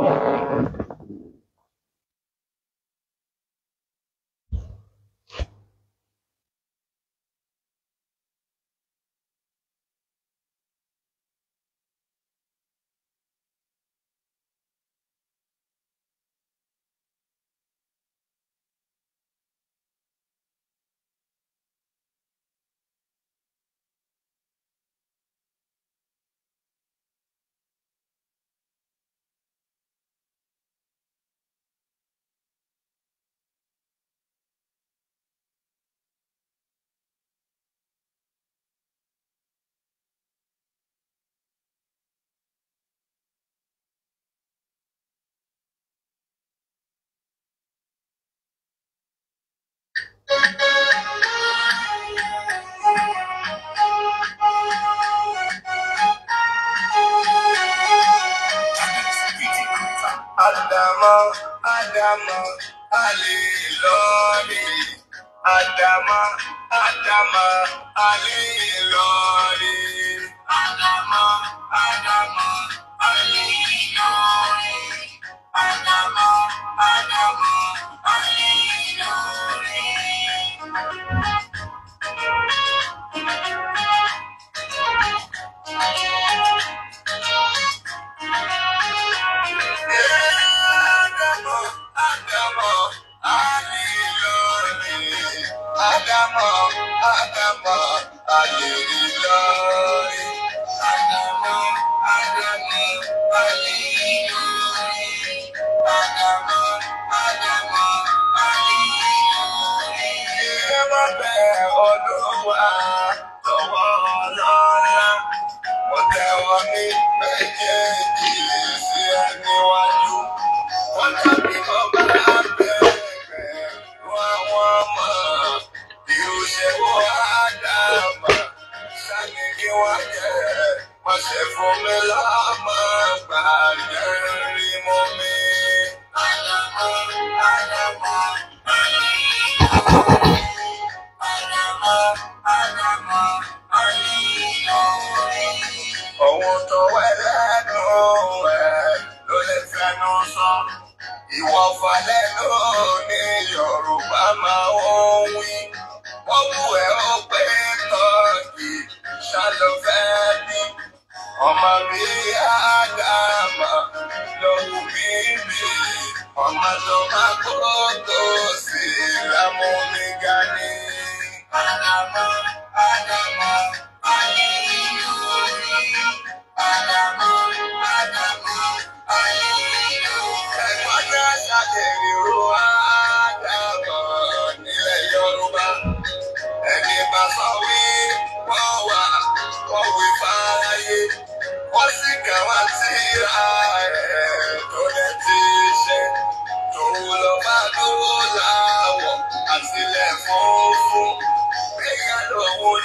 Oh. àdàmọ́ àdàmọ́ àlè lọ́ọ̀rì Adama, àdàmọ́ àlè lọ́ọ̀rì àdàmọ́ Adama, àlè lọ́ọ̀rì àdàmọ́ àdàmọ́ àlè lọ́ọ̀rì. Yeah. Adamo, Adilore, Adamo, Adamo, Adilore, Adamo, Adamo, Adilore, Adamo, Adamo, Adilore. Ẹ má bẹ̀ Olúwa lọ́wọ́ lọ́la, mo tẹ̀wọ́ mi méjèèjì sí ẹniwájú. Wọ́n tẹ̀wọ́. ṣe wọ àdàmà sani kí wọn jẹ má ṣe fún mi láàmà gbà jẹ rí mú mi. Àlàmọ́ àlàmọ́ àlàmọ́ Ìwọ̀fà lẹ́nu ni Yorùbá máa ń wí owó ẹ̀ ó pé tọ́jú ṣàlọ́fẹ́ ní ọmọ mi àdàmà lọ́wọ́ mi rí ọmọ tó má kó tó sí lámúnigá ní àdàmà àdàmà ayé ìlú ni àdàmà àdàmà ayé ìlú. ẹ̀gbọ́n náà ṣàkèrè ó wá. máa sọ wí wọ́n wà wọ́n wí fáráyé wọ́n sì kà wá sí ààrẹ tó lè ti ṣe tòun lọ bá dúró láwọ̀ àtìlẹ̀ fún fún ẹ̀yà lọ́wọ́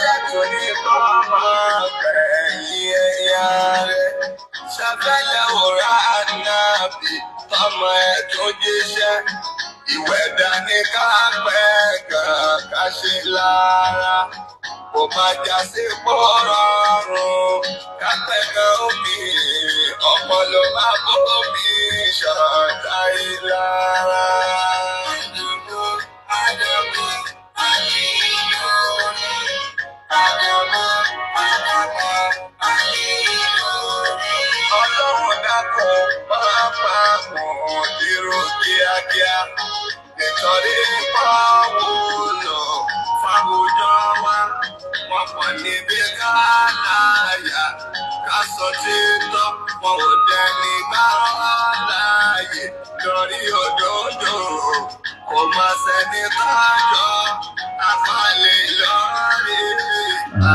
ṣàtúndì kọ́ máa kẹ̀yìn ẹ̀yà rẹ̀. Ṣàfẹ́lẹ̀ òrà ànábì tọmọ ẹ̀ tó jíṣẹ́. Ìwé dání ká pẹ́ kàkà ṣe lára. Kò má Ọlọ́run dákun máa pa wọ́n dúró kíákíá nítorí pàwọ́ náà fáwùjọ wa wọn kò níbi ká láàyà ká sọ títọ́ wọn ò dẹni gbá láàyè lórí òdòdó kò má sẹ́ni tájọ àfàlè lórí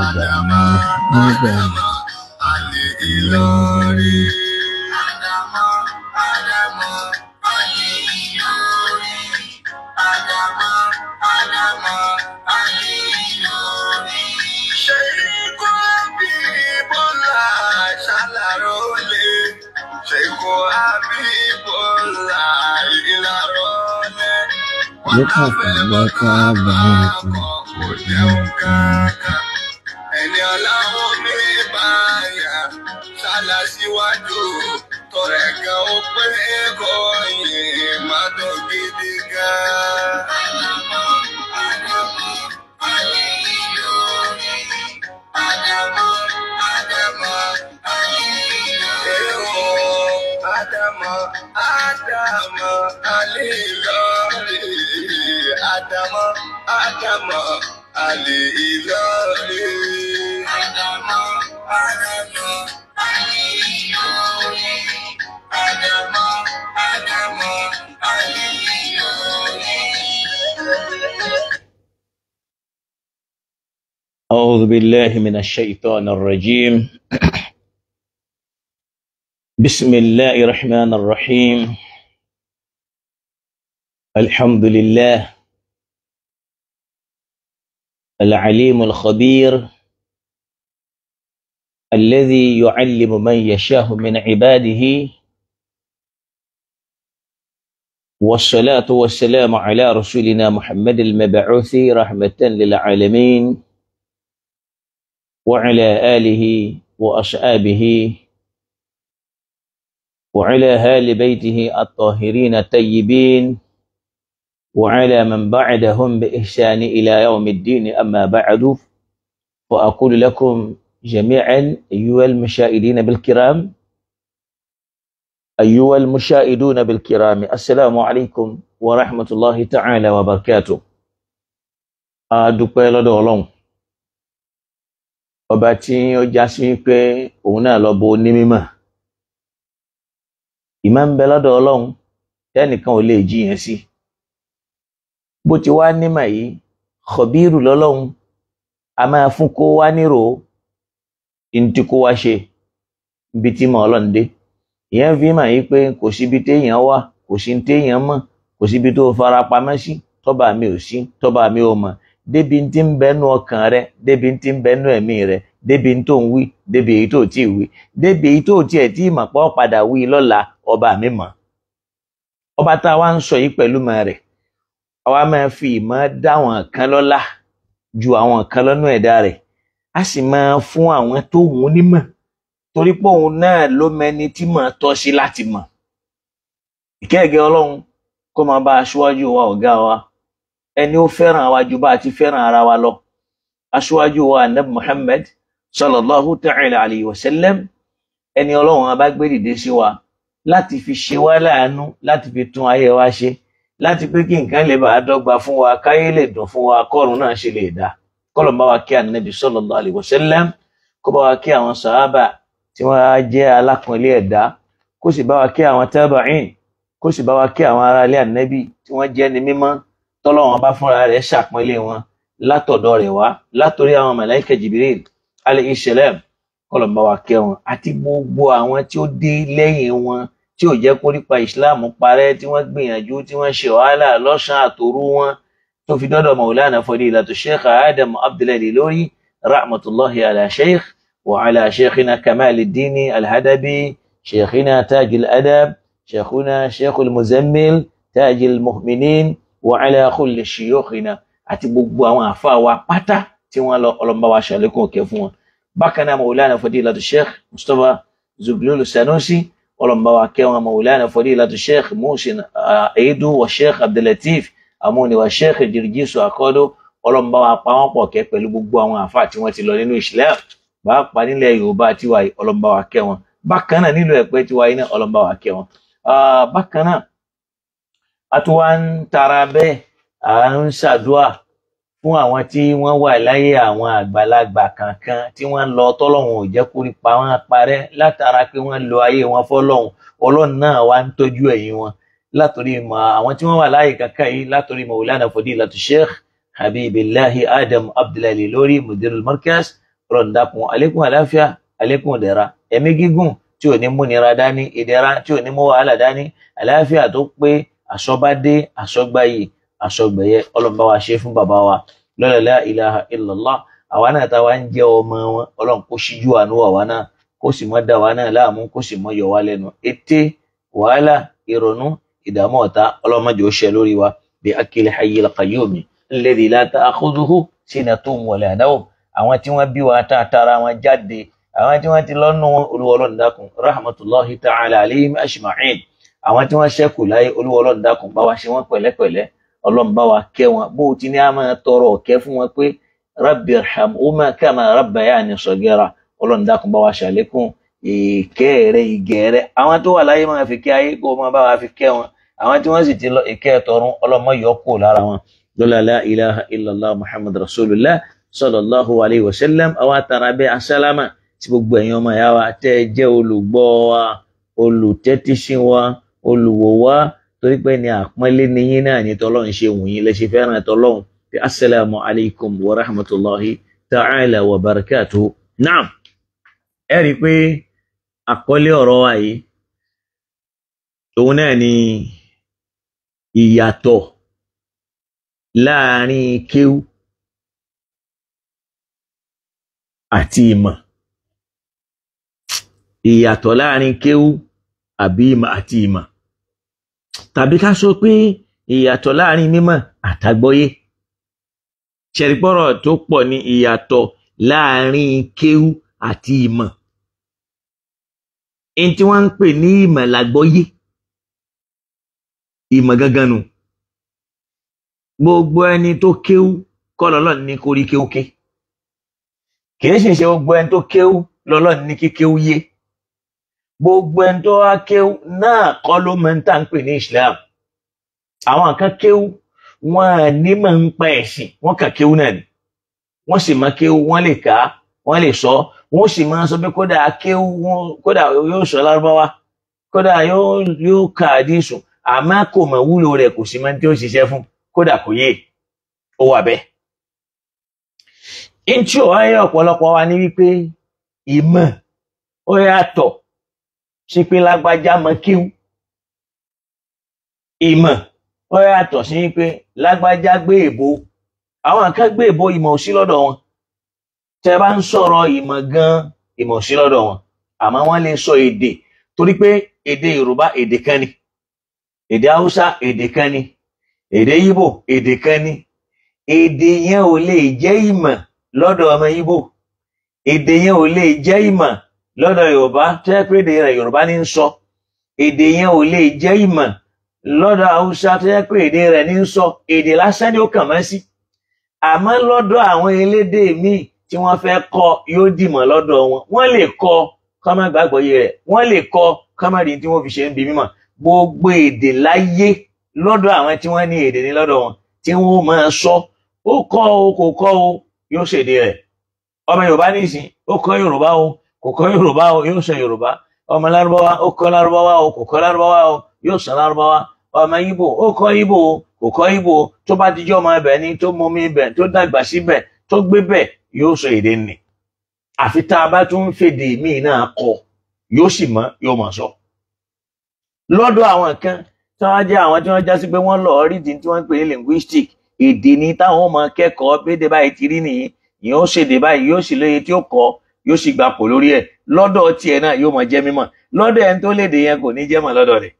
àdàmà àdàmà àlè ìlórí. Àdàmà àdàmà àlè ìlórí. Lọ́kà fàgbà ká bá ọkọ̀ ọ̀yá ọ̀ká. Ẹni ọláwọ́ mi bá yà sálà síwájú. Tọrẹ kan ó pé kọ́ yìí má dọ̀ gidi gan. Àdàmọ́, Àdàmọ́, Àlílò. Èrè o, Àdàmọ́, Àdàmọ́, Àlílò. Àdàmọ́, Àdàmọ́, Àlílò. Àdàmọ́, Àdàmọ́, Àlílò. Àdàmọ́, أعوذ بالله من الشيطان الرجيم بسم الله الرحمن الرحيم الحمد لله العليم الخبير الذي يعلم من يشاء من عباده والصلاة والسلام على رسولنا محمد المبعوث رحمة للعالمين وعلى آله وأصحابه وعلى آل بيته الطاهرين الطيبين وعلى من بعدهم بإحسان إلى يوم الدين أما بعد وأقول لكم جميعا أيها المشاهدين بالكرام أيها المشاهدون بالكرام السلام عليكم ورحمة الله تعالى وبركاته أدوكي آه، الله ọba tí ó já sí wípé òun náà lọ bo onímímọ̀ ìmọ̀ ń bẹ lọ́dọ̀ ọlọ́run tẹ́nìkan ò lè jiyàn sí bó ti wá nímọ̀ yìí kọ̀bírù lọ́lọ́run a máa fún kó wá nírò ntí kó wá ṣe ibi tí mọ̀ ọlọ́run dé ìyẹn fi mà yí pé kò síbi téèyàn wà kò sí téèyàn mọ̀ kò síbi tó fara pamọ́ sí tọ́ba mi ò sí tọ́ba mi ò mọ̀ débi tí ń bẹnu ọkàn rẹ débi tí ń bẹnu ẹ̀mí rẹ débi tó ń wí débi èyí tó ti wí débi èyí tó tiẹ̀ tí ìmọ̀ pọ̀ padà wí lọ́la ọba mi mọ̀ ọba tá a wá ń sọ yìí pẹ̀lú mọ̀ rẹ̀ àwa máa fi ìmọ̀ dá àwọn kan lọ́lá ju àwọn kan lọ́nà ẹ̀dá rẹ̀ a sì máa fún àwọn tó wù ú nímọ̀ torí pé òun náà ló mẹni tí mọ̀ tọ́ sí láti mọ̀ ìkẹ́ẹ̀gẹ́ ọlọ́run kó máa bá aṣíwájú wa ọ̀gá wa ẹni ó fẹ́ràn wa ju bá a ti fẹ́ràn ara wa lọ aṣíwájú wa anab muhammed sallallahu ta'ala alayhi wa sallam ẹni ọlọ́run a bá gbé dìde sí wa láti fi ṣe wá láàánú láti fi tún ayé wa ṣe láti pé kí nǹkan lè bàa dọ́gba fún wa káyé lè dùn fún wa kọ́run náà ṣe lè dá kọ́lọ̀ bá wa kí anabi sallallahu alayhi wa sallam kó bá wa kí àwọn sàhábà tí wọ́n á jẹ́ alákùnrin ẹ̀dá kó sì bá wa kí àwọn tábàáìn kó sì bá wa kí àwọn ará anabi tí wọ́n jẹ́ ni mímọ́ tọ́lọ́wọ́n bá fúnra rẹ̀ ṣàpọ́nlé wọn látọ̀dọ̀ rẹ̀ wá látòrí àwọn màláíkà Jibril alayhi salam kọlọ̀mbà wa kẹ́ wọn àti gbogbo àwọn tí ó dé lẹ́yìn wọn tí ò jẹ́ kórípa ìsìláàmù parẹ́ tí wọ́n gbìyànjú tí wọ́n ṣe wàhálà lọ́sàn-án àtòru wọn tó fi dọ́dọ̀ Maulana Fadilatu Sheikh Adam Abdullahi lórí rahmatullahi ala sheikh wa ala sheikhina Kamaluddin Al-Hadabi sheikhina Tajul Adab sheikhuna Sheikhul Muzammil Tajul Mu'minin wa ala kulli shuyukhina àti gbogbo àwọn àfa wa pátá tí wọ́n lọ ọlọ́mọba wa ṣàlékún ọ̀kẹ́ fún wọn bákan náà maulana fadilatu sheikh mustapha zublulu sanusi ọlọ́mọba wa kẹ́wọn maulana fadilatu sheikh musin aidu uh, wa sheikh abdulatif amúni wa sheikh jirgisu akọ́dọ̀ ọlọ́mọba wa pa wọ́n pọ̀ kẹ́ pẹ̀lú gbogbo àwọn àfa tí wọ́n ti lọ nínú islam pàápàá a tún wá ń tara bẹ́ẹ̀ à ń ṣàdúà fún àwọn tí wọ́n wà láyé àwọn àgbàlagbà kankan tí wọ́n lọ tọ́lọ́hun ò jẹ́ kórí pa wọ́n parẹ́ látara pé wọ́n lo ayé wọn fọ́lọ́hun ọlọ́run náà wá ń tọ́jú ẹ̀yìn wọn látòrí mọ àwọn tí wọ́n wà láyé kankan yìí látòrí Maulana Fadilatu Sheikh Habibillahi Adam Abdullahi lórí Mudirul Markaz rọ̀ǹdàkùn àlékún àláfíà àlékún ìdẹ̀ra ẹ̀mí gígùn tí ò ní múnira dání ìdẹ̀ra tí ò ní mú wàhálà dání àláfíà tó pé àsọbádé àsọgbáyé àsọgbẹ̀yẹ ọlọ́mọba wa ṣe fún bàbá wa lọ́lọ́lá ilaha illallah àwa náà tá wa ń jẹ́ ọmọ wọn ọlọ́run kó ṣíjú àánú àwa náà kó sì mọ́ dá wa náà láàmú kó sì mọ́ yọ wá lẹ́nu ète wàhálà ìrònú ìdààmú ọ̀tá ọlọ́mọdé ó ṣe lórí wa bí akil hayyil qayyum alladhi la ta'khudhuhu sinatun wala nawm àwọn tí wọ́n bí wa tá tara wọn jáde àwọn tí wọ́n ti lọ́nu olúwọlọ́ndàkùn rahmatullahi ta'ala alayhim ajma'in àwọn tí wọ́n ṣẹ́kù láyé olúwa ọlọ́run dákun bá wa ṣe wọ́n pẹ̀lẹ́pẹ̀lẹ́ ọlọ́run bá wa kẹ́ wọn bó o ti ní a máa tọrọ ọ̀kẹ́ fún wọn pé rabbi irhamhuma kama rabbayani sagira ọlọ́run dákun bá wa ṣàlékún ìkẹ́ rẹ ìgẹ̀ rẹ àwọn tó wà láyé máa fi kẹ́ ayé kó máa bá wa fi kẹ́ wọn àwọn tí wọ́n sì ti lọ ìkẹ́ tọ̀run ọlọ́run má yọ kó lára wọn lọ́la la ilaha illallah muhammad rasulullah sallallahu alayhi wa sallam àwa tààrà bẹ́ẹ̀ asálámà tí gbogbo ẹ̀yin ọmọ ìyá wa tẹ́ jẹ́ olùgbọ́ wa olùtẹ́tíṣin wa olùwò wá torí pé ní àpọ́nlé ní yín náà ní tọ́lọ́run ṣe wù yín lẹ́ṣẹ̀ fẹ́ràn tọ́lọ́run pé asalaamu alaykum wa rahmatulahi ta'ala wa barakatuhu naam ẹ rí i pé àkọlé ọ̀rọ̀ wa yìí òun náà ni ìyàtọ̀ láàrin kéwú àti ìmọ̀ ìyàtọ̀ láàrin kéwú àbí ìmọ̀ àti ìmọ̀ tàbí ká sọ pé ìyàtọ̀ láàrin mímọ̀ àtàgbọ́yé ṣẹ̀rígbọ́rọ̀ tó pọ̀ ní ìyàtọ̀ láàrin kéwú àti ìmọ̀ ẹni tí wọ́n ń pè ní ìmọ̀ làgbọ́yé ìmọ̀ gangan nù gbogbo ẹni tó kéwú kọ́ lọ́lọ́ ní kórí kéwú kì í sì ṣe gbogbo ẹni tó kéwú lọ́lọ́ ní kíkéwú yé gbogbo ẹni tó wá kéwú náà kọ́ ló mọ̀ ń tà ń pè ní Islam àwọn kan kéwú wọn ní mọ̀ ń pa ẹ̀sìn wọn kà kéwú náà ni wọn sì máa kéwú wọn lè kà á wọn lè sọ wọn sì máa sọ pé kódà kéwú wọn kódà yóò sọ lárúbáwá kódà yóò yóò kà á dín sùn àmọ́ kò mọ̀ wúlò rẹ̀ kò sì máa ń tí ó ṣiṣẹ́ fún kódà kò yé ó wà bẹ́ẹ̀. ntí ò wáyé ọ̀pọ̀lọpọ̀ wa ní wípé ìmọ̀ ó yàtọ̀ sípé lágbájá mọ kéwú ìmọ̀ ó yàtọ̀ sí pé lágbájá gbé èbó àwọn kan gbé èbó ìmọ̀ òsí lọ́dọ̀ wọn tẹ́ bá ń sọ̀rọ̀ ìmọ̀ gan ìmọ̀ òsí lọ́dọ̀ wọn àmọ́ wọ́n lè sọ èdè torí pé èdè Yorùbá èdè kan ni èdè Haúsá èdè kan ni èdè Ìgbò èdè kan ni èdè yẹn ò lè jẹ́ ìmọ̀ lọ́dọ̀ ọmọ Ìgbò èdè yẹn ò lè jẹ́ ìmọ̀ lọ́dọ̀ yorùbá tẹ́ pé èdè rẹ̀ yorùbá ní ń sọ èdè yẹn ò lè jẹ́ ìmọ̀ lọ́dọ̀ haúsá tẹ́ pé èdè rẹ̀ ní ń sọ èdè lásán ni ó kàn mọ́ sí àmọ́ lọ́dọ̀ àwọn elédè míì tí wọ́n fẹ́ kọ́ yóò dìmọ̀ lọ́dọ̀ wọn wọ́n lè kọ́ kọ́mọ́ gbàgbọ́ yé rẹ̀ wọ́n lè kọ́ kọ́mọ́ rí tí wọ́n fi ṣe ń bi mímọ̀ gbogbo èdè láyé lọ́dọ̀ àwọn tí wọ́n ní èdè ní lọ́dọ̀ wọn tí wọ́n máa sọ ó kọ́ o kò kọ́ o yóò ṣèdè rẹ̀ ọmọ yorùbá nìsín ó kọ́ yorùbá o kò kọ́ yorùbá o yóò sọ yorùbá ọmọ lárúbáwá ó kọ́ lárúbáwá o kò kọ́ lárúbáwá o yóò sọ lárúbáwá ọmọ ibo ó kọ́ ibo o kò kọ́ ibo o tó bá dijọ́ ọmọ ibẹ̀ ni tó mọmi ibẹ̀ tó dàgbà síbẹ̀ tó gbé bẹ̀ yóò sọ èdè nì àfi tá a bá tún ń fèdè míì náà kọ yóò sì mọ yóò mọ sọ lọ́dọ̀ àwọn kan tí wọ́n jẹ́ àwọn tí wọ́n já pé wọ́n lọ rídìí tí wọ́n ń pè ní linguistic èdè ni táwọn ọmọ kẹ́kọ̀ọ́ bédè báyìí ti rí nìyí yóò ṣèdè báyìí yóò sì lóye tí ó kọ́ yóò sì gba pò lórí ẹ̀ lọ́dọ̀ tiẹ̀ náà yóò máa jẹ́ mímọ̀ lọ́dọ̀ ẹni tó léde yẹn kò ní jẹ́ mọ̀ lọ́dọ̀ rẹ̀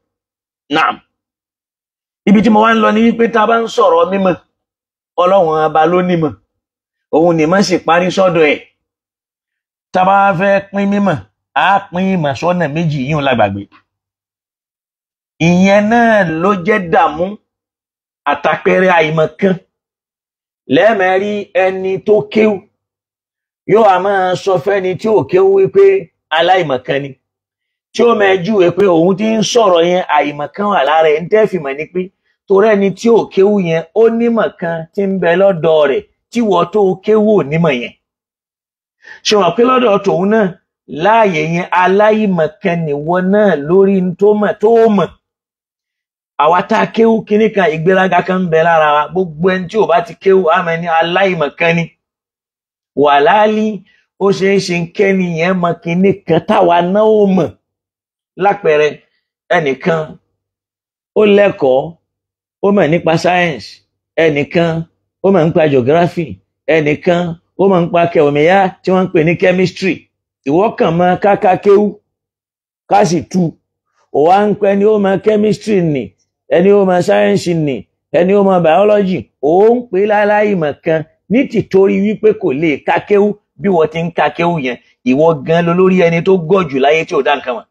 naam ibi tí mo wá ń lọ ni wípé tá a bá ń sọ̀rọ̀ mímọ̀ ọlọ́run ọba ló nímọ̀ òun nìmọ̀ sì parí sọ́dọ̀ ẹ̀ tá a bá fẹ́ pín mímọ̀ á pín ìmọ̀ sọ́nà méjì yíyún lágbàgbé ìyẹn náà ló jẹ́ dààmú àtàpẹrẹ àìmọ̀kan lẹ́ẹ̀mẹ́rí ẹni tó kéwù yóò a máa sọ fẹ́ni tí ò kéwú wípé aláìmọ̀kan ni tí ó máa júwe pé òun ti ń sọ̀rọ̀ yẹn àìmọ̀kan wà lára ẹ̀ ń tẹ́fìmọ̀ ni pé torí ẹni tí ò kéwú yẹn ó nímọ̀ kan ti ń bẹ lọ́dọ̀ rẹ̀ tí wọ́n tó kéwú onímọ̀ yẹn ṣe wọ́n pé lọ́dọ̀ tòun náà láàyè yẹn aláìmọ̀kan nìwọ náà lórí tó mọ̀ tó mọ̀ àwa tá a kéwú kíníkan ìgbéraga kan ń bẹ lára wa gbogbo ẹni tí ò bá ti kéwú àmọ́ ẹni aláìmọ̀kan ni. Aláìmọ̀kan wàláálí ó ṣeé ṣe kẹ́ni yẹn mọ kinní kan táwa náà ó mọ̀ lápẹẹrẹ ẹnìkan ó lẹ́kọ̀ọ́ ó mọ̀ nípa science ẹnìkan ó mọ̀ nípa geography ẹnìkan ó mọ̀ nípa kẹ̀wòmíyá tí wọ́n ń pè ní chemistry ìwọ kàn mọ̀ kákákéwú ká tu òwa ń pẹ́ ni ó mọ̀ chemistry nì ẹni ó mọ̀ science ni ẹni ó mọ̀ biology òun pè láláì mọ̀ kan ní tìtorí wípé kò lè kákéwú bí wọ́n ti ń kákéwú yẹn ìwọ gan ló lórí ẹni tó gọ̀ jù láyé tí ò dá nǹkan mọ̀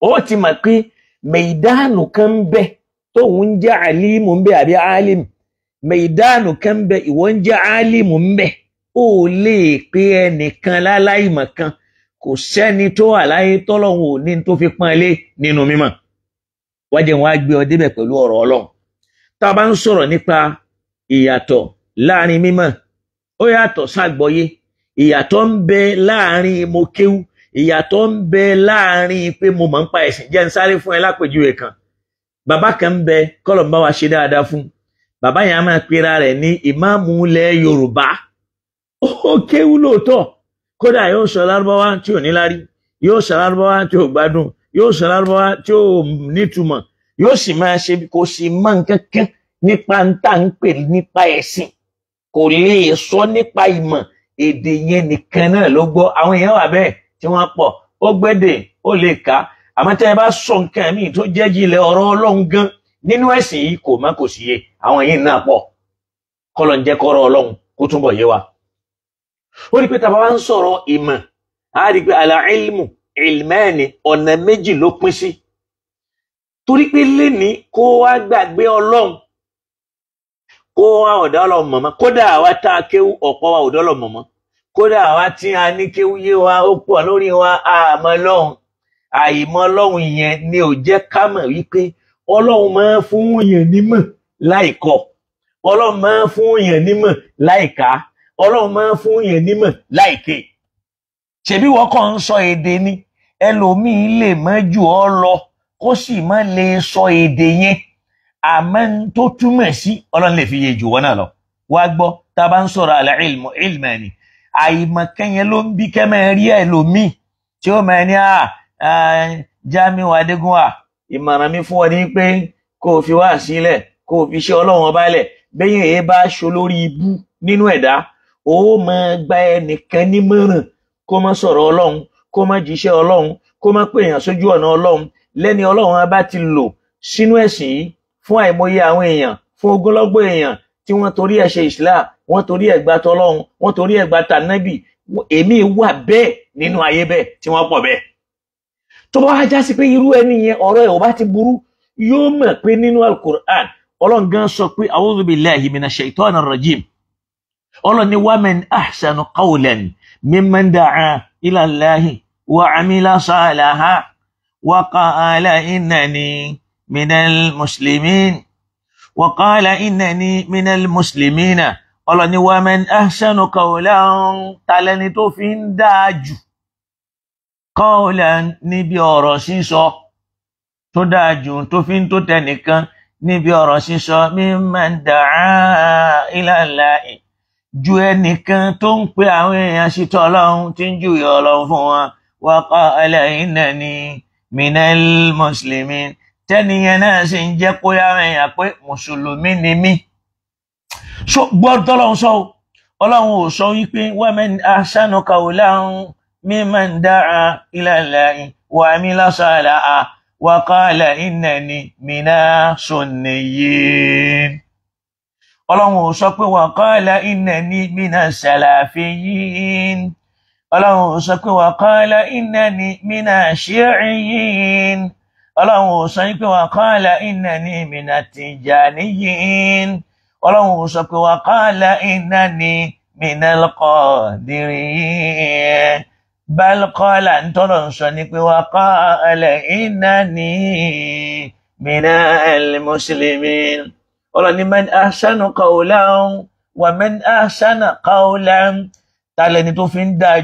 ó ti mọ̀ pé mẹ̀ìdánù kan ń bẹ tóun ń jẹ́ àlímù ń bẹ àbí álímù mẹ̀ìdánù kan ń bẹ ìwọ ń jẹ́ álímù ń bẹ ó lè pe ẹnìkan láláìmọ̀ kan kò sẹ́ni tó wà láyé tọ́lọ́hun ò tó fi pọ́n lé nínú mímọ̀ wá jẹun wá gbé ọ débẹ̀ pẹ̀lú ọ̀rọ̀ ọlọ́run tá a bá ń sọ̀rọ̀ nípa ìyàtọ̀ láàrin mímọ̀ ó yàtọ̀ ságbọ́yé ìyàtọ̀ ń bẹ láàrin mo kéwú ìyàtọ̀ ń bẹ láàrin pé mo mọ̀ ń pa ẹ̀sìn jẹ́ ń sáré fún ẹ lápèjúwe kan bàbá kan ń bẹ kọ́lọ̀ ń bá wa ṣe dáadáa fún bàbá yẹn á máa pera rẹ̀ ní ìmáàmù ilẹ̀ Yorùbá ó kéwú lóòótọ́ kódà yóò sọ lárúbáwá tí ò níláárí yóò sọ lárúbáwá tí ò gbádùn yóò sọ lárúbáwá tí ò nítumọ̀ yóò sì máa ṣe kò sì mọ̀ nǹkan kan nípa ń tà ń pè nípa ẹ̀sìn kò lè sọ nípa ìmọ̀ èdè yẹn nìkan náà ló gbọ́ àwọn èèyàn wà bẹ́ẹ̀ tí wọ́n pọ̀ ó gbẹ́dẹ̀ ó lè kà á àmọ́ tẹ́ ẹ bá sọ nǹkan míì tó jẹ́ jìnlẹ̀ ọ̀rọ̀ ọlọ́run gan nínú ẹ̀sìn yìí kò má kò sí yé àwọn yìí náà pọ̀ kọ́lọ̀ ń jẹ́ kọ́rọ̀ ọlọ́run kó túbọ̀ yé wa. ó rí i pé tàbá wá ń sọ̀rọ̀ ìmọ̀ á rí i pé àlà ilmu ilmẹ́ẹ̀ni ọ̀nà méjì ló pín sí torí pé lénìí kó wá gbàgbé ọlọ́run ó wá ọ̀dọ́ lọ mọ̀mọ́ kódà àwa tá a kéwú ọ̀pọ̀ wa ọ̀dọ́ lọ mọ̀mọ́ kódà àwa tí a ní kéwú yé wa ó pọ̀ lórí wa àmọ́ lọ́hùn àìmọ̀ lọ́hùn yẹn ni ò jẹ́ ká mọ̀ wípé ọlọ́run máa ń fún yẹn nímọ̀ láìkọ́ ọlọ́run máa ń fún yẹn nímọ̀ láìka ọlọ́run máa ń fún yẹn nímọ̀ láìke ṣèbí wọ́n kàn ń sọ èdè ni ẹlòmíín lè mọ́ jù ọ lọ kó sì má lè sọ èdè yẹn àmọ́ tó túmọ̀ sí ọlọ́run lè fi yé jù wọ́n náà lọ wá gbọ́ tá a bá ń sọ̀rọ̀ àlẹ́ ìlmù ìlmù ẹ̀ ni àìmọ̀ kẹ́yìn ló ń bí kẹ́mẹ́ rí ẹ̀ lómi tí ó mọ̀ ẹ́ ní à Jamiu Adégúnwà ìmọ̀ràn mi fún ọ ní pé kó o fi wá sílẹ̀ kó o fi ṣe ọlọ́run ọba lẹ̀ bẹ́yìn èyí bá ṣo lórí ibú nínú ẹ̀dá ó máa gba ẹnìkan nímọ̀ràn kó má sọ̀rọ̀ ọlọ́run kó má jíṣẹ́ ọlọ́run kó má pèèyàn fún àìmọye àwọn èèyàn fún ogúnlọ́gbọ̀ èèyàn tí wọ́n torí ẹ̀ ṣe islam wọ́n torí ẹ̀ gba tọlọ́run wọ́n torí ẹ̀ gba tànábì èmi wà bẹ́ẹ̀ nínú ayé bẹ́ẹ̀ tí wọ́n pọ̀ bẹ́ẹ̀ tó bá wá já sí pé irú ẹni yẹn ọ̀rọ̀ ẹ̀ ò bá ti burú yóò mọ̀ pé nínú alukur'an ọlọ́run gan sọ pé a'udhu billahi minash shaitanir rajim ọlọ́ni waman ahsanu qawlan mimman da'a ila Allahi wa amila salaha wa qala innani من المسلمين وقال إنني من المسلمين ọlọ́ni ومن أحسن قولا tàlẹ́ni tó fi ń dáa jù قولا níbi ọ̀rọ̀ sísọ tó dáa jù tó fi ń tó tẹnìkan níbi ọ̀rọ̀ sísọ ممن دعا إلى الله ju ẹnìkan tó ń pe àwọn èèyàn ṣètò ọlọ́run tí ń júwe ọlọ́run fún wọn وقال إنني من المسلمين tẹ́niyẹn náà sì ń jẹ́ kó yára èèyàn pé mùsùlùmí ni mí gbọ́ tọ́lọ́run sọ o ọlọ́run ò sọ wípé waman ahsanu qawlan mimman da'a ila Allahi wa 'amila salihan wa qala innani mina sunniyyin ọlọ́run ò sọ pé wa qala innani mina salafiyyin ọlọ́run ò sọ pé wa qala innani mina shi'iyyin ọlọ́run ò sọ pé wa qala innani mina tijaniyin ọlọ́run ò sọ pé wa qala innani mina alqadirin bal qala ń tọ́lọ̀ ń sọ ni pé wa qala innani mina almuslimin ọlọ́run ni man ahsanu qawlan wa man ahsana qawlan tálẹ́ni tó fi ń dáa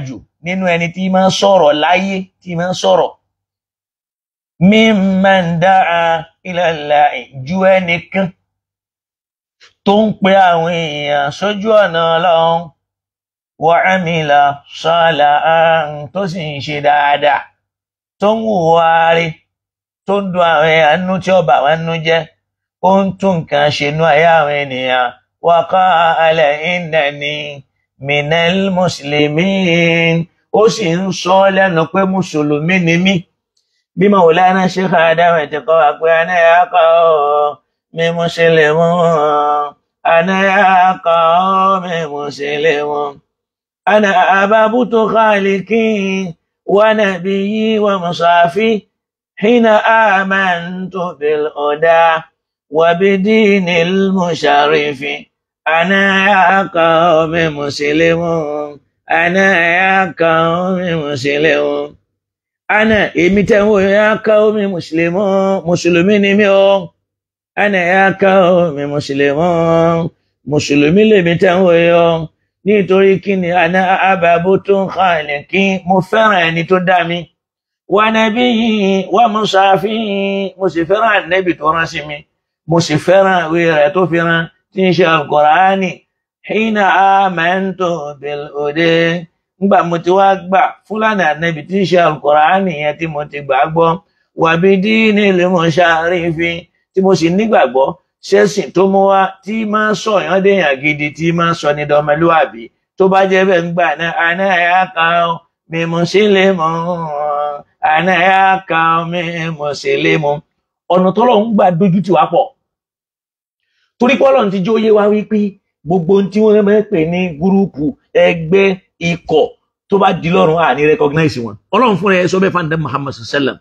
nínú ẹni tí máa ń sọ̀rọ̀ láyé tí máa ń sọ̀rọ̀ mímọ̀ndá ìlàlà ju ẹnìkan tó ń pe àwọn èèyàn sójú ọ̀nà ọlọ́run wọ́n àmìlà sọ́ọ̀là tó sì ń ṣe dáadáa tó ń wùwà rí tó ń dun àwọn èèyàn nú tí ọba wọn nú jẹ́ ó ń tún nǹkan ṣe nú ayé àwọn ènìyàn wà ká alẹ́ ìnàní minel muslimin ó sì ń sọ lẹ́nu pé mùsùlùmí ni mí. بمولانا شيخ ادم اتقوا dáhùn انا يا wà مسلمون انا يا ọ́ مسلمون أنا أبابت خالقي ونبيي ومصافي حين آمنت بالهدى وبدين المشرف أنا يا قوم مسلمون أنا يا قوم مسلمون ana èmi tẹ́ ń wò yẹn á ká omi mùsùlùmí mùsùlùmí ni mí o ana yẹn á ká omi mùsùlùmí mùsùlùmí lèmi tẹ́ ń wò yẹn o nítorí kí ni ana ababu tó ń ka ilẹ̀ mo fẹ́ràn ẹni tó dá mi wà nàbí yìí wà mùsàáfì yìí mo sì fẹ́ràn ànábì tó rán sí mi mo sì fẹ́ràn ìwé rẹ̀ tó fi rán tí ń ṣe alukọ̀rání hínà àmẹ́ńtò bẹ̀lódé ngbà mo ti wá gbà fúlàní ànẹbì tí í ṣe alukọ̀ránì yẹn tí mo ti gbà gbọ́ wàbí díìní lè mọ̀ ṣàrífin tí mo sì nígbàgbọ́ ṣẹ́sìn tó mú wá tí máa sọ èèyàn déèyàn gidi tí máa sọ ní dọmọlúwàbí tó bá jẹ́ bẹ́ẹ̀ ń gbà náà àná ẹ̀yà kan mi mo sì lè mọ̀ àná ẹ̀yà kan mi mo sì lè mọ̀ ọ̀nà tó lọ́n ń gbà dojú tì wá pọ̀ torí pé Ọlọ́run ti jóye gbogbo ohun tí wọ́n máa ń pè ní gúrúùpù ẹgbẹ́ ikọ̀ tó bá di lọ́rùn àní recognize wọn ọlọ́run fúnra ẹ sọ bẹ́ẹ̀ fáńdà Muhammad sallam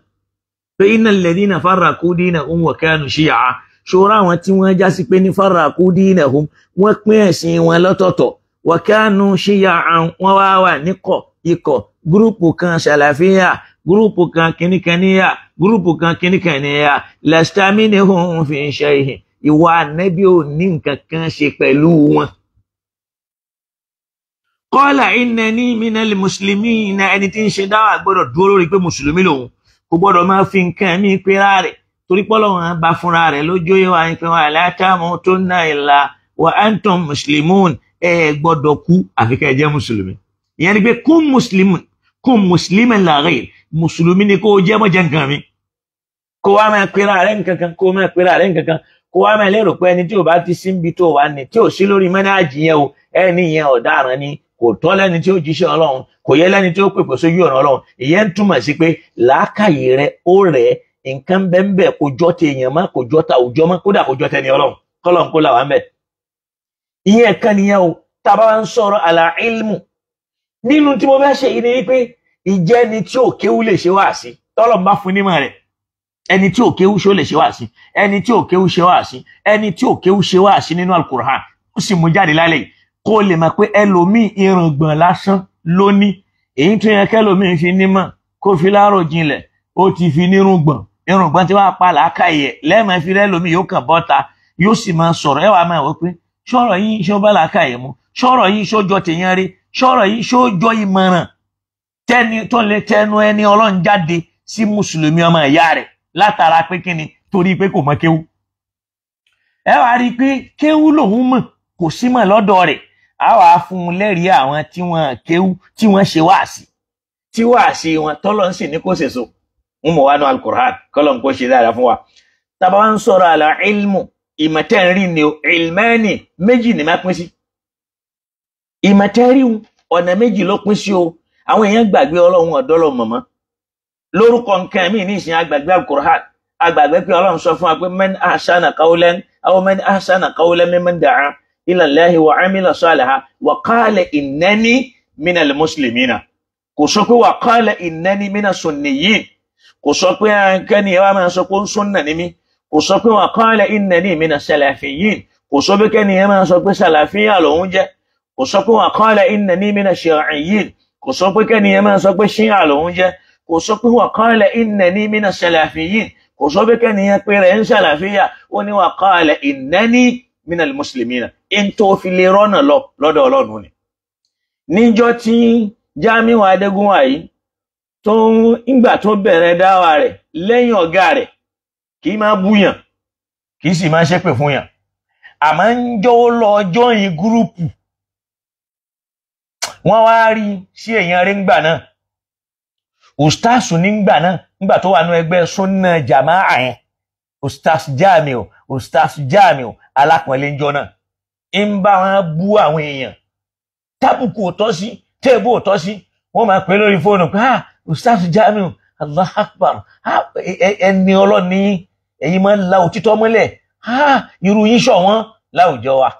pé innal ladhina farraqu dinahum wa kanu shi'a ṣòro àwọn tí wọ́n já sí pé ní farraqu dinahum wọ́n pín ẹ̀sìn wọn lọ́tọ̀ọ̀tọ̀ wa kanu shi'a wọ́n wá wà níkọ̀ ikọ̀ gúrúùpù kan ṣàlàfíà gúrúùpù kan kìnnìkanníyà gúrúùpù kan kìnnìkanníyà lẹ́sítámínì hùn fi ń ṣe ìwà ànẹ́bí ò ní nǹkan kan ṣe pẹ̀lú wọn kọ́là ìnẹni minal mùsùlùmí na ẹni tí ń ṣe dáwà gbọ́dọ̀ dúró lórí pé mùsùlùmí lòun kò gbọ́dọ̀ máa fi nǹkan mí pera rẹ̀ torí pọ́lọ́wọ́n bá fúnra rẹ̀ lójú ìwà nǹkan wà látàmú tó ná ìlà wa antum mùsùlùmún ẹ gbọ́dọ̀ kú àfi kẹ́ ẹ jẹ́ mùsùlùmí ìyẹn ni pé kún mùsùlùmí kún mùsùlùmí làárẹ̀ mùsùlùmí ni kó jẹ́ mọ́jẹ́ nǹkan mi kó wá máa pera rẹ̀ pé kò tọ́ lẹ́ni tí ó jíṣẹ́ ọlọ́run kò yẹ lẹ́ni tí ó pèpè sójú ọ̀nà ọlọ́run ìyẹn ń túmọ̀ sí pé làákàyè rẹ ó rẹ̀ nǹkan bẹ́ẹ̀ kò jọ́ ti èèyàn má kò jọ́ ta òjọ́ má kódà kò jọ́ tẹni ọlọ́run kọ́lọ́run kó là wá mẹ́. ìyẹn kan nìyẹn o tá a bá ń sọ̀rọ̀ àlà ilmu nínú tí mo fẹ́ ṣe yìí ni wípé ìjẹ́ ẹni tí ò kéwú lè ṣe wá sí tọ́lọ̀ bá fún nímọ̀ rẹ̀ ẹni tí ò kéwú ṣe ó lè ṣe wá sí ẹni tí ò kéwú ṣe wá sí ẹni tí ò kéwú ṣe wá sí nínú alukur'an ó sì mú jáde lálẹ́ yìí kó lè mọ̀ pé ẹlòmíì irùngbọ̀n lásán ló ní èyí tó yẹ kẹlòmíì fi nímọ̀ kó fi láàrò jinlẹ̀ ó ti fi nírùngbọ̀n irùngbọ̀n tí wàá pa làákàyè lẹ́ẹ̀mọ́ fi rẹ́lòmíì yóò kàn bọ́ta yóò sì máa sọ̀rọ̀ ẹ̀ wàá máa wọ pé sọ̀rọ̀ yìí ṣó bá làákàyè mu sọ̀rọ̀ yìí ṣó jọ tèèyàn rí sọ̀rọ̀ yìí ṣó jọ ìmọ̀ràn tẹ́ni tó lè tẹnu ẹni ọlọ́run jáde sí mùsùlùmí ọmọ ìyá rẹ̀ látara pé kíni torí pé kò mọ̀ lọ́dọ̀ rẹ̀ a wàá fún un lẹ́rìí àwọn tí wọ́n kéwú tí wọ́n ṣe wáàsí tí wáàsí wọn tọ́lọ́ ń sì ní kó ṣèso ń mọ̀ wá alukur'an kọ́lọ̀ ń kó ṣe dáadáa fún wa tàbá wa ń sọ̀rọ̀ àlà ilmu ìmọ̀tẹ́rì ni o ilmẹ́ni méjì ni máa pín sí ìmọ̀tẹ́rì ọ̀nà méjì ló pín sí o àwọn èèyàn gbàgbé ọlọ́run ọ̀dọ́lọ́ mọ̀mọ́ lórúkọ nǹkan mi ní ìsìn agbàgbé alukur'an agbàgbé pé ọlọ́run sọ ilallahi wa amila salaha wa qala innani minal muslimina kò sọ pé wa qala innani minas sunniyin kò sọ pé ẹnikẹ́ni ẹ wá máa sọ pé ó ń sunna ni mí kò sọ pé wa qala innani minas salafiyin kò sọ pé kẹ́ni ẹ máa sọ pé salafiya lòun jẹ́ kò sọ pé wa qala innani minash shi'iyyin kò sọ pé kẹ́ni ẹ máa sọ pé ṣíà lòun jẹ́ kò sọ pé wa qala innani minash salafiyin kò sọ pé kẹ́ni ẹ pé rẹ̀ ń ṣàlàfíà ó ní wa qala innani mina muslimina in tó fi lè rọ́nà lọ lọ́dọ̀ ọlọ́run ni níjọ́ tí Jamiu Adégúnwà yìí tó gbà tó bẹ̀rẹ̀ dáwà rẹ̀ lẹ́yìn ọ̀gá rẹ̀ kì í máa búyàn kì í sì má ṣépè fún yàn àmọ́ ń jọ̀wọ́ lọ wọ́n wá rí sí alápọ̀nlé ńjọ náà ń bá wọn bú àwọn èèyàn tábùkù ò tọ́ sí téèbù ò tọ́ sí wọ́n máa pè lórí fóònù pé ah ustaz jamiu allah akbar ah, ẹni ọlọ́ni ẹ̀yin máa ń la òtítọ́ mọ́lẹ̀ ah irú yín sọ wọ́n láwùjọ wa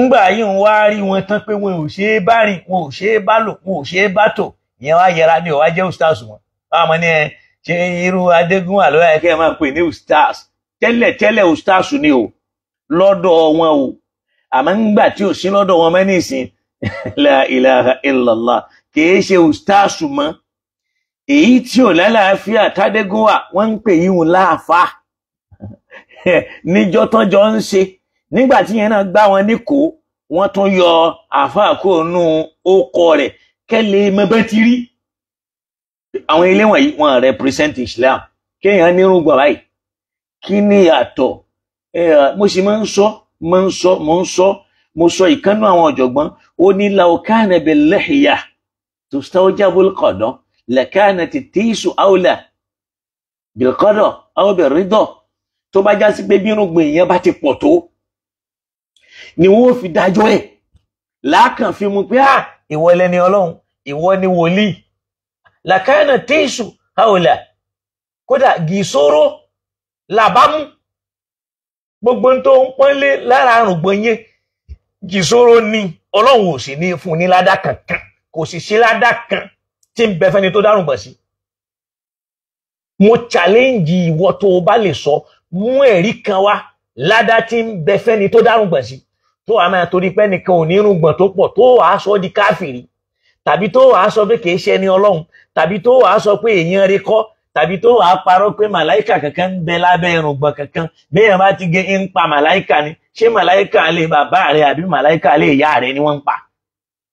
ńgbà yìí ń wá rí wọn tán pé wọn ò ṣe é bá rìn wọn ò ṣe é bá lò wọn ò ṣe é bá tò ìyẹn wá yẹra ni ò wá jẹ́ ustaz wọn báwọn ọmọ ní ẹ ṣe irú adégún àlọ́ yẹ kẹ́ ẹ máa pè ní ustaz tẹ́lẹ̀ tẹ́lẹ̀ ustaz ni o lọ́dọ̀ wọn o àmọ́ ńgbà tí ò sí lọ́dọ̀ wọn mọ́ nísìn la ilaha illallah kìí ṣe ustaasu mọ́ èyí tí ò lálàáfíà tádégún wà wọ́n ń pè yíhun láàfáà níjọ́ tán jọ ń ṣe nígbà tí yẹn náà gbá wọn níkò wọ́n tún yọ àfáà kó nú rẹ̀ kẹ́lẹ́ mẹ́bẹ́tírí àwọn ilé wọ̀nyí wọ́n represent Islam kéèyàn nírúgbọ̀n báyìí kí ni yàtọ̀ mo sì máa ń sọ máa ń sọ mo ń sọ mo sọ ìkánú àwọn ọ̀jọ̀gbọ́n ó ní laukana bẹlẹ́hìyà tustawjabul qada lẹ́kánà ti tíṣù àwòlà bilqada aw birida tó bá já sí pé bí irúgbìn yẹn bá ti pọ̀ tó ni wọ́n fi dájọ́ ẹ̀ láàkàn fi mu pé à ìwọ lẹni ọlọ́run ìwọ ni wòlíì lẹ́kánà tíṣù àwòlà kódà gìsóró làbámu gbogbo tó ń pọ́nlé lára àrùngbọ̀n yẹn jìṣòro ni ọlọ́run ò sì ní fún ní ládà kankan kò sì sí ládà kan tí ń bẹ fẹ́ni tó dárùngbọ̀n sí. mo challenge ìwọ tó o bá lè sọ mú ẹ̀rí kan wá ládà tí ń bẹ fẹ́ni tó dárùngbọ̀n sí tó a máa torí pé nìkan ò ní irùngbọ̀n tó pọ̀ tó wàá sọ di káfìrí tàbí tó wàá sọ pé kì í ṣe ẹni ọlọ́run tàbí tó wàá sọ pé èèyàn rẹ kọ́ tàbí tó wàá parọ́ pé màláìkà kankan ń bẹ lábẹ́ irùngbọ̀n kankan béèyàn bá ti gé ń pa màláìkà ni ṣé màláìkà lè bàbá rẹ àbí màláìkà lè ìyá rẹ ni wọ́n ń pa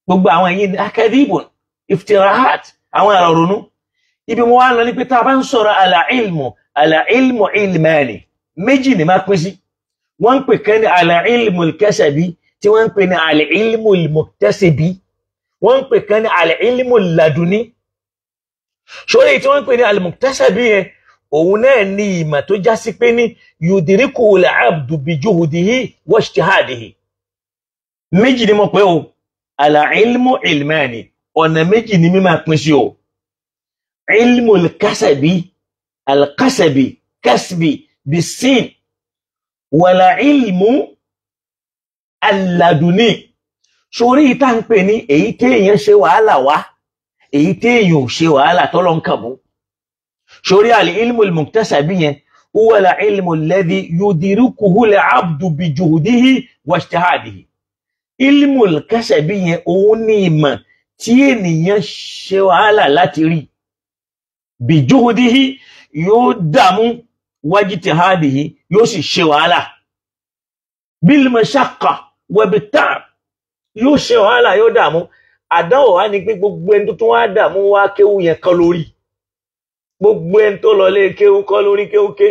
gbogbo àwọn yìí akadibun iftirahat àwọn àrònú ibi wọn wá lọ ní pé tá a bá ń sọ̀rọ̀ àlàílmù àlàílmù ilmani méjì ni máa pín sí wọ́n ń pè kán ní àlàílmù kẹsàbí tí wọ́n ń pè ní àlàílmù mọ̀tẹ́sẹ̀bí wọ́n ń pè kán ní àlàílmù laduni ṣórí èyí tí wọ́n ń pè ní al-muktasabi yẹn òun náà ní ìmọ̀ tó já sí pé ní yudiriku al-abdu bi juhudihi wa ijtihadihi méjì ni mo pé o al-ilmu ilmani ọ̀nà méjì ni mi máa pín sí o ilmu al-kasabi al bisin wàlà ilmu al-laduni ṣórí ìta ń pè ní èyí téèyàn ṣe wàhálà wá. Wa èyí téèyàn ò ṣe wàhálà tọ́lọ́ ń kàn mú sórí àlè ilmu muktasabi yẹn wúwẹ́lá ilmu lẹ́dí yudrikuhu lẹ́ abdu bi juhudihi wajtihadihi ilmu kasabi yẹn òun ní ìmọ̀ tí ènìyàn ṣe wàhálà láti rí bi juhudihi yóò dààmú wajtihadihi yóò sì ṣe wàhálà bil mashaqqa yóò ṣe wàhálà yóò dààmú àdánwò wá ni pé gbogbo ẹni tó tún wá dààmú wá kéwú yẹn kan lórí gbogbo ẹni tó lọlé kéwú kọ́ lórí kéwú ké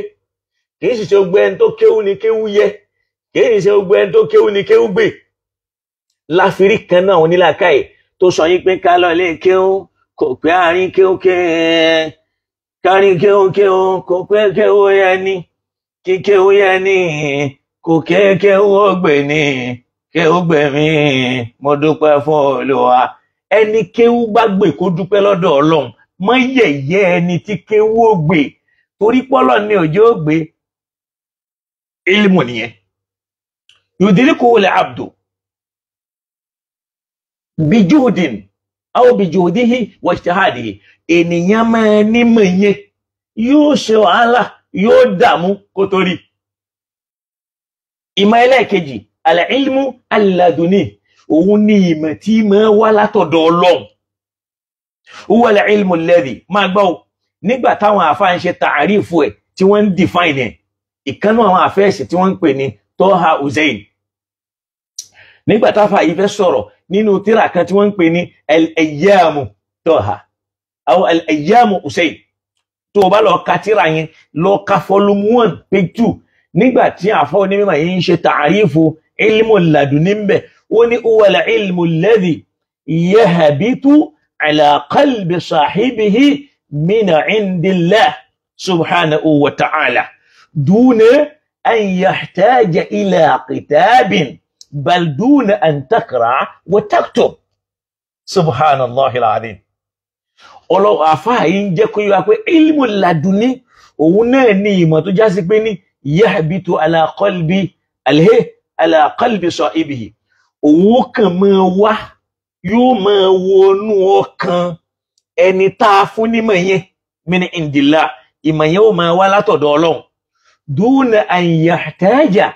kì í sì ṣe gbogbo ẹni tó kéwú ni kéwú yẹ kì í sì ṣe gbogbo ẹni tó kéwú ni kéwú gbè láfirí kan náà òun nílàkàyè tó sọ yín pé ká lọlé kéwú kò pé àárín kéwú ké kárí kéwú kéwú kò pé kéwú yẹ ni kí kéwú yẹ ni kò ké kéwú ọgbẹ ni. kéwú gbẹ̀mí mo dúpẹ́ fún olúwa ẹni kéwú bá gbè kó dúpẹ́ lọ́dọ̀ ọlọ́run mọ yẹ̀yẹ́ ẹni tí kéwú ó gbè torí pọ́lọ̀ ni òjò ó gbé ilmu nìyẹn yudiriku wọlé abdu bijudin awo bijudihi wajtihadihi ènìyàn máa ní mọ̀ yẹn yóò ṣe wàhálà yóò dààmú ìmọ̀ ẹlẹ́ẹ̀kejì al-ilmu alladuni òun ni ìmọ̀ tí máa wá látọ̀dọ̀ ọlọ́run huwa al-ilmu alladhi máa gbọ́ nígbà táwọn àfáà ń ṣe tààrífù ẹ̀ tí wọ́n ń define ẹ̀ ìkánú àwọn àfẹ́ẹ̀sì tí wọ́n ń pè ní toha hussein nígbà táfà yìí fẹ́ sọ̀rọ̀ nínú tírà kan tí wọ́n ń pè ní al-ayyamu toha aw tó o bá lọ ka tírà yẹn lọ ka fọlùmù one page two nígbà tí àfọ onímọ̀ yìí ń ṣe tààrífù ilmu laduni ń bẹ ó ní wàlá ilmu lẹ́dì yahabitu ala qalbi sahibihi min indillah subhanahu wa ta'ala duna an yahtaja ila kitabin bal duna an takra wa taktub subhanallah alazim ọlọ́wọ́ àfáà yìí ń jẹ́ kó yíwa pé ilmu laduni òun náà ni ìmọ̀ tó já sí pé yahbitu ala qalbi alhe ala qalbi sahibihi òun ó kàn máa wá yóò máa wọnú ọkàn ẹni tá a fún nímọ̀ yẹn mini indila ìmọ̀ yẹn ó máa wá látọ̀dọ̀ ọlọ́run dúnà an yahtaja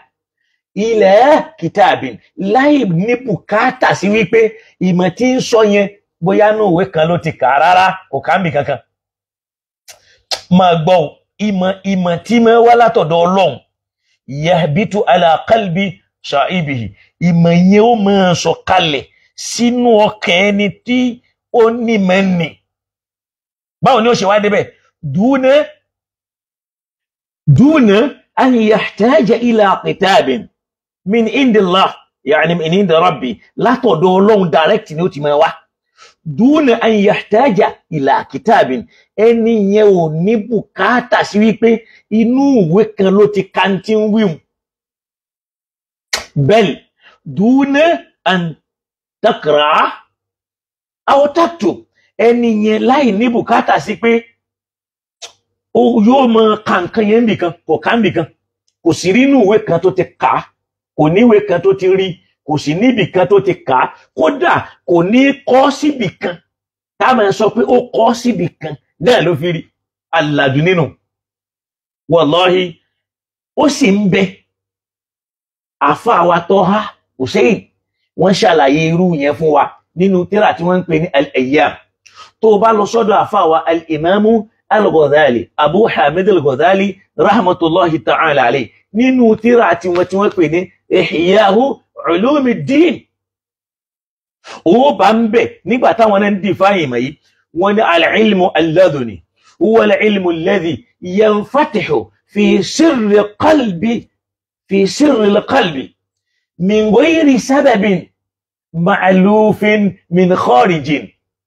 ila kìtàbìn láì ní bùkátà sí wípé ìmọ̀ tí ń sọ yẹn bóyá ní òwe kan ló ti kà á rárá kò ká mì kankan máa gbọ́ ìmọ̀ ìmọ̀ tí máa wá látọ̀dọ̀ ọlọ́run yahbitu ala ṣàìbìhì ìmọ̀ yẹn ó máa sọ̀kalẹ̀ sínú ọkàn ẹni tí ó nímọ̀ nì báwo ni ó ṣe wá débẹ̀ dúnà dúnà an yahtaja ila kitabin min indillah yàní min indi rabbi látọ̀dọ̀ ọlọ́run direct ni ó ti máa wá dúnà an yahtaja ila ẹni yẹn ò ní bùkátà sí wípé inú ìwé kan ló ti kàntí بل دون أن تقرأ أو تكتب ẹni yẹn láì ní bùkátà sí pé ó yóò mọ ka nǹkan yẹn nìkan kò ká nìkan kò sí rí inú ìwé kan tó ti kà á kò ní ìwé kan tó ti rí kò sí níbì kan tó ti kà á kódà kò ní kọ́ síbì kan tá a máa sọ pé ó kọ́ síbì kan náà ló fi rí alàdù nínú wàláhì ó sì ń bẹ àfa wa Tọ́há Hussein wọ́n ṣàlàyé irú yẹn fún wa nínú tírà tí wọ́n ń pè ní al-Ayyam tó o bá lọ sọ́dọ̀ àfa wa al-Imamu al-Ghazali Abu Hamid al-Ghazali rahmatulahi ta'ala alayhi nínú tírà tí wọ́n tí wọ́n pè ní Ihyahu Ulumuddin ó bá ń bẹ̀ nígbà táwọn náà ń dì fáyìn mọ̀ yìí wọ́n ní al-ilmu alladhuni huwa al-ilmu alladhi yanfatihu fi sirri qalbi في سر القلب من غير سبب معلوف من خارج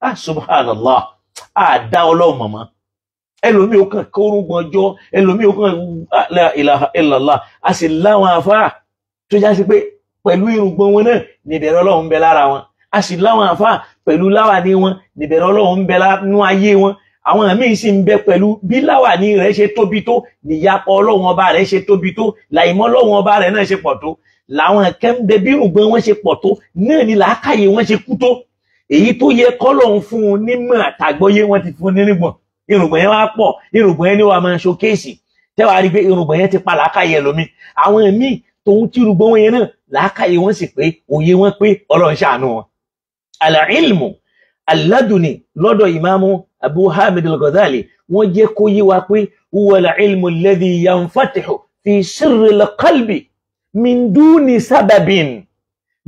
ah subhanallah àdá ah, ọlọ́run mọ̀mọ́ ẹlòmíì ó kàn kórùngbọ̀n ọjọ́ ẹlòmíì ó kàn ah, la ilaha illallah a sì láwọn àfáà tó já sí pé pẹ̀lú irùngbọ̀n wọn náà níbẹ̀rẹ̀ ọlọ́run ń bẹ lára wọn a láwọn àfáà pẹ̀lú láwàní wọn níbẹ̀rẹ̀ ọlọ́run ń bẹ nú ayé wọn àwọn míín sì ń bẹ pẹ̀lú bí láwàní rẹ̀ ṣe tóbi tó níyapọ̀ ọlọ́run ọba rẹ̀ ṣe tóbi tó làìmọ́ ọlọ́run ọba rẹ̀ náà ṣe pọ̀ tó làwọn kẹ́ńbẹ bí rùgbọ́n wọn ṣe pọ̀ tó náà ni làákàyè wọn ṣe kú tó èyí tó yẹ kọ́lọ́run fún un nímọ̀ àtàgbọ́yé wọn ti fún un nírìngbọ̀n irùngbọ̀n yẹn wá pọ̀ irùngbọ̀n yẹn ni wàá máa ṣokéèsì tẹ́wàá rí pé irùngbọ̀n yẹn ti pa làákàyè lómi àwọn míì tòun tí irùngbọ̀n wọn yẹn náà làákàyè wọn sì pé òye wọn pé ọlọ́run ṣàánú wọn. àlàílmù aládùnì lọ́dọ̀ ìmáàmù abu hamid al-ghazali wọ́n jẹ́ kó yí wa pé wọ́n ilmu alladhi yanfatihu fi sirri al-qalbi min duni sábàbìn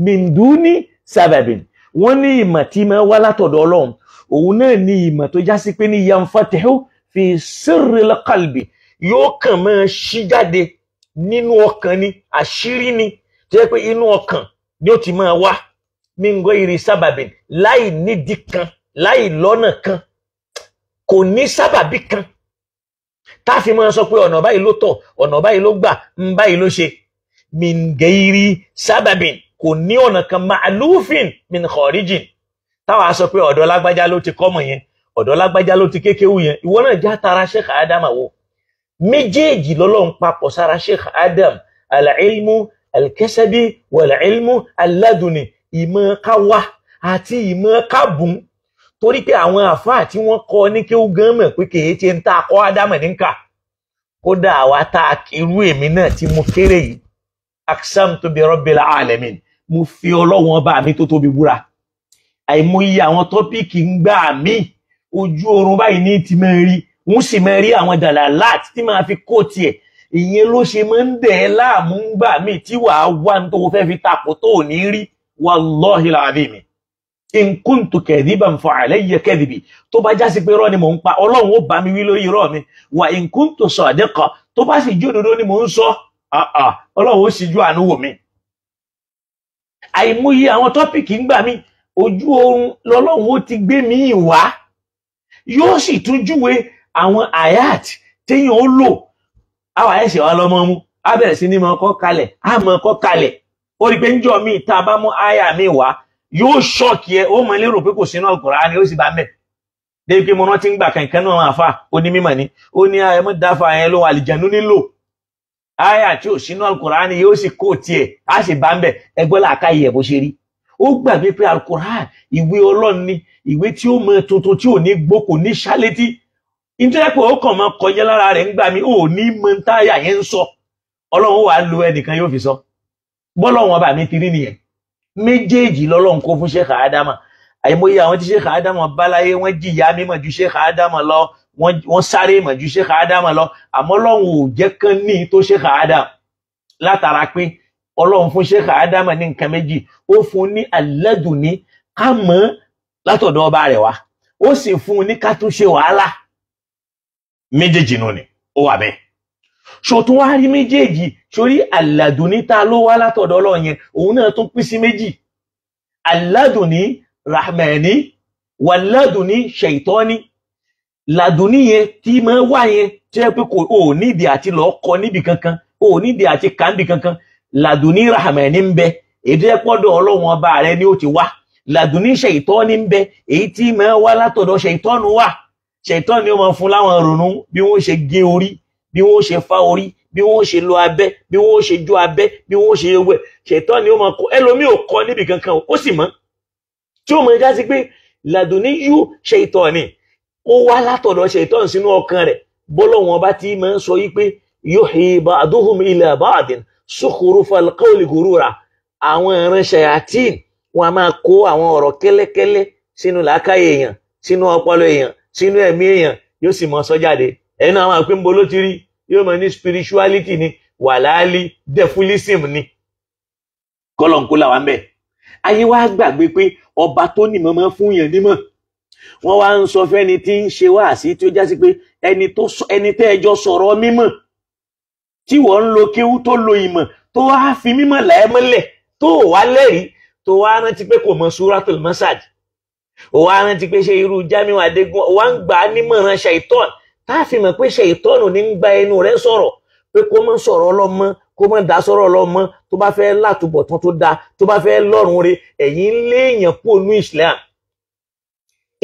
min duni sábàbìn wọ́n ní ìmọ̀ tí máa wá látọ̀dọ̀ ọlọ́run òun náà ní ìmọ̀ tó já sí pé ní yanfatihu fi sirri al-qalbi yóò kàn máa ṣí jáde nínú ọkàn ni àṣírí ni tó yẹ pé inú ọkàn ni ó ti máa wá mingo iri sábàbí láì nídìí kan láì lọ́nà kan kò ní sábàbí kan tá a fi máa sọ pé ọ̀nà báyìí ló tọ̀ ọ̀nà báyìí ló gbà ń báyìí ló ṣe mingo iri sábàbí kò ní ọ̀nà kan ma'alufin min kharijin táwa sọ pé ọ̀dọ̀ lágbájá ló ti kọ́mọ̀ yẹn ọ̀dọ̀ lágbájá ló ti kékéwù yẹn ìwọ náà já tara sheikh adam àwọ̀ méjèèjì lọ́lọ́run papọ̀ sára sheikh adam al-ilmu al-kasabi wal al ìmọ̀ káwá àti ìmọ̀ kábùn torí pé àwọn àfáà tí wọ́n kọ ní kí ó gan mọ̀ pé kèé ṣe ń ta akọ́ ádámọ̀ níkà kódà àwa tá a irú èmi náà tí mo kéré yìí aksam tó bi rabbil alamin mo fi ọlọ́wọ́n bá mi tó tóbi búra àìmọye àwọn tọ́píìkì ń gbà mí ojú oorun báyìí ní ti máa rí wọ́n sì máa rí àwọn dàlà tí máa fi kó tiẹ̀ ìyẹn ló ṣe máa ń dẹ̀ láàmú ń gbà mí tí wàá wá ní tó fẹ́ fi tapò tó ò ní rí wallahi làdìmí in kuntu kadiban fa alayya kadibi tó bá já sí pé irọ́ ni mò ń pa ọlọ́run ó bá mi wí lórí irọ́ mi wa in kuntu sadiqa tó bá sì jó òdodo ni mò ń sọ ọlọ́run ó sì ju àánú wò mí. àìmọye àwọn tọ́pìkì ń gbà mí ojú oorun lọ́lọ́run ó ti gbé mi wá yóò sì tún júwe àwọn ayat téèyàn ó lò àwọn àyẹ̀sẹ̀ wa lọ́mọ mú á bẹ̀rẹ̀ sí ní mọ ọkọ̀ kalẹ̀ á mọ ọkọ̀ kalẹ̀ ó rí pé ń jọ míì tá a bá mú àyà mi wá yóò ṣọ́ọ̀kì ẹ ó mọ lérò pé kò sínú Al-Qur'an ni ó sì bá mẹ débi pé mo rántí ń gbà kankan náà àfa onímọ̀ ni ó ní ẹ mọ dáfà yẹn ló àlìjẹnu nílò àyà tí ò sínú Al-Qur'an ni yóò sì kó tiẹ̀ á sì bá mẹ ẹgbẹ́ làákà yẹ bó ṣe rí ó gbàgbé pé al ìwé Ọlọ́run ni ìwé tí ó mọ tuntun tí ò ní gbó kò ní ṣálétí ìtẹ́lẹ́pọ̀ ó kàn mọ kọjá lára rẹ̀ ń gbà mí ò ní mọ táyà yẹn ń sọ Ọlọ́run wàá lo ẹnìkan yóò fi sọ bọ́lọ́wọ́n bá mi ti rí nìyẹn méjèèjì lọ́lọ́run kó fún sheikh adama àìmọye àwọn tí sheikh adama báláyé wọ́n jìyà mímọ̀ ju sheikh adama lọ wọ́n sáré mọ̀ ju sheikh adama lọ àmọ́ ọlọ́run ò jẹ́ kán ní tó sheikh adama látara pé ọlọ́run fún sheikh adama ní nǹkan méjì ó fún ní alẹ́dùnní ká mọ̀ látọ̀dọ̀ ọba rẹ̀ wá ó sì fún un ní ká tún ṣe wàhálà méjèèjì nù ni ó wà bẹ́ẹ̀ ṣòtún wá rí méjèèjì sórí àlàdùní ta ló wá látọ̀dọ̀ Ọlọ́run yẹn òun náà tún pín sí méjì àlàdùní rahmani wàládùní ṣèitọ́ni làdùní yẹn tí máa wà yẹn tí ó yẹ pé kò ò nídìí àti lọ́ọ́ kọ níbi kankan ò nídìí àti kà níbi kankan làdùní rahmani ń bẹ èdè pọ́dọ̀ Ọlọ́run ọba rẹ ni ó ti wá làdùní ṣèitọ́ni ń bẹ èyí tí máa wá látọ̀dọ̀ ṣèitọ́nu wà ṣèitọ́ni ó máa fún láwọn ronú bí wọ́n ṣe gé orí bí wọ́n ṣe fá orí bí wọ́n ṣe lo abẹ́ bí wọ́n ṣe jó abẹ́ bí wọ́n ṣe wẹ̀ ṣètọ́ ni ó máa kọ ẹlòmíì ò kọ níbi kankan ó sì mọ́ tí ó máa já sí pé làdùnní yóò ṣe ìtọ̀ ni ó wá látọ̀dọ̀ ṣe ìtọ̀ sínú ọkàn rẹ̀ bọ́lọ́wọ́n bá ti máa ń sọ yí pé yuhi ba'duhum ila ba'din zukhrufal qawli ghurura àwọn ìránṣẹ́ àtìn wọn máa kó àwọn ọ̀rọ̀ kẹ́lẹ́kẹ́lẹ́ sínú làákàyè èèyàn sínú ọpọlọ èèyàn sínú ẹ̀mí èèyàn yóò sì mọ sọ jáde ẹnu àwọn àpéǹbo ló ti rí yóò mọ̀ ní spirituality ni wàláálí defulism ni kọ́lọ̀ǹkó làwọn bẹ́ẹ̀ ayé wa gbàgbé pé ọba tó nímọ̀ máa fún yàn nímọ̀ wọ́n wá ń sọ fẹ́ni tí ń ṣe wáàsí tí ó jásí pé ẹni tó ẹni tẹ́ ẹjọ́ sọ̀rọ̀ mímọ̀ tí wọ́n ń lo kéwú tó lo ìmọ̀ tó wá fi mímọ̀ làẹ́mọ́lẹ̀ tó wá lẹ́rìí tó wá rántí pé kò mọ suratul masad ó wá rántí pé ṣe irú Jamiu Adégún ó wá ń gbà á nímọ̀ràn ṣàìtọ́n tá a fi mọ̀ pé ṣe ìtọ́nù ní gba ẹnu rẹ̀ sọ̀rọ̀ pé kó mọ́ sọ̀rọ̀ ọlọ́mọ kó mọ́ dá sọ̀rọ̀ ọlọ́mọ tó bá fẹ́ látúbọ̀tán tó dáa tó bá fẹ́ lọ́rùn re ẹ̀yin léèyàn kú ònú Islam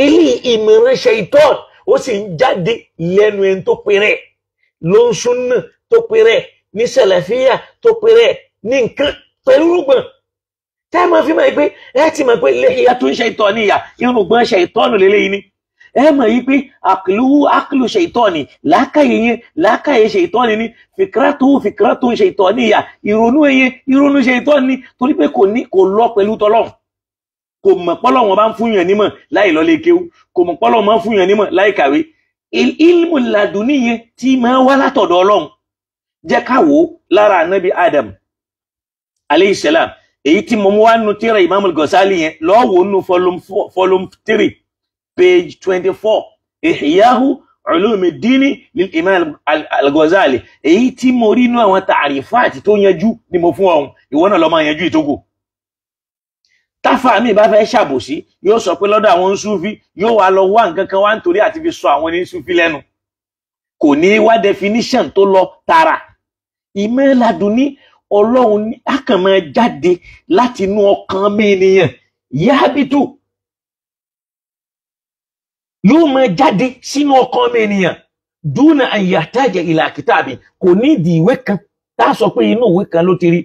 ilé ìmọ̀ránṣẹ́ ìtọ́n ó sì ń jáde lẹ́nu ẹni tó pinrẹ̀ ló ń súnà tó pinrẹ̀ ní sẹ̀lẹ̀fíà tó pinrẹ̀ ní nǹkan pẹ̀lú rúgbọ̀n tẹ́ ẹ máa fi mọ̀ pé ẹ ti mọ̀ pé ilé ìyá tó ń ẹ mọ̀ yí pé àkìlúwú àkìlú ṣètọ́ni làákàyè yẹn làákàyè ṣètọ́ni ni fìkírátù fìkírátù ṣètọ́ni yà ìrònú yẹn ìrònú ṣètọ́ni ni torí pé kò ní kò lọ pẹ̀lú tọ́lọ́run kò mọ̀ pọ́lọ̀ wọn bá ń fúnyàn nímọ̀ láì lọ lè kéwú kò mọ̀ pọ́lọ̀ wọn bá ń fúnyàn nímọ̀ láì kàwé ilmu laduni yẹn tí máa wá látọ̀dọ̀ ọlọ́run jẹ́ ká wò ó lára anabi adam aleyhisselam èyí tí mo mú wá nu tíra imam al yẹn lọ́wọ́ nu volume three page 24 ihyahu ulumi dini lil imam al-Ghazali èyí tí mo rí inú àwọn tààrífàtì tó yanjú ni mo fún ọhún ìwọ náà lọ máa yanjú ìtókù táfà mi bá fẹ́ ṣàbòsí yóò sọ pé lọ́dọ̀ àwọn nsúfí yóò wá lọ wá nǹkan kan wá nítorí àti fi sọ àwọn onísúfí lẹ́nu kò ní wá definition tó lọ tààrà ìmẹ́ladùn ní ọlọ́run á kàn máa jáde látinú ọkàn mi nìyẹn yábìtù yóò máa jáde sínú ọkàn ọmọ ènìyàn dúnà àyàtàjẹ ìlà kìtàbí kò ní ìdí ìwé kan tá a sọ pé inú ìwé kan ló ti rí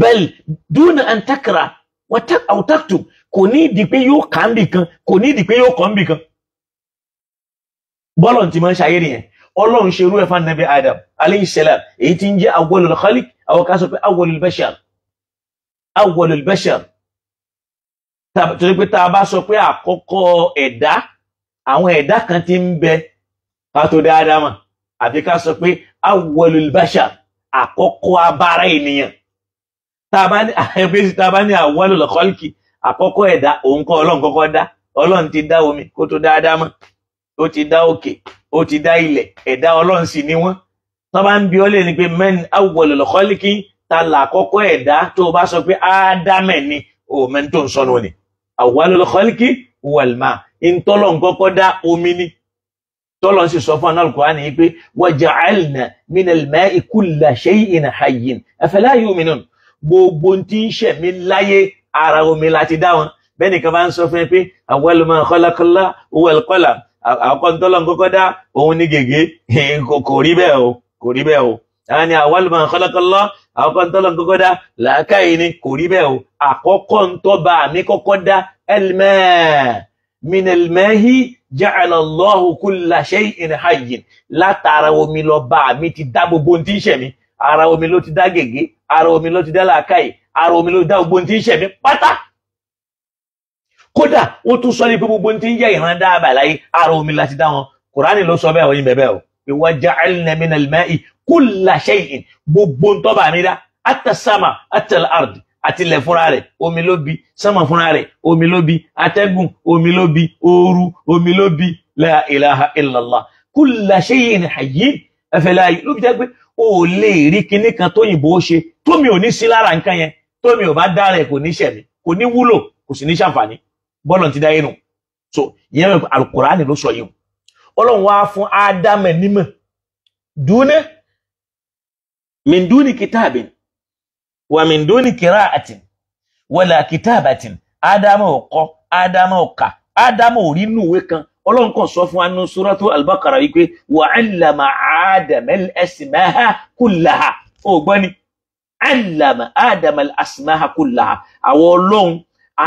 bẹ́ẹ̀ dúnà àǹtàkàrà àwòtàkùtù kò ní ìdí pé yóò kà ń bì kan kò ní ìdí pé yóò kàn ń bì kan bọ́lọ̀ ti máa ń ṣayé nìyẹn ọlọ́run ṣe irú ẹ̀ fún adam aleyhi salam èyí tí ń jẹ́ awolul khalik àwọn kan sọ pé awolul bashar awolul bashar torí pé tá a bá sọ pé àkọ́kọ́ ẹ̀dá àwọn ẹ̀dá kan ti ń bẹ ká tó dá Ádámà àbí ká sọ pé awwalul bashar àkọ́kọ́ abára ènìyàn tá a bá ní àyẹ̀bẹ́sì tá a bá ní awwalul khalqi àkọ́kọ́ ẹ̀dá òun kọ́ ọlọ́run kọ́kọ́ dá ọlọ́run ti dá omi kó tó dá Ádámà ó ti dá òkè ó ti dá ilẹ̀ ẹ̀dá ọlọ́run sì ni wọ́n tó bá ń bi ọ́ lè ní pé man awwalul khalqi ta là àkọ́kọ́ ẹ̀dá tó o bá sọ pé ádámẹ̀ ni òun mẹ́ni tó ń sọnù ni awwalul khalqi huwal ma' ìtọ́lọ̀ nkọ́kọ́ dá omi ni tọ́lọ̀ sì sọ fún Al-Qur'ani yìí pé wa ja'alna minal ma'i kulla shay'in hayyin afala yu'minun gbogbo tí ń ṣẹ̀mí láyé ara omi láti dá wọn bẹ́ẹ̀ nìkan bá ń sọ fún ẹ pé awwal ma khalaqallahu huwal qalam àkọ́ntọ́lọ̀ nkọ́kọ́ dá òun ní gègé kò rí bẹ́ẹ̀ o kò rí bẹ́ẹ̀ o àwọn ni àwọn alùmọ̀ kọ́lọ́kọ́lọ́ àkọ́kọ́ ń tọ́lọ́ kọ́kọ́ dá làákàyè ni kò rí bẹ́ẹ̀ o àkọ́kọ́ ń tọ́ba mi kọ́kọ́ dá ẹlmẹ́ minelmehi ja'ala Allahu kulla shay'in hayyin látara omi lọ bá mi ti dá gbogbo ohun tí ń ṣẹ̀mí ara omi ló ti dá gègé ara omi ló ti dá làákàyè ara omi ló ti dá gbogbo ohun tí ń ṣẹ̀mí pátá kódà ó tún sọ ní pé gbogbo ohun ń yẹ ìran dáàbà láyé ara omi láti dá wọn kùránì ló sọ bẹ́ẹ̀ oyin bẹ́ẹ̀ o ìwà ja'alna minelmehi kulla shay'in gbogbo ń tọ́ba mi dá àtàsámà àtàlárd àtilẹ̀ fúnra rẹ̀ omi ló bi sámà fúnra rẹ̀ omi ló bi atẹ́gùn omi ló bi ooru omi ló bi la ilaha illallah kulla shay'in hayyin afala ló fi jẹ́ pé o ò lè rí kinní kan tóyìnbó ṣe tómi ò ní sí lára nǹkan yẹn tómi ò bá dára ẹ̀ kò ní ṣẹ̀mí kò ní wúlò kò sì ní ṣàǹfààní bọ́lọ̀ ti dá yẹn so ìyẹn alukurani ló sọ yìí ọlọ́run wá fún ádámẹ̀ nímọ̀ dúné من دون كتاب ومن دون قراءة ولا كتابة ádámọ̀ ọ̀kọ́ ádámọ̀ ọ̀kà ádámọ̀ ò rí núwé kan ọlọ́run kan sọ fún anú suratu al-Baqara wípé wa allama ádámà al-asmaha kullaha ó gbọ́ ni allama ádámà al-asmaha kullaha àwọn ọlọ́run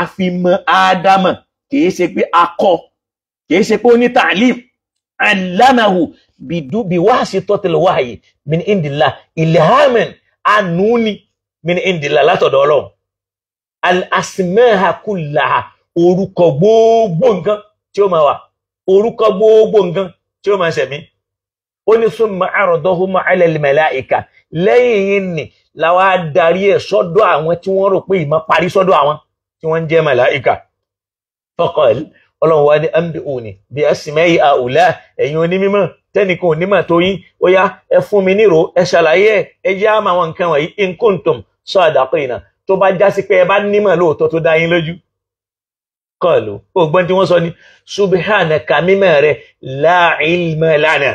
àfimọ́ ádámà kìí ṣe pé akọ kìí ṣe pé ó ní allamahu bidu biwasi totil wahyi min indillah ilhamin anuni min indillah látọ̀dọ̀ Ọlọ́run al asmaha kullaha orúkọ gbogbo nǹkan tí ó máa wà orúkọ gbogbo nǹkan tí ó máa ṣẹ̀mí ó ní summa aradahuma ala al malaika lẹ́yìn yìí àwọn tí wọ́n rò pé ìmọ̀ parí sọ́dọ̀ àwọn tí wọ́n ń jẹ́ màláìka ọlọ́run wa ní ambi òní bí a sì mẹ́yì àùlá ẹ̀yin onímọ̀ tẹ́nìkan onímọ̀ tó yín ó yá ẹ fún mi nírò ẹ ṣàlàyé ẹ ẹ jẹ́ àmọ́ àwọn nǹkan wọ̀nyí in kuntum sadiqina tó bá já sí pé ẹ bá nímọ̀ lóòótọ́ tó dá yín lójú. kọ́ọ̀lù ògbọ́n tí wọ́n sọ ni subhanaka mímọ̀ rẹ la ilma lana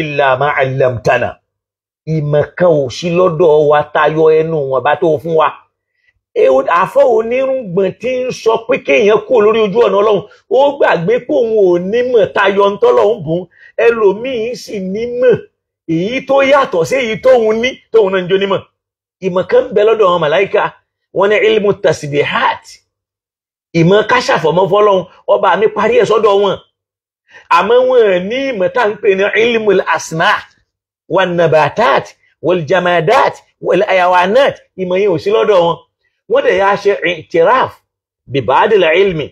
illa ma wa tayọ ẹnu wọn bá tó fún wa àfọ onírùngbọ̀n tí ń sọ pé kéèyàn kú lórí ojú ọ̀nà ọlọ́run ó gbàgbé pé òun ò nímọ̀ tayọ ń tọ́lọ́run bùn ẹlòmíín sì nímọ̀ èyí tó yàtọ̀ sí èyí tóun ní tóun náà ń jó nímọ̀ ìmọ̀ kan ń bẹ lọ́dọ̀ àwọn màláìka wọn ní ilmu tasibihat ìmọ̀ káṣàfọ̀mọ́ fọlọ́run ọba mi parí ẹ̀ sọ́dọ̀ wọn àmọ́ wọn ní ìmọ̀ tá ń pè ní ilmu asma wa nabatat wal jamadat wal ayawanat ìmọ̀ yẹn ò sí lọ́dọ̀ wọn wọ́n dẹ̀ yá ṣe ìtiraf bìbáàdìlà ilmi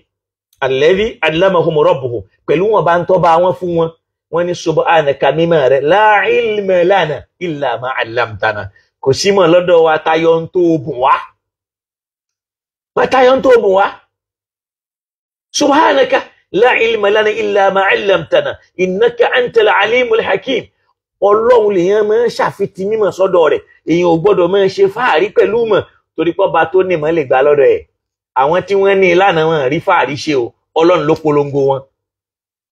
alẹ́bí alámàhùnmù rọ́bùhù pẹ̀lú wọn bá ń tọ́ba wọn fún wọn wọn ní subhanaka mímọ̀ rẹ̀ la ilma lana illa ma allamtana kò símọ̀ lọ́dọ̀ wa tayọ ń tó bùn wá wá tayọ ń tó bùn wá subhanaka la ilma lana illa ma allamtana innaka antal alimul hakim ọlọ́run lèèyàn máa ń ṣàfitì mímọ̀ sọ́dọ̀ rẹ̀ èèyàn ò gbọ́dọ̀ máa ṣe fáàrí pẹ̀lú mọ̀ torí pọ́ba tó nìmọ̀ lè gbà lọ́dọ̀ ẹ̀ àwọn tí wọ́n ní ìlànà wọn rí fàárí ṣe o ọlọ́run ló polongo wọn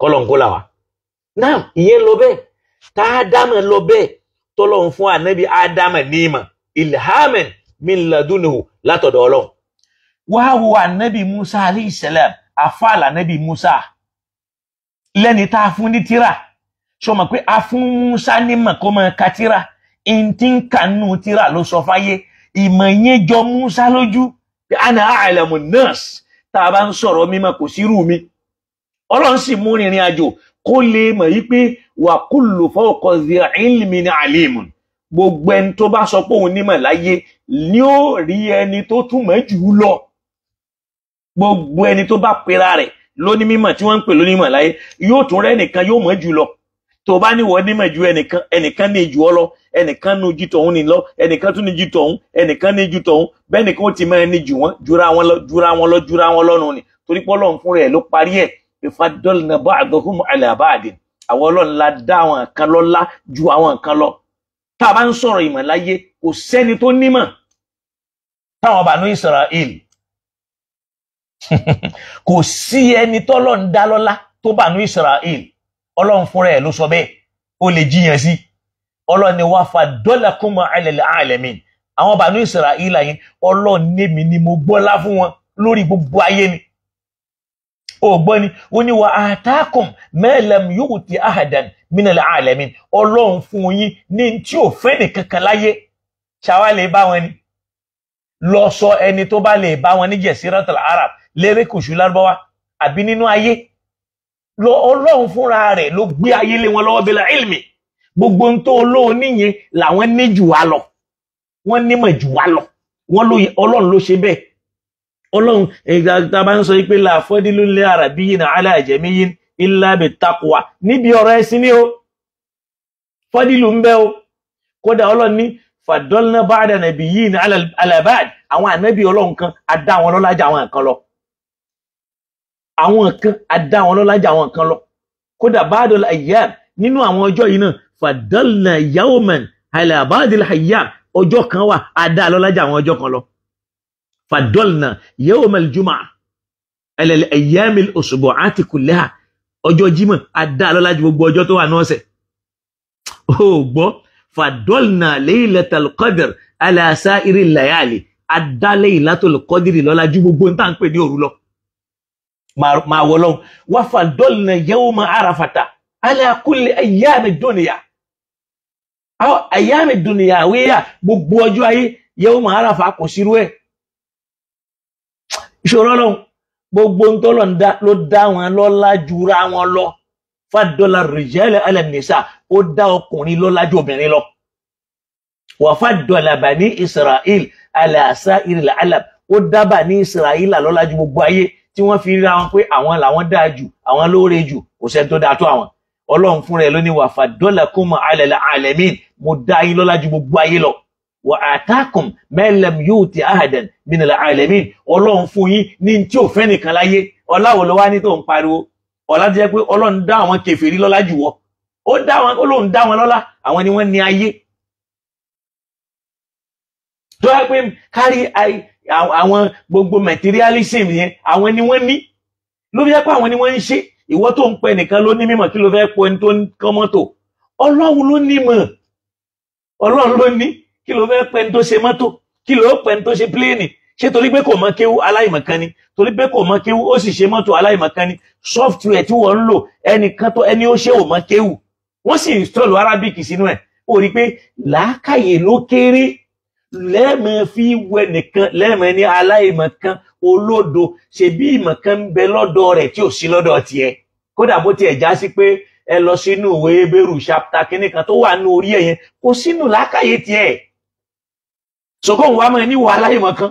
kọ́lọ́n kó là wá. náà ìyẹn lọ bẹ́ẹ̀ tá a dámọ̀ lọ bẹ́ẹ̀ tọ́lọ́run fún ànábì ádámà ní ìmọ̀ ilhamen min ladunuhu látọ̀dọ̀ ọlọ́run. wàá wo ànábì musa alayhi salam àfàl ànábì musa lẹ́ni tá a fún ní tíra sọ ma pé a fún musa ní mọ̀ kó máa ka tíra ìntínkanú tíra ló sọ fáyé ìmọ̀ yẹn jọ Musa lójú ana a'lamu nas tá a bá ń sọ̀rọ̀ mímọ̀ kò sí irú mi ọlọ́run sì mú rìnrìn àjò kó lè mọ̀ yí pé wa kullu fawqa dhi ilmin alimun gbogbo ẹni tó bá sọ pé òun nímọ̀ láyé ni ó rí ẹni tó túmọ̀ jù ú lọ gbogbo ẹni tó bá pera rẹ̀ lóní mímọ̀ tí wọ́n ń pè lónímọ̀ láyé yóò tún rẹ́ nìkan yóò mọ̀ jù lọ tó bá ní wọ́n nímọ̀ ju ẹnìkan ẹnìkan ní ju ọ lọ ẹnìkan ní ju tọ̀hún ní lọ ẹnìkan tún ní ju tọ̀hún ẹnìkan ní ju tọ̀hún bẹ́ẹ̀ nìkan ó ti mọ ẹni jù wọ́n jura wọn lọ jura wọn lọ jura wọn lọ́nu ni torí pé ọlọ́run fúnra ẹ̀ ló parí ẹ̀ ìfà dọ́lìnà bá àgbẹ̀kùn àlẹ́ àbáàdì àwọn ọlọ́run la dá àwọn kan lọ́lá ju àwọn kan lọ tá a bá ń sọ̀rọ̀ ìmọ̀ láyé kò sẹ́ni tó nímọ̀ táwọn bànú Israel kò sí ẹni tọ́lọ́ ń dá lọ́lá tó bànú Israel ọlọ́run fúnra ẹ̀ ló sọ bẹ́ẹ̀ ó lè jiyàn sí ọlọ́run ni wá fa dọ́là kún mọ́ àlẹ́lẹ́ àlẹ́mí àwọn bàánú Ísírẹ́lì yẹn ọlọ́run nèmi ni mo gbọ́lá fún wọn lórí gbogbo ayé ni ó gbọ́ ni ó ní wa àtàkùn mẹ́lẹ̀m yóò ti àhàdàn mínàlẹ́ àlẹ́mí ọlọ́run fún yín ní tí ò fẹ́ nìkankan láyé ṣàwa lè bá wọn ni lọ sọ ẹni tó bá lè bá wọn ní jẹ̀síratul Arab lérékùṣù lárúbáwá àbí nínú ayé lọ ọlọ́run fúnra rẹ̀ ló gbé ayé lé wọn lọ́wọ́ bílá ilmi gbogbo ń tó olóhùn níyẹn làwọn ní jù wá lọ wọn nímọ̀ jù wá lọ wọn lóye ọlọ́run ló ṣe bẹ́ẹ̀ ọlọ́run ìgbà tá a bá ń sọ pé làfọ́dí àràbí yìí náà aláìjẹ̀mí yìí illa bi níbi ọ̀rọ̀ ẹ̀sìn ni o fọ́dílù ń bẹ o kódà ọlọ́run ní fàdọ́lná ba'da nabiyyin ala ba'd àwọn ànábì ọlọ́run kan adá wọn lọ́lájà àwọn kan lọ àwọn nǹkan adá wọn lọ́lá jà àwọn nǹkan lọ kódà báàdọ̀ ayyam nínú àwọn ọjọ́ yìí náà fàdánlá yawman ala báàdìl ayyam ọjọ́ kan wà adá lọ́lá jà àwọn ọjọ́ kan lọ fàdánlá yawmal jum'a ala ayyamil usbu'ati kullaha ọjọ́ jímọ̀ adá lọ́lá gbogbo ọjọ́ tó wà náà sẹ̀ ó fàdánlá laylatal qadr máa wọ lọ́hùn wá fàdọ́lìnà yawma àràfàtà ala kulli ayyami dunya ayyami dunya wíyà gbogbo ọjọ́ ayé yawma àràfà kò sírú ẹ̀ ìṣòro ọlọ́hùn gbogbo ntọ́lọ̀ ló dá wọn lọ́lá jura wọn lọ fàdọ́là rìjẹ́lẹ̀ alẹ́nisa ó dá ọkùnrin lọ́lá ju obìnrin lọ wà fàdọ́là bani israel alẹ́ àṣà ìrìlà alẹ́ ó dá bani israel lọ́lá ju gbogbo ayé tí wọ́n fi ríra wọn pé àwọn làwọn dáa jù àwọn lóore jù kò sẹ́ni tó dáa tó àwọn ọlọ́run fúnra ẹ̀ lóní wàfà dọ́là kún mọ́ alẹ́lẹ́ alẹ́mìn mo dá yín lọ́lá ju gbogbo ayé lọ wà àtàkùn mẹ́lẹ̀m yóò ti àhàdàn mìnàlẹ́ alẹ́mìn ọlọ́run fún yín ní tí ò fẹ́ nìkan láyé ọláwo ló wá ní tó ń pariwo ọlá ti jẹ́ pé ọlọ́run dá àwọn kèfèrí lọ́lá jù wọ́ ó dá wọn ọlọ́run dá wọn lọ́lá àwọn ni wọ́n ní ayé tó yẹ pé kárí àwọn gbogbo materialism yẹn àwọn ni wọ́n ní ló fi àwọn ni wọ́n ń ṣe ìwọ tó ń pẹ nìkan ló ní mímọ̀ kí ló fẹ́ pọ ẹni tó ń kán mọ́tò ọlọ́run ló ní mọ̀ ọlọ́run ló ní kí ló fẹ́ pẹ ẹni tó ṣe mọ́tò kí ló pẹ ẹni tó ṣe pléènì ṣé torí pé kò mọ kéwú aláìmọ̀kan ni torí pé kò mọ kéwú ó sì ṣe mọ́tò aláìmọ̀kan ni software tí wọ́n ń lò ẹnìkan tó ẹni ó ṣe ò mọ kéwú wọ́n sì install arabic sínú ẹ̀ ó pé làákàyè ló kéré lẹ́ẹ̀mọ fi wẹ nìkan lẹ́ẹ̀mọ ní aláìmọ̀kan olódo ṣebí ìmọ̀kan ń bẹ lọ́dọ̀ rẹ̀ tí ò sí lọ́dọ̀ tiẹ̀ kódà bó tiẹ̀ já sí pé ẹ lọ sínú ìwé ebéèrú ṣapta kínní tó wà ní orí ẹ̀ kò sínú lákàyè tiẹ̀ ṣòkòhùn wa mọ̀ níwọ̀ aláìmọ̀kan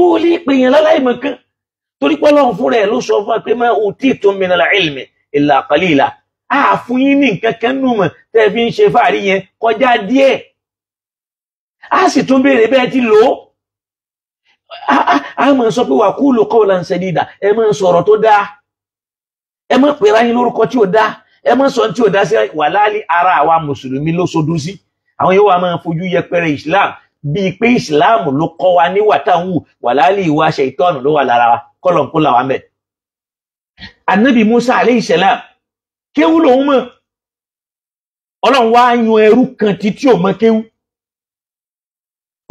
ó lè pè yẹn láláìmọ̀kan torí pé Ọlọ́run fúnra ẹ̀ ló sọ fún wa pé ma utitum minal ilmi illa qalila àfún yín ní nǹkan kan nù mọ̀ tẹ́ fi ń ṣe fàárí yẹn kọjá díẹ̀ a sì tún béèrè bẹ́ẹ̀ ti lò ó a máa sọ pé wà kúlò qawlan sadida ẹ máa sọ̀rọ̀ tó dáa ẹ má pera yín lórúkọ tí ò dáa ẹ má sọ tí ò dáa sí wà láàlì ara àwa mùsùlùmí ló sodú sí àwọn yóò wá máa fojú yẹpẹrẹ Islam bíi pé Islam ló kọ́ wa níwà táwọn wù wà láàlì ìwà ṣaitọ́ọ̀nù ló wà lára wa kọ́lọ̀ ń kó làwọn mẹ́. Ànábì Musa alayhi salam kéwú lòun mọ̀ ọlọ́run wá yan ẹrú kan títí ò mọ kéwú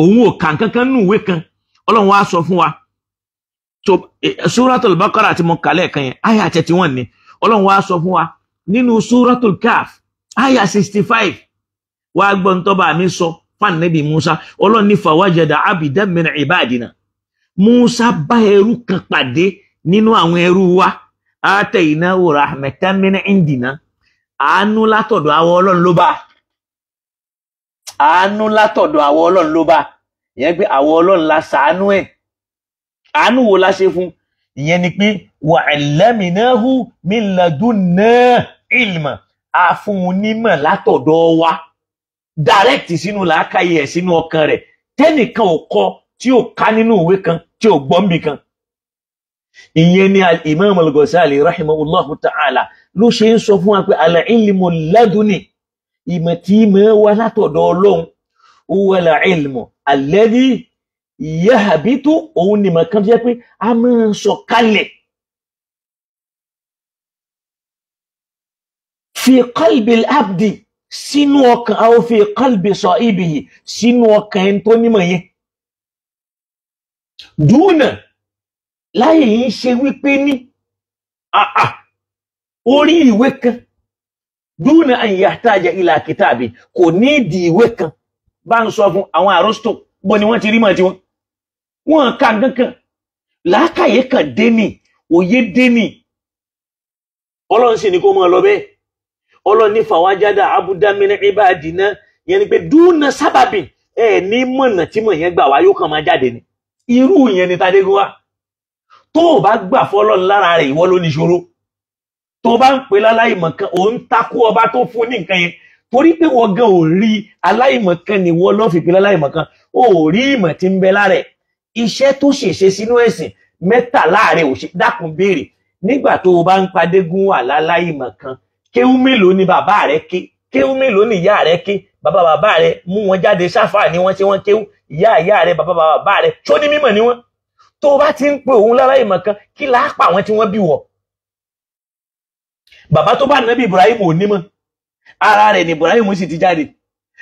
òun ò kà kankan nù ìwé kan ọlọ́run wá sọ fún wa tó eh, suratul Baqara tí mo kà lẹ́ẹ̀kan yẹn àyà thirty one ni ọlọ́run wá sọ fún wa nínú suratul Kahf àyà sixty five wàá gbọ́ ń tọ́ba mi sọ fún Ànábì Musa ọlọ́run ní fawajada abdan min ibadina Musa bá ẹrú kan pàdé nínú àwọn ẹrú wa àtẹ̀yìnà rahmatan min indina àánú látọ̀dọ̀ àwọn ọlọ́run ló bá a àánú látọ̀dọ̀ àwọ ọlọ́run ló bá ìyẹn pé àwọ ọlọ́run la ṣàánú ẹ̀ àánú wo la ṣe fún ìyẹn ni pé wà ẹlẹ́mìnáhù min ladunna ilma a fún un nímọ̀ látọ̀dọ̀ wa direct sínú làákàyè ẹ̀ sínú ọkàn rẹ̀ tẹ́nìkan ò kọ tí ò ká nínú ìwé kan tí ò gbọ́ nbì kan ìyẹn ni al-imam al-Ghazali ta'ala ló ṣe ń sọ fún wa pé al-ilmu laduni ìmọ̀ tí mọ̀ wá látọ̀dọ̀ ọlọ́run wọlé ilmu alẹ́dí yahabitu òun nìmọ̀ kan tó yẹ pé a máa ń sọ kalẹ̀ fi qalbi abdi sínú ọkàn àwọn fi qalbi sọ ibi yìí sínú ọkàn ẹni tó nímọ̀ yẹn dùnà láyé yìí ṣe wípé ní orí ìwé kan dúnà àyàtàjà ilà kìtàbí kò ní ìdí ìwé kan bá ń sọ fún àwọn àrọ́sítò bọ́ ni wọ́n ti rí mọ̀ tiwọn wọ́n ka kankan làákàyè kan dé ní òye dé ní sì ni kó máa lọ bẹ́ẹ̀ ọlọ́run ní fàwájádà abúdámínà ibàdínà yẹn ni pé dúnà sábàbí ẹ ní mọ̀nà tí mọ̀ yẹn gbà wá yóò kàn máa jáde ni irú yẹn ni tadégún wa tó o bá gbà fọlọ́run lára rẹ̀ ìwọ ló ní ìṣòro tó bá ń pè láláìmọ̀kan ò ń takú ọba tó fún ní nǹkan yẹn torí pé wọ́n gan ò rí aláìmọ̀kan ni wọ́n lọ́ọ́ fi pè láláìmọ̀kan ò rí ìmọ̀ tí ń bẹ lára ẹ̀ iṣẹ́ tó ṣèṣe sínú ẹ̀sìn mẹ́ta láàrẹ̀ ò ṣe dákun béèrè nígbà tó o bá ń padégún wà láláìmọ̀kan kéwú mélòó ni bàbá rẹ ké kéwú mélòó ni ìyá rẹ ké bàbá bàbá rẹ mú wọn jáde sáfà ni wọn ṣe wọn kéwú ìyá ìyá rẹ bàbá bàbá rẹ tó ní mímọ̀ ni wọn tó o bá ti ń pe òun láláìmọ̀kan kí làá pa tí wọ́n bí wọ̀ bàbá tó bá nàbí Ibrahim ò ní mọ̀ ara rẹ̀ ni Ibrahim sì ti jáde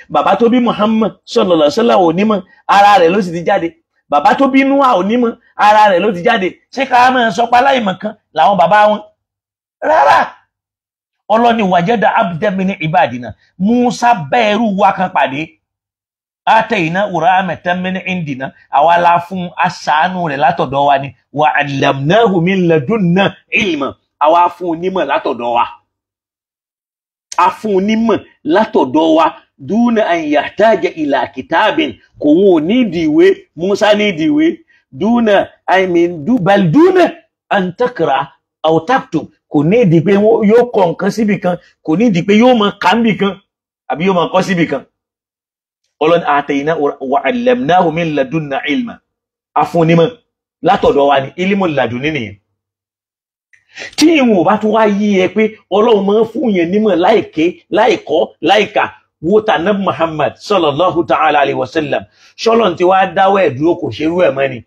bàbá tó bí Muhammad sallallahu alaihi wasallam ò ní mọ̀ ara rẹ̀ ló sì ti jáde bàbá tó bí Noah ò ní mọ̀ ara rẹ̀ ló ti jáde ṣé ká máa sọ pa láìmọ̀ kan làwọn bàbá wọn rárá ọlọ́ni wàjẹ́dà abdẹ́mìnì ìbàdìnà Musa bẹ́ẹ̀rù wa kan pàdé àtẹ̀yìnà wùràmẹ̀tẹ́mìnì ìndìnà àwa la fún aṣàánú rẹ̀ látọ̀dọ̀ wa ni wà àlàmnáhùmí ladùnà ìlmà àwa fún un nímọ̀ látọ̀dọ̀ wa a fún un nímọ̀ látọ̀dọ̀ wa dúnà àyàtàjà ìlà kìtàbìn kò wọn ò ní ìdìwé Musa ní ìdìwé dúnà àìmì dúnà àǹtàkìrà àwòtàkùtù kò ní ìdí pé yóò kọ nǹkan síbì kan kò ní ìdí pé yóò mọ kà ń bì kan àbí yóò mọ kọ síbì kan ọlọ́ni àtẹ̀yìnà wà àlẹ̀mnáhùn min ladunna ilma afúnnímọ̀ látọ̀dọ̀ wa ni ilmu ladunni nìyẹn tí ìwọ̀n bá tún wá yí ẹ pé ọlọ́run máa ń fún yẹn nímọ̀ láìké láìkọ́ láìkà wo tànà Muhammad sallallahu ta'ala alayhi wa sallam ṣọlọ́n ti wá dáwọ́ ẹ̀ dúró kò ṣerú ẹ̀ mọ́ ni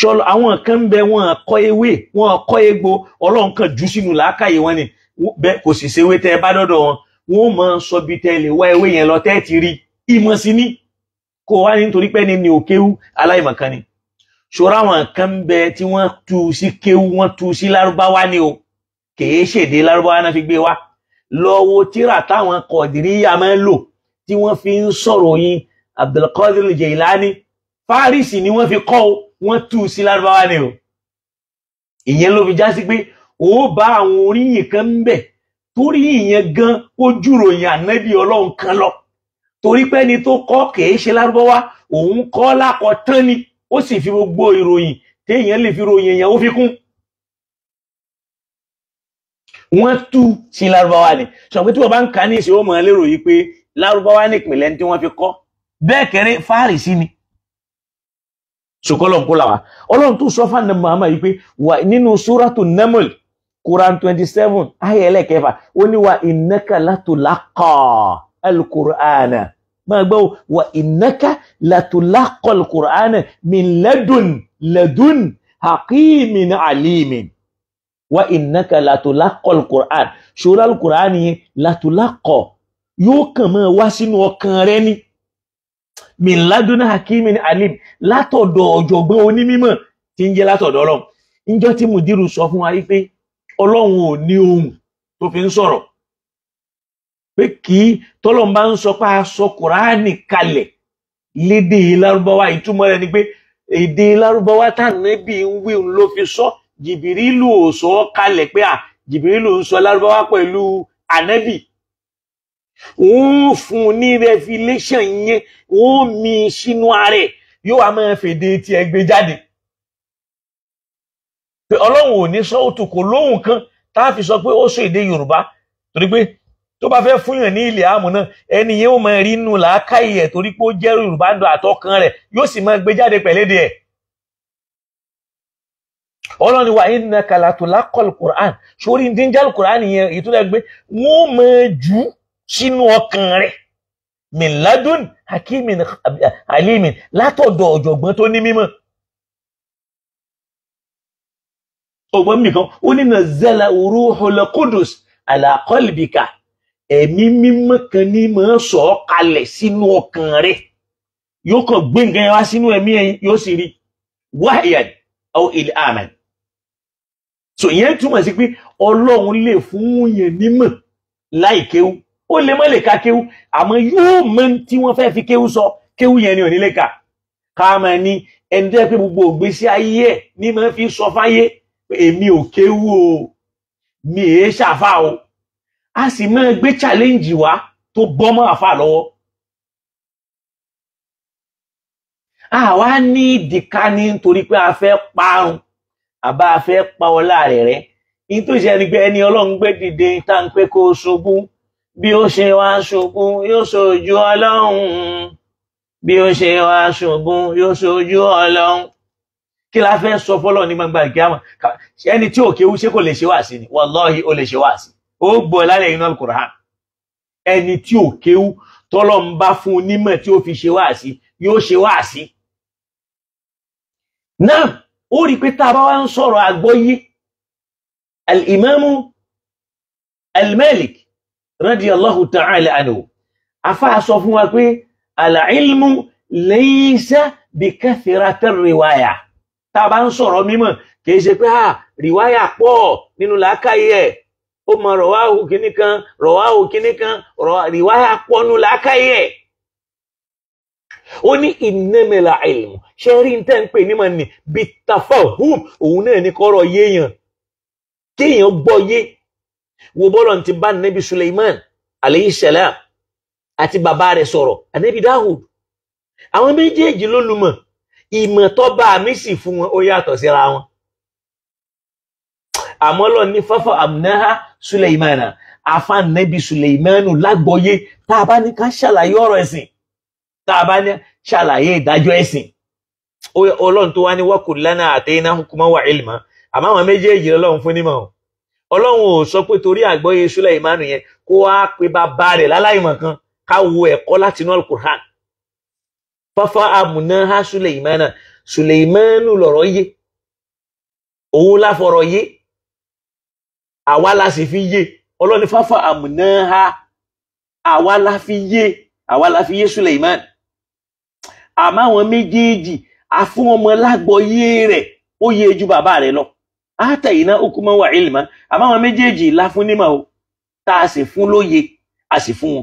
ṣọlọ àwọn kan bẹ wọn kọ ewé wọn kọ egbò ọlọ́run kan jù sínú làákàyè wọn ni bẹ́ẹ̀ kò sì ṣewé tẹ́ ẹ bá dọ́dọ̀ wọn wọn máa sọ bí tẹ́ ẹ lè wá ewé yẹn lọ tẹ́ ẹ ti rí ìmọ̀ sí ni kò wá nítorí pé ní ni òkéwú aláìmọ̀kan ni ṣọ́ra àwọn kan bẹ tí wọ́n tú sí kéwú wọ́n tú sí lárúbáwá ni o kìí ṣèdè lárúbáwá náà fi gbé wá lọ́wọ́ tíra táwọn kọ̀dìríyà máa ń lò tí wọ́n fi ń sọ̀rọ̀ yín Abdulkadir Jailani fárísì ni wọ́n fi kọ́ o wọ́n tú sí lárúbáwá ni o ìyẹn ló fi já sí pé ó bá àwọn oríyìn kan ń bẹ torí ìyẹn gan ó jùròyìn ànábì Ọlọ́run kan lọ torí pé tó kọ́ kìí ṣe lárúbáwá òun kọ́ lákọ̀ọ́ tán ni ó sì fi gbogbo ìròyìn téèyàn lè fi ròyìn èèyàn ó fi kún wọ́n tú sí lárúbáwá ni ṣùgbọ́n tí wọ́n bá ń kà ní ìṣòwò mọ̀ lérò yìí pé lárúbáwá ní ìpìlẹ̀ tí wọ́n fi kọ́ bẹ́ẹ̀ kẹrẹ́ fáàrìsì ni ṣùkọ́lọ̀ ń kó làwà ọlọ́run tó sọ fáànà Muhammad yìí pé wà nínú suratu Naml Quran twenty seven ayé ẹlẹ́kẹfà ó ní wa innaka latulaqa al-Qur'ana máa gbọ́ wà ìnáka latulakọl kùránà min lẹ́dùn lẹ́dùn hakimin alimin wà ìnáka latulakọl kùránà ṣòro kùránà yẹn latulakọ yóò kàn máa wá sínú ọkàn rẹ ni min lẹ́dùn hakimin alim látọ̀dọ̀ ọ̀jọ̀gbọ́n onímọ̀ tí ń jẹ́ látọ̀dọ̀ ọlọ́run níjọ́ tí mùdírù sọ fún wa wípé ọlọ́run ò ní ohun tó fi ń sọ̀rọ̀ pé kí tọ́lọ́n bá ń sọ pé a sọ kùránì kalẹ̀ lédè lárúbáwá ìtumọ̀ rẹ ni pé èdè lárúbáwá tànàbí ń wí òun ló fi sọ jìbìrìlù ò sọ ọ́ kalẹ̀ pé à jìbìrìlù ń sọ lárúbáwá pẹ̀lú ànábì òun fún ní revelation yẹn ó mi sínú ààrẹ yóò wá máa fèdè tí ẹ gbé jáde pé ọlọ́run ò ní sọ òtù kò lóhùn kan tá a fi sọ pé ó sọ èdè yorùbá torí pé tó bá fẹ́ fún yàn ní ilẹ̀ àmù náà ẹni yẹn ó máa rí inú làákàyè ẹ̀ torí pé ó jẹ́ yorùbá ń dọ̀ àtọkàn rẹ̀ yóò sì máa gbé jáde pẹ̀lédè ẹ̀ ọlọ́ni wa iná kàlàtò lákọ̀lù quran sórí díjáàlù quran yẹn èyí tó dẹ́ gbé wọ́n máa jù sínú ọkàn rẹ̀ mìládùn hakimin alimin látọ̀dọ̀ ọ̀jọ̀gbọ́n tó ní mímọ̀ ọgbọ́n mi kan ó ní nazala ruhul qudus ala qalbika ẹ̀mí mímọ́ kan ní máa sọ ọ́ kalẹ̀ sínú ọkàn rẹ yóò kàn gbé nǹkan yẹn wá sínú ẹ̀mí ẹ̀ yóò sì rí wáyàn ọ ilẹ̀ àmàn so ìyẹn túmọ̀ sí pé ọlọ́run lè fún yẹn nímọ̀ láì kéwú ó lè má lè ka kéwú àmọ́ yóò mọ tí wọ́n fẹ́ fi kéwú sọ kéwú yẹn ni ò ní lè kà ká máa ní ẹni tó yẹ pé gbogbo ògbésí ayé ẹ̀ ní máa fi sọ fáyé èmi ò kéwú o mi èé ṣàfà o a sì máa gbé challenge wá tó bọ́ mọ́ àfa a àwa ní ìdìka ní nítorí pé a fẹ́ parun àbá a fẹ́ pa ọlá rẹ̀ rẹ́ ní tó ṣe ẹni pé ẹni ọlọ́run gbé dìde tá n pé kó ṣubú bí ó ṣe wá ṣubú yóò ṣojú ọlọ́run bí ó ṣe wá ṣubú yóò ṣojú ọlọ́run kí la fẹ́ sọ fọ́lọ́ ní gbangba ìkíyàmọ̀ ẹni tí ò kéwú ṣé kò lè ṣe wá sí ni wàláhì ó lè ṣe wá sí i ó gbọ́ lálẹ́ iná alukur'an ẹni tí ò kéwú tọ́lọ́ ń bá fún onímọ̀ tí ó fi ṣe wáàsí yóò ṣe wáàsí. náà ó rí i pé tá a bá wá ń sọ̀rọ̀ àgbọ́yé al-imamu al-malik radiyallahu ta'ala anhu afáà sọ fún wa pé al-ilmu laysa bi kathirati tá a bá ń sọ̀rọ̀ mímọ̀ kì ṣe pé ah riwaya pọ̀ nínú làákàyè ẹ̀ ó mọ rọ̀wáhù kínní kan rọ̀wáhù kínní kan rìwáyà pọ́nú làákàyè ó ní ìnẹ́mẹ̀lá ilmu ṣe rí n tẹ́ ń pè ní màní bitafahum òun náà ní kọ́rọ̀ yéèyàn kéèyàn gbọ́ yé wo bọ́lọ̀ ti bá nẹ́bi Suleiman aleyhi salam àti bàbá rẹ̀ sọ̀rọ̀ ànẹ́bi Dahud àwọn méjèèjì ló lumọ̀ ìmọ̀ bá mi sì fún wọn ó yàtọ̀ síra wọn àmọ́ lọ ní fáfá amnaha suleimana afa nẹ́bí suleimanu lágbọ́yé tá a bá ní ká ṣàlàyé ọ̀rọ̀ ẹ̀sìn tá a bá ní ṣàlàyé ìdájọ́ ẹ̀sìn ọlọ́run tó wá ní wa kullana atayna hukman wa ilma àmọ́ àwọn méjèèjì ọlọ́run fún nímọ̀ ọlọ́run ò sọ pé torí àgbọ́yé suleimanu yẹn kó wá pé bàbá rẹ̀ láláìmọ̀ kan ká wo ẹ̀kọ́ látinú alukur'an fafa amunaha suleimana suleimanu lọ̀rọ̀ yé òun láfọ̀rọ̀ yé àwa la sì fi yé ọlọ́ni fáfá àmùná ha àwa la fi yé àwa la fi yé Suleiman àmọ́ àwọn méjèèjì àfún ọmọ lágbọ́yé rẹ̀ ó yé ju bàbá rẹ̀ lọ àtàyìnà okùnmọ́ wà ìlmà àmọ́ àwọn méjèèjì la fún nímọ̀ o tá a sì fún lóye a sì fún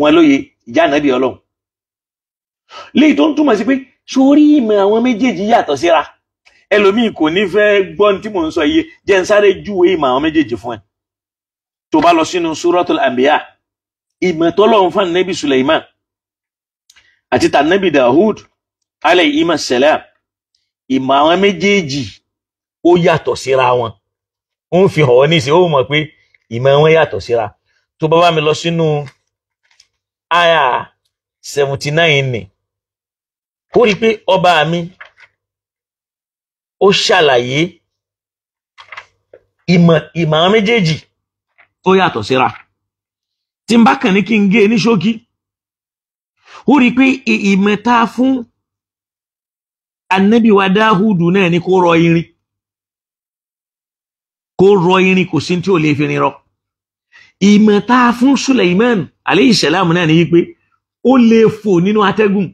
wọn lóye ìjà ànábì ọlọ́run léyìí tó ń túmọ̀ sí pé sórí ìmọ̀ àwọn méjèèjì yàtọ̀ síra ẹlòmíì kò ní fẹ́ gbọ́ ní tí mò ń sọ yìí jẹ́ ń sáré júwe ìmọ̀ àwọn méjèèjì fún ẹ tó bá lọ sínú suratul anbiya ìmọ̀ tọ́lọ́run fún anabi suleiman àti tànàbì dahud alẹ́ ìmọ̀ sẹ́lẹ̀ ìmọ̀ àwọn méjèèjì ó yàtọ̀ síra wọn ó ń fi hàn ọ́ níṣẹ́ ó mọ̀ pé ìmọ̀ wọn yàtọ̀ síra tó bá bá mi lọ sínú àyà seventy nine ni ó rí pé ọba mi ó ṣàlàyé ìmọ̀ ìmọ̀ méjèèjì ó yàtọ̀ síra tí n bá kàn ní kí n gé e ní ṣókí ó rí i pé ìmọ̀ tá a fún Ànábì wa Dáhùdù náà ni kó rọ irin kó rọ irin kò sí tí ò lè fi rin rọ ìmọ̀ fún Suleiman aleyhi náà ni wípé ó lè fò nínú atẹ́gùn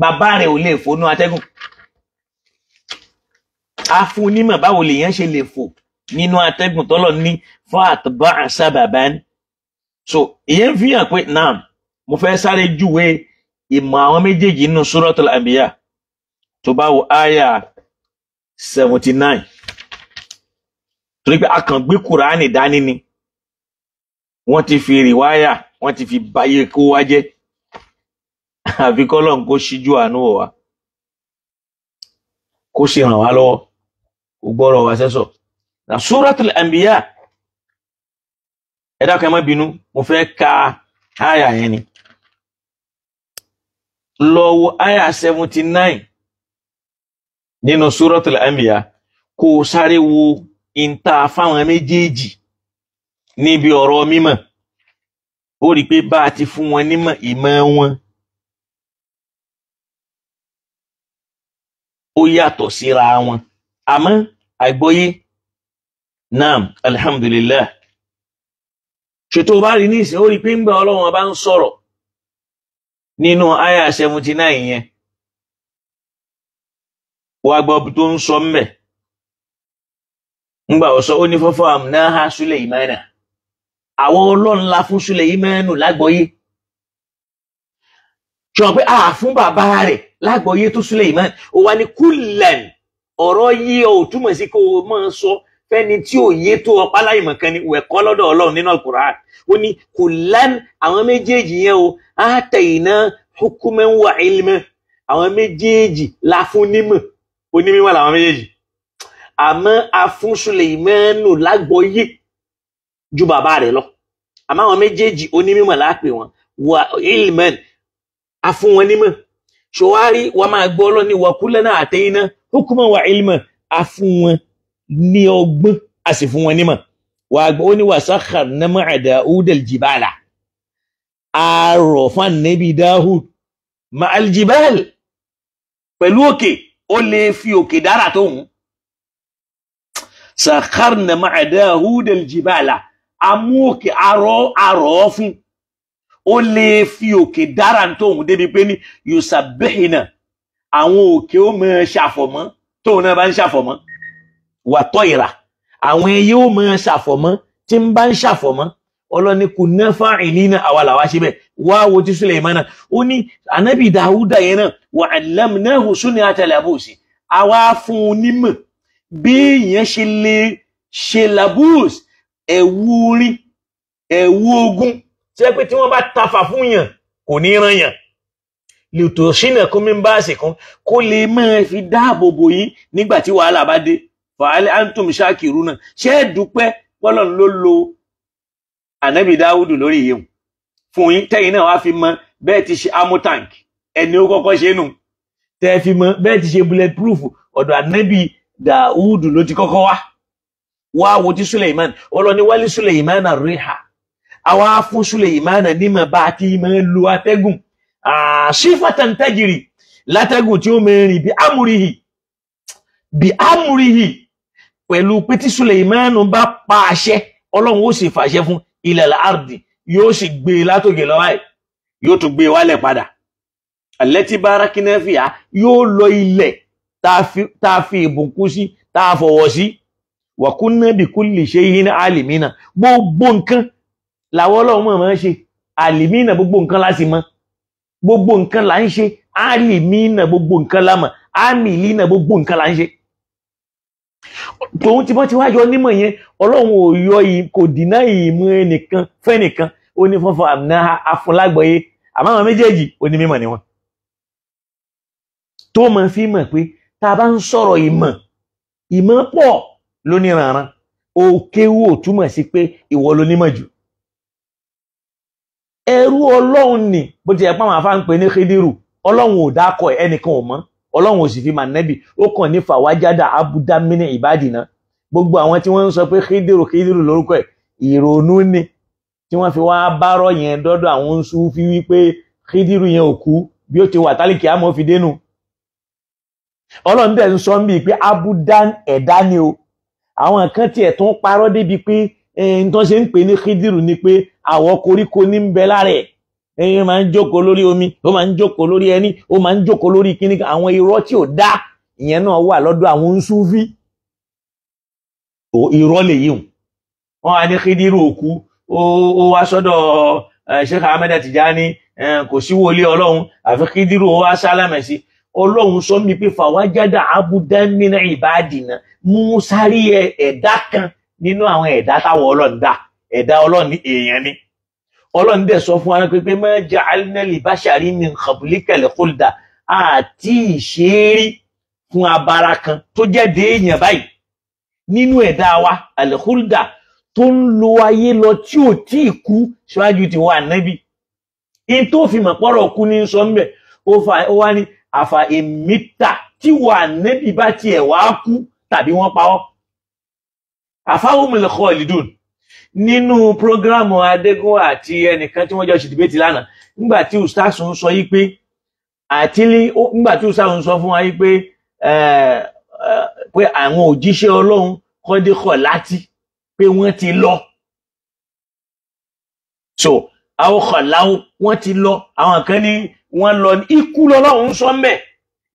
bàbá rẹ̀ ò lè fò nínú atẹ́gùn afunimọ̀ báwo lèèyàn ṣe lè fò nínú atẹ́gùn tọ́lọ̀ ní fún àtúbọ̀ àṣà bàbá ni so ìyẹn fi hàn pé naam mo fẹ́ sáré júwe ìmọ̀ àwọn méjèèjì nínú suratul anbiya tó bá wo aya seventy nine torí pé akàngbé kùránì dání ni wọ́n ti fi rìwáyà wọ́n ti fi báyé kó wá jẹ́ àfi kọ́lọ́n ṣíjú àánú wọ̀ kó ṣe ràn wá lọ́wọ́ kò gbọ́rọ̀ wá sẹ́sọ̀ na suratul anbiya ẹ dákun ẹ má bínú mo fẹ́ ka àyà yẹn ni lọ wo àyà seventy nine nínú suratul anbiya kó o sáré wo ìta fáwọn méjèèjì níbi ọ̀rọ̀ mímọ̀ ó rí i pé bá a ti fún wọn nímọ̀ ìmọ̀ wọn ó yàtọ̀ síra wọn àmọ́ àìgbọ́yé naam alhamdulillah ṣètò bá rí nísìn ó rí pé ńgbà ọlọ́run bá ń sọ̀rọ̀ nínú àyà seventy nine yẹn wàá gbọ́ tó ń sọ mbẹ̀ ńgbà ọ̀sọ́ ó ní fọ́fọ́ amúnáhà Sulaimana àwọn ọlọ́run la fún Sulaimanu lágbọ́yé ṣùgbọ́n pé a ah, fún bàbá rẹ̀ lágbọ́yé tó Sulaiman ó wà ní kúlẹ̀n ọ̀rọ̀ yìí ò túmọ̀ sí kó o máa sọ fẹ́ni tí ò yé tó ọpá láìmọ̀kan ni wẹ̀kọ́ lọ́dọ̀ ọlọ́run nínú alukur'an ó ní kulan àwọn méjèèjì yẹn o àtẹ̀yìnà hukuman wa ilman àwọn méjèèjì la fún nímọ̀ onímọ̀ làwọn méjèèjì àmọ́ afún Sùlẹ̀mánù lágbọ́yé ju bàbá rẹ̀ lọ àmọ́ àwọn méjèèjì onímọ̀ lápè wọn wa ilman afún wọn nímọ̀ ṣòwárí wọn máa gbọ́ ọlọ́ni wọ̀kúlẹ̀ náà àtẹ̀yìnà hukuma wa ilma a fún wọn ní ọgbọ́n a sì fún wọn nímọ̀ wàá gbọ́ ó ní wa sakharna ma'a Dawud al-jibala àárọ̀ fún ànábì Dawud ma'al jibal pẹ̀lú òkè ó lè fi òkè dára tó hùn sakharna ma'a Dawud jibala amú òkè àrọ̀ àrọ̀ fún ó lè fi òkè dára tó hùn débi pé ní yusabihina àwọn òkè ó mọ ṣàfọ̀mọ́ tóun náà bá ń ṣàfọ̀mọ́ wàtọ́ ìrà àwọn ẹyẹ ó mọ ṣàfọ̀mọ́ tí ń bá ń ṣàfọ̀mọ́ ọlọ́ni kò ná fáàrin nínú àwa ṣe bẹ́ẹ̀ wá wo ti Sulaimana ó ní anabi Dawuda yẹn náà wà allamnahu sunnata labusi àwa fún un nímọ̀ bí èèyàn ṣe lè ṣe labus ẹ̀wù orin ẹ̀wù ogun ṣe tí wọ́n bá tafà fún yàn kò ní ran yàn lìtòsínà kún mi ń bá àsìkún kó lè máa fi dáàbò bò yín nígbà tí wàhálà bá dé fàálẹ̀ antum ṣáàkìrú náà ṣé ẹ dúpẹ́ pọ́lọ́n ló lo ànábì dáwùdù lórí yìí fún yín tẹ́yìn náà wá fi mọ bẹ́ẹ̀ ti ṣe amutank ẹni ó kọ́kọ́ ṣe nù tẹ́ fi mọ bẹ́ẹ̀ ti ṣe bullet proof ọ̀dọ̀ ànábì dáwùdù ló ti kọ́kọ́ wá wá wo ti suleiman ọlọ́ni wálé suleiman riha àwa fún suleiman ní bá a ti máa lo atẹ́gùn ah, àṣífàtàn tẹ́jìrì látẹ́gùn tí ó mẹ́rin bí amúrihì bí amúrihì pẹ̀lú pé tí Sùlẹ̀mánù bá pa àṣẹ ọlọ́run ó sì fàṣẹ fún ilẹ̀ àrùdì yóò sì gbé e látòkè lọ́wọ́ ẹ̀ yóò tún gbé e wálẹ̀ padà alẹ́ tí bárakínẹ́fìyà yóò lọ ilẹ̀ tá a fi ìbùkún sí tá a fọwọ́ sí wàkúnná bìkúlì ṣe yín gbogbo nǹkan làwọn ọlọ́run mọ̀ máa ń ṣe gbogbo nǹkan láti mọ́ gbogbo nǹkan là ń ṣe áàlì mínà gbogbo nǹkan la mọ̀ áàmì línà gbogbo nǹkan là ń ṣe tòun tí wọ́n ti wá yọ nímọ̀ yẹn ọlọ́run ò yọ kò dínà ìmọ̀ ẹnìkan fẹ́nìkan ó ní fọ́nfọ́n àmì afúnlágbọ̀yé àmọ́ àwọn méjèèjì ó ní mímọ̀ ni wọn tó mọ fi mọ̀ pé tá a bá ń sọ̀rọ̀ ìmọ̀ ìmọ̀ pọ̀ lóníranran òkè túmọ̀ sí pé ìwọ ló jù ẹrú ọlọ́run ni bó ti yẹ pa àwọn afáàn pé ní Khidiru ọlọ́run ò dákọ̀ ẹnìkan ò mọ̀ ọlọ́run ò sì fi mà nẹ́bì ó kàn ní fàwájádà abúdámínì ìbádìíná gbogbo àwọn tí wọ́n ń sọ pé Khidiru Khidiru lórúkọ ẹ̀ ìrònú ni tí wọ́n fi wá bárọ̀ yẹn dọ́dọ̀ àwọn ń sú fi wípé Khidiru yẹn ò kú bí ó ti wà tálíkì àmọ́ fi dénú ọlọ́run dẹ̀ ń sọ ń bíi pé abúdán ẹ̀dá ni o àwọn kan tiẹ̀ tó ń parọ́ débi pé nǹkan eh, ṣe ń pè ní Khidiru ni pé àwọ̀ koríko ní ń bẹ lára ẹyin máa ń jókòó lórí omi ó máa ń jókòó lórí ẹni ó máa ń jókòó lórí kíní àwọn irọ́ tí ò dá ìyẹn náà wà lọ́dọ̀ àwọn nsúfí irọ́ lèyí hùn wọn á ní kídírù òkú ó wá sọ́dọ̀ Sheikh Ahmed Tijani kò sí wòlé ọlọ́run àfi kídírù ó wá sálámẹ̀ sí ọlọ́run sọ mí pé fàwájádà abúdámínà ìbádìnà mú sáré ẹ̀dá kan nínú àwọn ẹ̀dá táwọn ọlọ́run dá ẹ̀dá ọlọ́run ní èèyàn ni ọlọ́run dẹ̀ sọ fún wa pé pé máa jẹ́ alinẹ́lì báṣàrí mi kàbùlíkẹ̀lẹ̀ kólda àti ìṣeré fún abara kan tó jẹ́ déèyàn báyìí nínú ẹ̀dá wa alẹ́kólda tó ń lo ayé lọ tí ò tí ì kú síwájú ti wà nábì in tó fi mọ̀ pọ́rọ̀ kú ní sọ mbẹ̀ ó wá ní àfà èmítà tí wà nábì bá tiẹ̀ wá kú tàbí wọ́n pa ọ́ àfáwọn mọ̀lẹ́kọ́ ìlú dùn nínú prógrámù adégún àti ẹnìkan tí wọ́n jọ ṣe dìbẹ́tì lánàá nígbà tí ustasun sọ yí pé àtílí nígbà tí ustasun sọ fún wa yí pé pé àwọn òjíṣẹ́ ọlọ́run kọ́dékọ̀ láti pé wọ́n ti lọ so àwọn kọ̀láwọ́ wọ́n ti lọ àwọn kan ní wọ́n lọ ikú lọ́lọ́run sọ mẹ́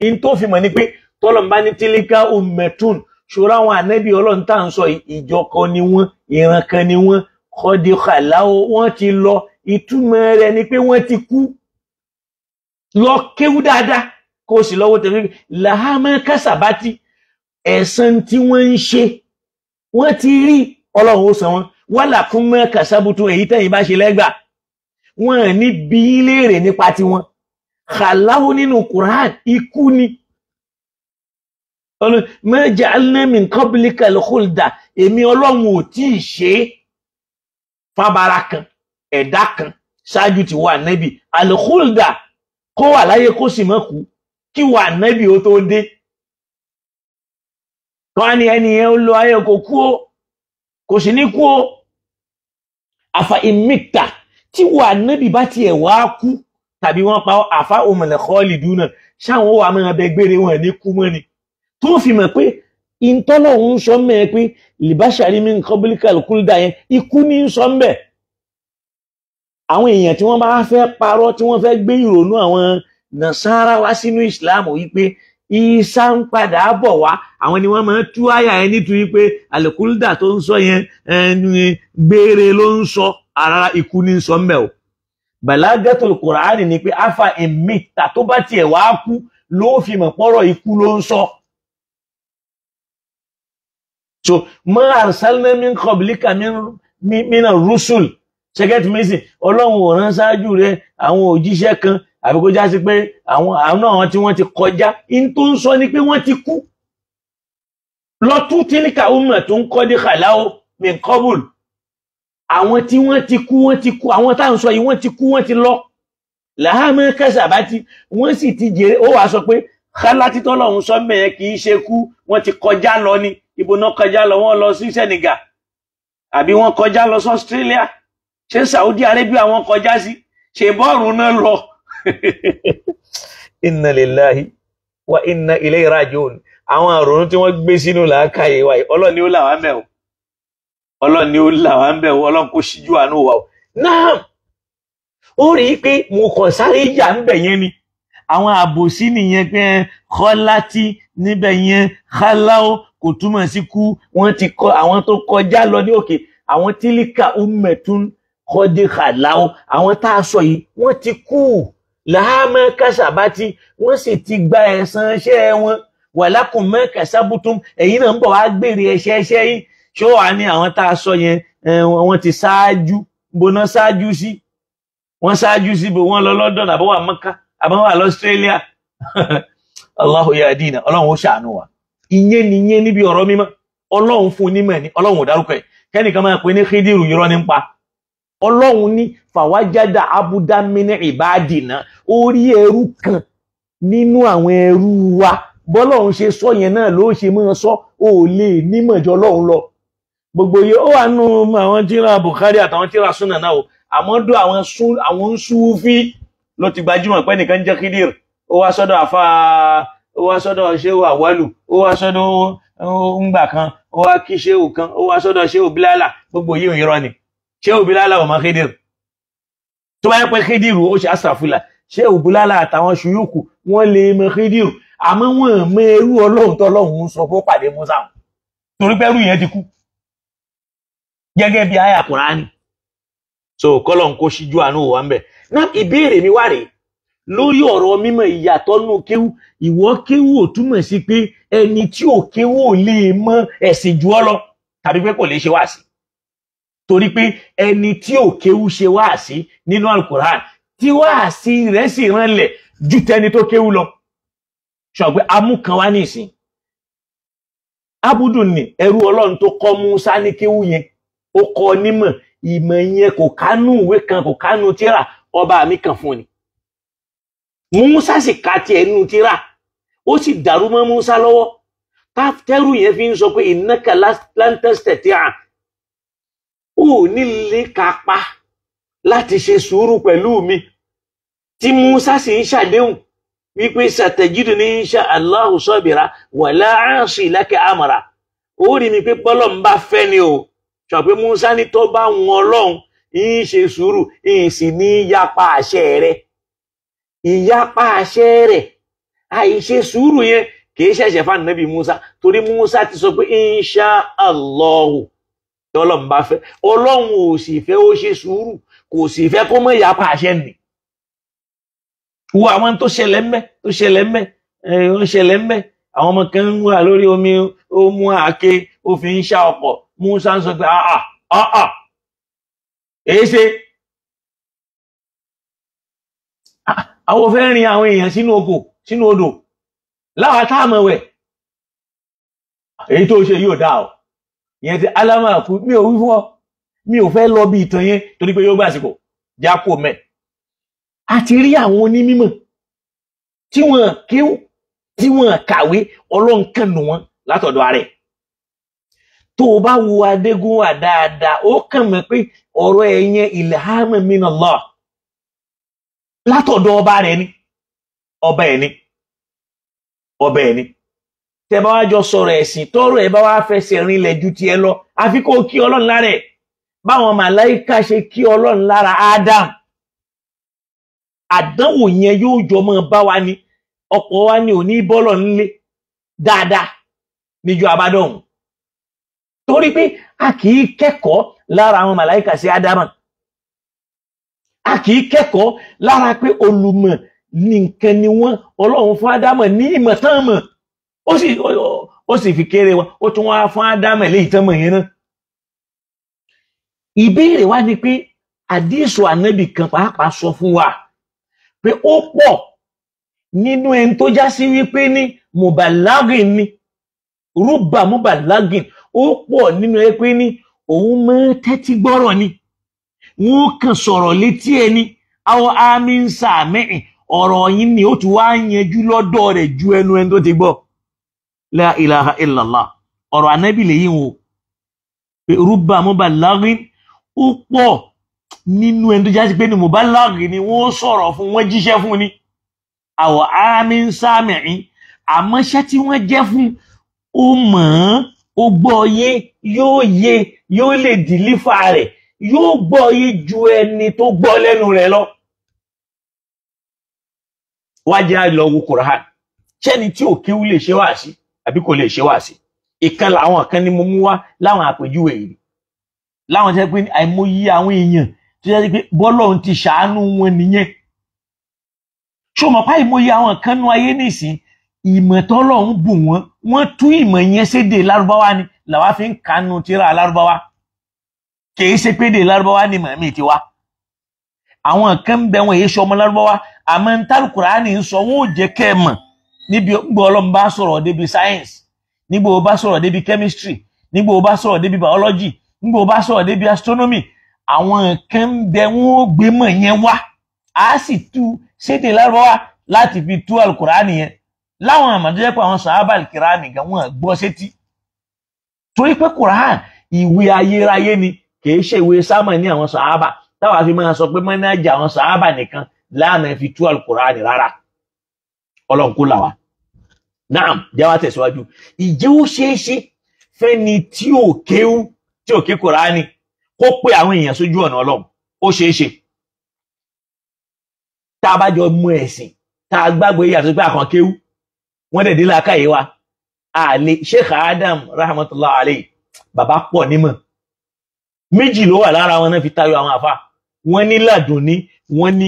in tó fi mọ̀ ni pé tọ́lọ̀mbá ní tílíkà ummetun ṣòro àwọn ànábì ọlọ́run tá à ń sọ ìjọ ni wọ́n ìran kan ni wọ́n kọ́dí kàláwó wọ́n ti lọ ìtumọ̀ rẹ̀ ni pé wọ́n ti kú lọ kéwú dáadáa kó o sì lọ́wọ́ tẹ̀lé làhámà kásábátì ẹ̀san tí wọ́n ń ṣe wọ́n ti rí ọlọ́run ó san wọn wàhálà fún mọ́ kàsábùtù èyí tẹ̀yìn bá ṣe lẹ́gbàá wọn ní bí léèrè nípa tiwọn kàláwó nínú Quran ikú ni. ọlọ́run mā ja'alnā min qablika al-khulda èmi ọlọ́run ò tí ì ṣe é fábara kan ẹ̀dá kan ṣáájú ti wà nẹ́bì alkhulda kó wà láyé kó sì mọ́ kú kí wà nẹ́bì ó tó dé tọ́wá ni ẹni yẹn ń lo ayé kò kú ó kò sì ní kú ó àfa ìmìta tí wà nẹ́bì bá tiẹ̀ wá kú tàbí wọ́n pa àfa òmìnira kọ́ọ̀lì dúnà ṣáwọn ó wà máa bẹ gbére wọn ní kú mọ́ ni tó fi mọ̀ pé ìtọ́nà ń sọ mẹ́ pé libashari min kọ́bílíkàlù kúlídà yẹn ikú ní sọ mẹ́ àwọn èèyàn tí wọ́n bá fẹ́ parọ́ tí wọ́n fẹ́ gbé ìrònú àwọn nàṣàrà wá sínú ìsìláàmù wípé ìsá ń padà bọ̀ wá àwọn ni wọ́n máa tú àyà yẹn nítorí pé àlùkúlídà tó ń sọ yẹn ẹni gbére ló ń sọ ara ikú ní sọ mẹ́ o bàlágẹ́tò kùránì ni pé afa emita tó bá tiẹ̀ e wá kú ló fi mọ̀ pọ́rọ̀ ikú ló ń sọ. So So, ma arsalna min ka min a rusul Ṣé get me sin? Ọlọ́run ò rán ṣáájú rẹ̀ àwọn òjíṣẹ́ kan àbí kó já sí pé àwọn àwọn náà tí ti kọjá. In tó ń ni pé wọ́n ti Lo tu tí ní kàwọ́mọ̀ tó ń kọ́ dé kàláwó min qabl. Àwọn tí wọ́n ti kú wọ́n ti kú àwọn táwọn sọ yìí wọ́n ti kú wọ́n ti lọ. Làhámọ́ kasabati wọ́n sì ti jèrè ó wàá sọ pé kálátítọ́ lọ́hún sọ́mẹ̀ yẹn kì í ṣe kú wọ́n ti kọjá lọ ni ibo náà kọjá lọ wọ́n lọ sí Senegal àbí wọ́n kọjá lọ sí Australia ṣé Saudi Arabia wọ́n kọjá sí ṣe bọ́ọ̀rù náà lọ. inna lillahi wa inna ilayhi rajiun àwọn àrònú tí wọ́n gbé sínú làákàyè wa yìí ọlọ́ni ó là wá mẹ́ o ọlọ́ni ó là wá mẹ́ o ọlọ́ni kò ṣíjú àánú wa o náà ó rí i pé mo kàn sáré yà ń bẹ̀ yẹn ni àwọn àbòsí nìyẹn pé kọ́lá tí níbẹ̀ yẹn kálá ó kò túmọ̀ sí kú wọ́n ti kọ́ àwọn tó kọjá lọ ní òkè àwọn tílíkà ummetun kọ́dé kàláwó àwọn tá a sọ yìí wọ́n ti kú làámẹ́ kásábátì wọ́n sì ti gba ẹ̀san iṣẹ́ wọn wàlákùn mẹ́kà sábùtún ẹ̀yin náà ń bọ̀ wá gbèrè ẹ̀ṣẹ̀ ẹ̀ṣẹ̀ yìí ṣó wà ní àwọn tá a sọ yẹn wọ́n ti ṣáájú bóná ṣáájú sí wọ́n ṣáájú sí bó wọ́n lọ London àbọ̀wà mọ́ká àbọ̀wà lọ́sítrẹ́líà Allahu yadina ọlọ́run ó ìyẹn nìyẹn níbi ọ̀rọ̀ mímọ́ ọlọ́run fún onímọ̀ ẹ̀ ní ọlọ́run ò dárúkọ ẹ̀ kẹ́nìkan máa pè ní Khidiru irọ́ nípa ọlọ́run ní fàwájádà abúdámínà ìbádìnà orí ẹrú kan nínú àwọn ẹrú wa bọ́lọ́run ṣe sọ yẹn náà ló ṣe máa sọ ò lè nímọ̀ jọ ọlọ́run lọ gbogbo yìí ó wà nù àwọn tíra Bukhari àtàwọn tíra súnà náà o àmọ́ dún àwọn súfí ló ti gbajúmọ̀ pé nìkan jẹ́ Khidiru ó wá sọ́dọ̀ àfáà ó wá sọ́dọ̀ ṣéwò àwọ́lù ó wá sọ́dọ̀ ńgbà kan ó wá kí ṣéwò kan ó wá sọ́dọ̀ ṣéwò bílálà gbogbo yìí ń irọ́ ni ṣéwò bílálà ọmọ kédèrú tó bá yẹ pé kédèrú ó ṣe àṣàfùlà ṣéwò bílálà àtàwọn ṣùyùkù wọ́n lè mọ kédèrú àmọ́ wọ́n mọ ẹrú ọlọ́run tó ọlọ́run ń sọ fún pàdé musa torí pé ẹrú yẹn ti kú gẹ́gẹ́ bí àyà kùránì so kọ́lọ̀ ń kó ṣíjú àánú wà ń bẹ̀ ìbéèrè mi wá rèé lórí ọ̀rọ̀ mímọ̀ ìyàtọ̀ nù kéwú ìwọ kéwú ò túmọ̀ sí pé ẹni tí ò kéwú ò lè mọ ẹ̀sìn jù ọ lọ tàbí pé kò lè ṣe wáàsí torí pé ẹni tí ò kéwú ṣe wáàsí nínú alukoran tí wáàsí rẹ̀ sì ránlẹ̀ ju tẹni tó kéwú lọ ṣọgbẹ amúkan wá ní ni ẹrú Ọlọ́run tó kọ́ Musa ní kéwú yẹn ó kọ́ nímọ̀ ìmọ̀ yẹn kò kánú ìwé kan kò kánú tíra ọba mi kan fún ni musa sì ka tiẹ̀ nínú tíra ó sì dàrú mọ́ musa lọ́wọ́ káfíńtẹ́rù yẹn fi ń sọ pé ìnáka láńtẹ́sítẹ̀ tí a ò nílé kápá láti ṣe sùúrù pẹ̀lú mi tí musa sì ń ṣàdéhùn wípé sàtẹ̀jídù ní insha Allahu sabira wala aasi laka amara ó rí mi pé bọ́lọ̀ ń bá fẹ́ ni o sọ pé musa ní tó bá wọn ọlọ́run ń ṣe sùúrù ń sì ní yapa àṣẹ rẹ̀ ìyapa àṣẹ rẹ̀ àìṣe sùúrù yẹn kìí ṣẹ̀ṣẹ̀ fún ànábì Musa torí Musa ti sọ pé insha Allahu tí Ọlọ́run bá fẹ́ Ọlọ́run ò sì fẹ́ ó ṣe sùúrù kò sì fẹ́ kó mọ̀ ìyapa àṣẹ nì wo àwọn tó ṣẹlẹ̀ mẹ́ tó ṣẹlẹ̀ mẹ́ eh, ó ṣẹlẹ̀ mẹ́ àwọn ọmọ kan ń wà lórí omi ó mú àáké ó fi ń ṣá ọ̀pọ̀ Musa ń sọ pé àà àà èé ṣe àwọn fẹ́ rin àwọn èèyàn sínú oko sínú odò láwa táàmọ̀ wẹ̀ èyí tó ṣe yóò dáa o ìyẹn ti alámà kú mi ò wí fún ọ mi ò fẹ́ lọ bí ìtàn yẹn torí pé yóò gbà àsìkò já kó mẹ́ a ti rí àwọn onímọ̀ tí wọ́n kéwù tí wọ́n kàwé ọlọ́run kàn nù wọ́n látọ̀dọ̀ ààrẹ tó o wo adégún wa dáadáa ó kàn mọ́ pé ọ̀rọ̀ ẹ̀yẹn min Allah látọ̀dọ̀ ọba rẹ̀ ni ọba ẹ̀ ni ọba ẹ̀ ni tẹ bá wá jọ sọ̀rọ̀ ẹ̀sìn tọrọ ẹ bá wá fẹsẹ̀ rinlẹ̀ ju tiẹ̀ lọ àfi kó kí ọlọ́run lára ẹ̀ báwọn màláìka ṣe kí ọlọ́run lára Adam àdánwò yẹn yóò jọ mọ́ bá wa ni ọ̀pọ̀ wa ni ò ní bọ́lọ̀ nílé dáadáa níjọ abádọ́hùn torí pé a kì í kẹ́kọ̀ọ́ lára àwọn màláìka sí Ádámà kì í kẹ́kọ̀ọ́ lára pé olùmọ̀ ní ni wọ́n ọlọ́run fún ádámọ̀ ní ìmọ̀ tán mọ̀ ó sì ó sì fi kéré wa ó tún wá fún ádámọ̀ léyìí tán mọ̀ yẹn náà. ìbéèrè wa ni pé àdísù ànábì kan pàápàá sọ fún wa pé ó pọ̀ nínú ẹni tó já sí wípé ní mubalagin ni rúbà mubalagin ó pọ̀ nínú ẹ pé ní òun máa tẹ́tí gbọ́rọ̀ ni. Ruba, wọn kàn sọ̀rọ̀ létí ẹni àwọn àmì ń sàmẹ́ẹ̀ ọ̀rọ̀ yìí ni ó ti wá yanjú lọ́dọ̀ rẹ̀ ju ẹnu ẹni tó ti gbọ́ la ilaha illallah ọ̀rọ̀ ànábì lèyí wo rúbà mubalaghin ó pọ̀ nínú ẹni tó jásí pé ní mubalaghin ni wọ́n sọ̀rọ̀ fún wọn jíṣẹ́ fún ni àwọ̀ àmì ń sàmẹ́ẹ̀ àmọ́ṣẹ́ tí wọ́n jẹ́ fún ó mọ̀ ọ́n ó gbọ́ yé yóò yé yóò lè dìlífà rẹ̀ yóò gbọ́ yí ju ẹni tó gbọ́ lẹ́nu rẹ̀ lọ. wá jẹ́ àlọ́wọ́ Quran ṣẹ́ni tí òkèwú lè ṣe wá sí àbí kò lè ṣe wá sí ìkan làwọn kan ni mo mú wá láwọn àpèjúwe yìí láwọn tẹ́ pé àìmọye àwọn èèyàn tó yẹ pé bọ́lọ́run ti ṣàánú wọn nìyẹn ṣó mọ̀ páì mọye àwọn kan nú ayé nìsín ìmọ̀ tọ́lọ́run bù wọ́n wọ́n tú ìmọ̀ yẹn sédè lárúbáwá ni làwa fi ń kánú tíra lárúbáwá kìí ṣe pédè lárúbáwá ni màmí ti wá àwọn kan bẹ wọn èyí ṣe ọmọ lárúbáwá àmọ́ ń tálùkùránì ń sọ wọn ò jẹ́ kẹ́ ẹ mọ̀ níbi gbọ́ ọlọ́run bá sọ̀rọ̀ débi science nígbà ó bá sọ̀rọ̀ débi chemistry nígbà ó bá sọ̀rọ̀ débi biology nígbà ó bá sọ̀rọ̀ débi astronomy àwọn kan bẹ wọn ò gbé mọ̀ yẹn wá a sì tú sédè lárúbáwá láti fi tú àlùkùránì yẹn láwọn àmàdéjẹ́ pé àwọn sàábà kìránì gan wọn gbọ́ sétí torí pé kùránì ìwé ayérayé ni kìí ṣe ìwé sámà ní àwọn sàhábà táwa fi máa sọ pé mọ́nájà àwọn sàhábà nìkan láàmì fi tú alukurani rárá ọlọ́run kó là wá. naam jáwá tẹ̀síwájú ìjẹ́ ó ṣeé ṣe fẹ́ni tí ò kéwú tí ò ké kurani kó pé àwọn èèyàn sójú ọ̀nà ọlọ́run ó ṣeé ṣe tá a bá jọ mú ẹ̀sìn tá a gbàgbé yàtọ̀ pé àkàn kéwú wọ́n dẹ̀ dé làákàyè wa àlè sheikh adam rahmatulah alayhi bàbá pọ̀ nímọ̀ méjì ló wà lára wọn náà fi tayọ àwọn àfa wọn ní ládùnní wọn ní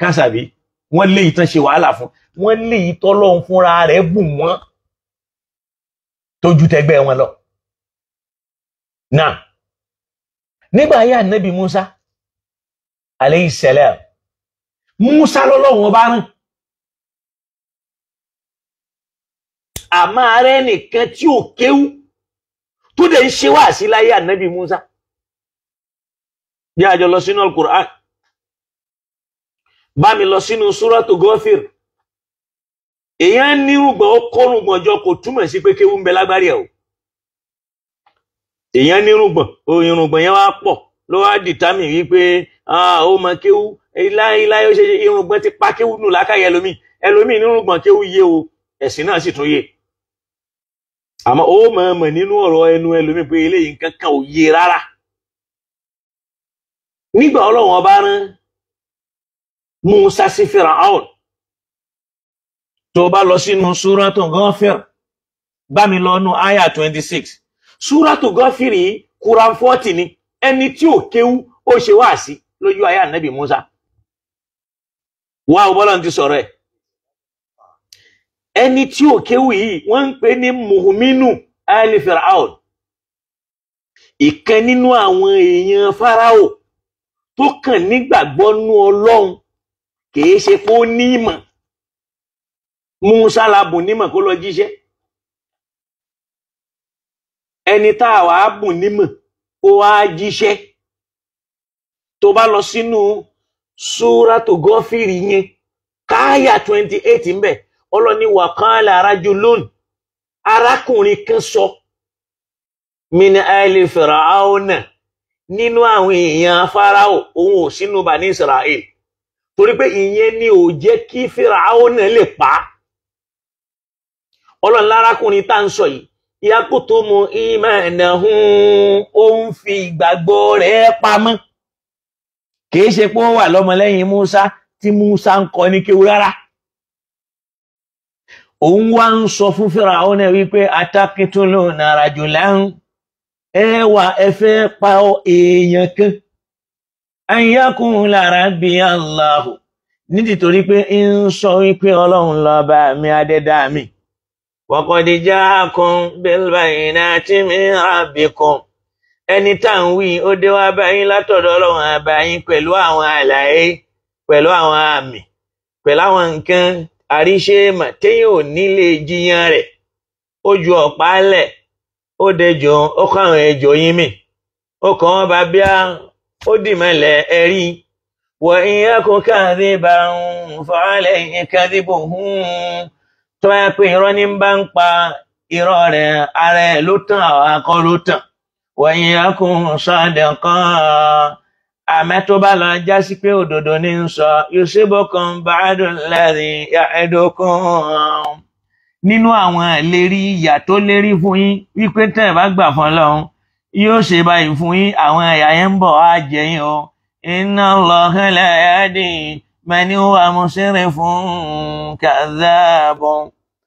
kásàbí wọn lé ìtàn ṣe wàhálà fún wọn lé ìtọ́lọ́hún fúnra rẹ̀ bù wọ́n tójú tẹgbẹ́ wọn lọ. náà nígbà ayé ànábì Musa aleyhi salam Musa lọ́lọ́run ọba rán àmọ́ ara ẹnìkan tí ò kéwú tó dẹ̀ ń ṣe wáàsí láyé ànábì Musa bí a jọ lọ sínú alukur'an bá mi lọ sínú súrọ́tù gọ́fìr èèyàn nírùgbọ̀n ó kórùngbọ̀n jọ kò túmọ̀ sí pé kéwú ń bẹ lágbárí ẹ̀ o èèyàn nírùgbọ̀n òyìnrùngbọ̀n yẹn wá pọ̀ ló wá dìtámì wípé ó mọ kéwú iláyé ó ṣe irùngbọ̀n ti pa kéwú nù lákàyè ẹlòmíì ẹlòmíì nírùngbọ̀n kéwú yé o ẹ̀sìn náà sì tún yé àmọ́ ó mọ̀ mọ̀ nínú ọ̀rọ̀ ẹnu ẹlòmíì pé eléyìí nǹkan kan ò yé rárá nígbà ọlọ́run ọba rán musa sí firaun tó bá lọ sínú súrátù gọ́fìr bá mi lọ nú àyà 26 súrátù gọ́fìr yìí kuran 40 ni ẹni tí ò kéwú ó ṣe wá sí lójú àyà nẹ́bì musa wá ọbọ́lọ́ ti sọ̀rọ̀ ẹ̀ ẹni tí ò kéwú yìí wọ́n ń pè ní muhuminu ali firaun ìkan nínú àwọn èèyàn farao tó kàn nígbàgbọ́ nú ọlọ́run kìí ṣe pé ó ní ìmọ̀ musa la bùn nímọ̀ kó lọ jíṣẹ́ ẹni tá a wà á bùn nímọ̀ kó wá jíṣẹ́ tó bá lọ sínú súrátù gọ́fìrì yẹn káyà twenty eight ńbẹ ọlọ́ni wàkàlà rajulun arákùnrin kan sọ min ali fìràáwọ̀ náà. nínú àwọn èèyàn Fáráò òun ò sínú Bani Israel torí pé ìyẹn ni ò jẹ́ kí Fáráò náà lè pa á ọlọ́run lárákùnrin tá à ń sọ yìí ìyákùtò mu ìmọ̀-ẹ̀nàhún ó ń fi ìgbàgbọ́ rẹ̀ pamọ́ kì í ṣe pé ó wà lọ́mọlẹ́yìn Musa tí Musa ń kọ́ ní kéwu rárá òun wá ń sọ fún Fáráò náà wípé atákìtúlù nàràjùlá ẹwà wà ẹ fẹ́ èèyàn kan ayakun lára bí aláhù nítorí pé ń sọ wípé ọlọ́run lọ́ba mi adẹ́dá mi wọ́kọ̀díjà kan bẹ́lbà tí mi rábì kan ẹni tá ń wí ó dé wá báyìí látọ̀dọ̀ pẹlụ àwọn àlàyé àwọn àmì àwọn nǹkan àríṣe mà téèyàn ò ju ọ̀pá lẹ̀ o dẹjọ́ ó kọ́ àwọn ẹjọ́ yín mì ó kàn wọ́n bá bíá ó dìmọ̀lẹ̀ ẹ̀rí wọ ìyá kò káàdé bá ń fọ́ọ́lẹ̀ yín káàdé bò tó yẹ pé ní bá ń pa irọ́ rẹ̀ ara ló tàn àwọn wọ ìyá kò kan tó bá lọ pé ní ń sọ nínú àwọn ìlérí ìyà tó lérí fún yín wípé tẹ́ ẹ̀ bá gbà fún ọlọ́run yóò ṣe báyìí fún yín àwọn ẹ̀yà yẹn ń bọ̀ á jẹ yín o inna Allaha la yahdi man huwa musrifun kadhabun.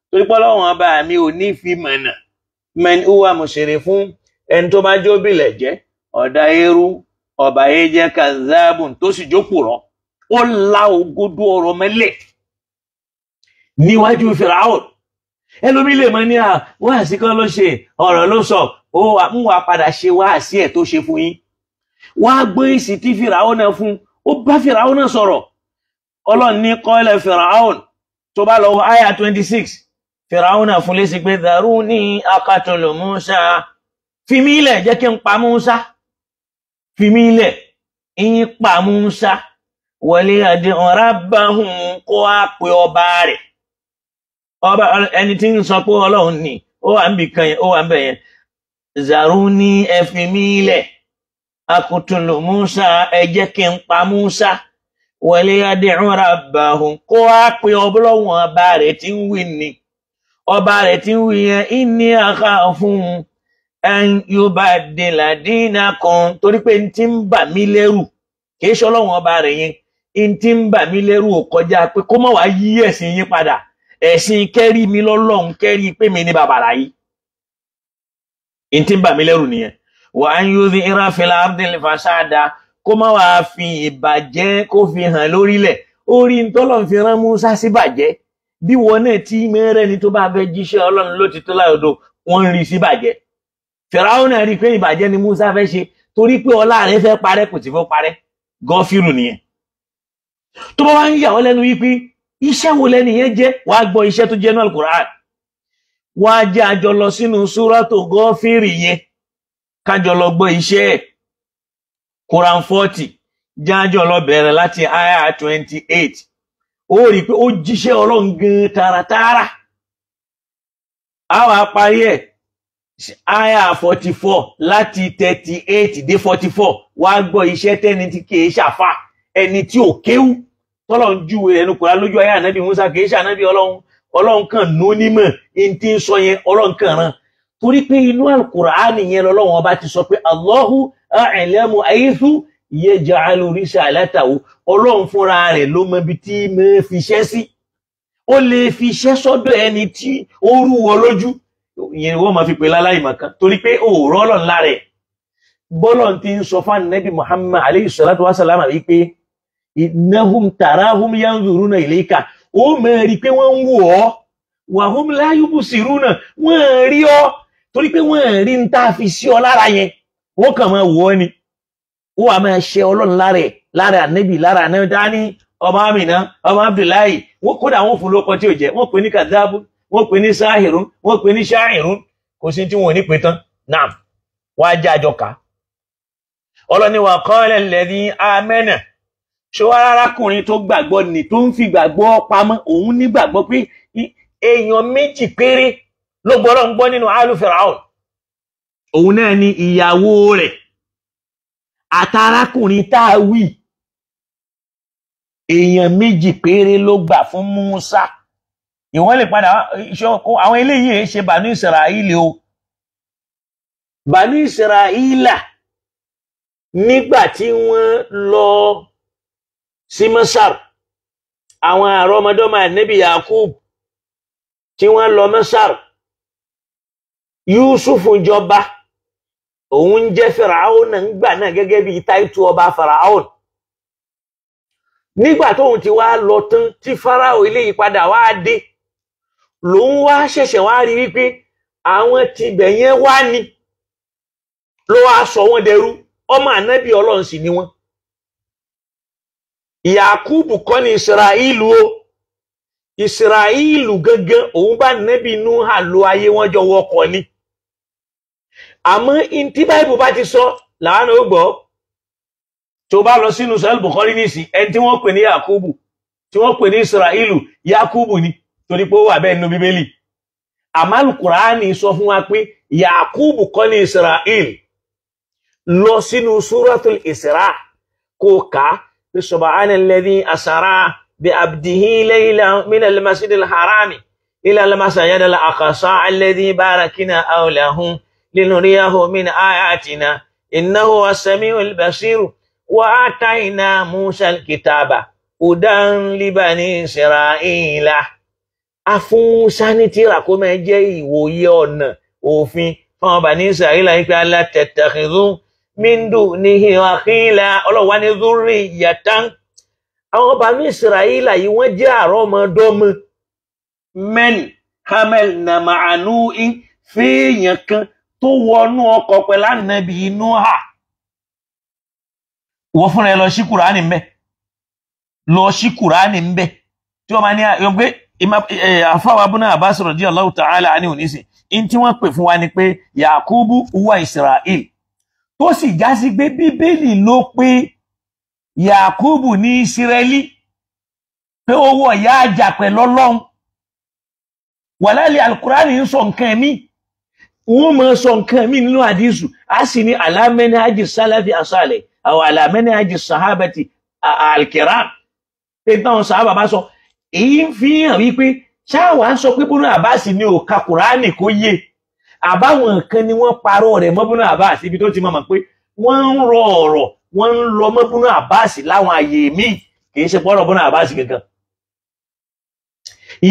torí pé ọlọ́run ọba mi ò ní fi mọ̀nà man huwa musrifun ẹni tó bá jó bìlẹ̀ jẹ́ ọ̀dà eérú ọ̀bà yẹn jẹ́ kadhabun tó sì jókòó rọ̀ ó la ògodo ọ̀rọ̀ mẹ́lẹ̀ níwájú Fíráùn ẹlòmí lè mọ ní à wáàsí kan ló ṣe ọ̀rọ̀ ló sọ ó mú wa padà ṣe wáàsí ẹ̀ tó ṣe fún yín wàá gbé èsì tí fìràwọ́n náà fún ó bá fìràwọ́n náà sọ̀rọ̀ ọlọ́run ní kọ́lẹ̀ fìràwọ́n tó bá lọ àyà twenty six fìràwọ́n náà fún lẹ́sìn pé dàrú ní akatolo musa fimi ilẹ̀ jẹ́ kí n pa musa fimi ń pa musa wọlé adé ọ̀rá bá hùn kó a pè ọba rẹ̀ ọba ẹni tí ń sọ pé ọlọ́run ni ó wà ń bì kan yẹn ó wà ń bẹ̀ yẹn zaruni ẹ fi mí lẹ̀ akutulu musa ẹ jẹ́ kí n pa musa wọlé adéhùnra bàhùn kó wá pe ọlọ́wọ́n ọba rẹ̀ tí ń wí ni ọba rẹ̀ tí ń wí yẹn ìní àká fún un ẹn yorùbá dìlàdínà kan torí pé n ti ń bà mí lẹ́rù kì í ọba rẹ̀ yẹn n ti ń bà mí lẹ́rù kọjá pé kó má wàá yí ẹ̀sìn yín padà ẹ̀sìn kẹ́rí mi lọ́lọ́run kẹ́rí pé mi ní bàbàrà yìí ìtì ń bà mí lẹ́rù nìyẹn wà á ń yúzi ìráfẹ́lá abdul fasada kó má wàá fi ìbàjẹ́ kó fi hàn lórílẹ̀ orí ntọ́lọ̀ fi rán Musa sí bàjẹ́ bí wọn náà tí mẹ́rẹ́ ni tó bá fẹ́ jíṣẹ́ Ọlọ́run ló ti tó láyọ̀dọ̀ wọ́n ń rí sí bàjẹ́ fìràwọn náà rí i pé ìbàjẹ́ ni Musa fẹ́ ṣe torí pé ọlá rẹ̀ fẹ́ parẹ́ kò sì fẹ́ parẹ́ gọ́fìrù nìyẹn tó bá wá ń yà ọ́ lẹ́nu yìí pé iṣẹ́ wo lẹ́ni yẹn jẹ́ wà á gbọ́ iṣẹ́ tó jẹ́ ní alukur'an wà á jẹ́ àjọ lọ sínú súrátò gọ́fìrì yẹn kájọ lọ gbọ́ iṣẹ́ ẹ̀ quran forty jájọ lọ bẹ̀rẹ̀ láti aya twenty eight ó rí i pé ó jíṣẹ́ ọlọ́run gan tààràtààrà a wà parí ẹ̀ aya forty láti thirty dé forty wà gbọ́ iṣẹ́ tẹ́ni tí kì ṣàfà ẹni tí ò kéwú tọ́lọ̀ ń júwe ẹnu kùrá lójú ayé ànábì Musa kì í ṣe ànábì ọlọ́run ọlọ́run kan nù onímọ̀ ẹni tí ń sọ yẹn ọlọ́run kan rán torí pé inú alukur'ani yẹn lọ́lọ́run ọba ti sọ pé Allahu a'lamu haythu yaj'alu risalatahu ọlọ́run fúnra rẹ̀ ló mọ ibi tí mo fi ṣẹ́ sí ó lè fi ṣẹ́ sọ́dọ̀ ẹni tí ó rú wọ lójú ìyẹn wọ́n máa fi pè láláì màkàn torí pé òòrọ̀ ọlọ́run lára ẹ̀ bọ́lọ̀ ti ń sọ fún ànábì Muhammad aleyhi salatu wa salam wípé innahum tarahum yanzuruna ilayka ó máa rí i pé wọ́n ń wò ọ́ wahum la yubsiruna wọ́n rí ọ́ torí pé wọ́n rí ń tá a fi sí ọ lára yẹn wọ́n kàn máa wò ọ́ ni ó wà máa ṣe ọlọ́run lára ẹ̀ lára ànẹ́bì lára ànẹ́bì dání ọmọ amina ọmọ abdullahi wọ́n kódà wọ́n fún lóko tí ò jẹ́ wọ́n pè ní wọ́n pè ní wọ́n pè ní ṣọwọ́ arákùnrin tó gbàgbọ́ ni tó ń fi gbàgbọ́ pamọ́ òun ní gbàgbọ́ pé èèyàn méjì péré ló gbọ́dọ̀ ń gbọ́ nínú alufiraun òun náà ni ìyàwó rẹ̀ àtàrákùnrin tá a wí èèyàn méjì péré ló gbà fún Musa ìwọ́n lè padà àwọn eléyìí ṣe bànú Israeli o bànú Israila nígbà tí wọ́n lọ. Lo si Masar, àwọn àrọ́mọdọ́mọ ànábì yakub tí wọ́n lọ mọ́sàr yusuf ń jọba òun ń jẹ́ fìràáhùn gbà náà gẹ́gẹ́ bíi ọba fìràáhùn nígbà ohun ti wá lọ tí fáráò ilé yìí wá dé wa wá ṣẹ̀ṣẹ̀ ni ọmọ anabi Yakubu kọ́ ni Israẹlu o Israẹlu gangan òun bá nẹ́bí Nuha lo ayé wọn jọ wọkọ̀ ni àmọ́ tí báìbù bá ti sọ làwọn ò gbọ́ tó bá lọ sínú sọ́yìn Bukhari nísìn ẹni tí wọ́n pè ní Yakubu tí wọ́n pè ní Israẹlu Yakubu ni torí pé ó wà bẹ́ẹ̀ nínú Bíbélì àmàlù Kùránì sọ fún wa pé Yakubu kọ́ ni Israẹlu lọ sínú Suratul Isra kó kàá سبحان الذي أسرى بأبده ليلا من المسجد الحرام إلى المسجد الأقصى الذي باركنا أوله لنريه من آياتنا إنه السميع البصير وآتينا موسى الكتاب هدى لبني إسرائيل a fún Mùsá ní tírà kó máa jẹ́ ìwòye تتخذوا míndù ní ìhàkílà ọlọ́wà ní zúrí àwọn ọba ní ìsìràílà yìí wọ́n jẹ́ àrọ́ ọmọdọ́mọ mẹ́lì kamel na màánú in fèèyàn kan tó wọnú ọkọ pẹ̀lú ànábì inú ha? wọ́n fúnra ẹ lọ sí Kuraani ń bẹ̀ lọ sí kùránì ń bẹ̀ tí wọ́n máa ní ọgbẹ́ àfáwà búnà Abbas radiyallahu ta'ala anhu nísìn in tí wọ́n pè fún wa ni pé tó sì já sí pé bíbélì ló pé yakubu ní ìsírẹ́lì pé ó wọ̀ ya àjà pẹ̀lú ọlọ́run wàlálẹ̀ alukurani ń sọ nǹkan mi wọ́n máa sọ nǹkan mi nínú àdísù a sì ní alámẹ́ni hajj sálàfi asálẹ̀ àwọn alámẹ́ni hajj sahabati alkiram pé táwọn sàhábà bá sọ èyí ń fi hàn wípé ṣáà wàá sọ pé bónú àbáàsì ni ò ka kùránì kó yé àbáwọn nǹkan ni wọ́n parọ́ rẹ̀ mọ́búnú àbáàsì ibi tó ti mọ̀ pé wọ́n ń rọ ọ̀rọ̀ wọ́n ń lọ mọ́búnú àbáàsì láwọn àyè míì kì í ṣe pọ́rọ̀ bọ́nú àbáàsì kankan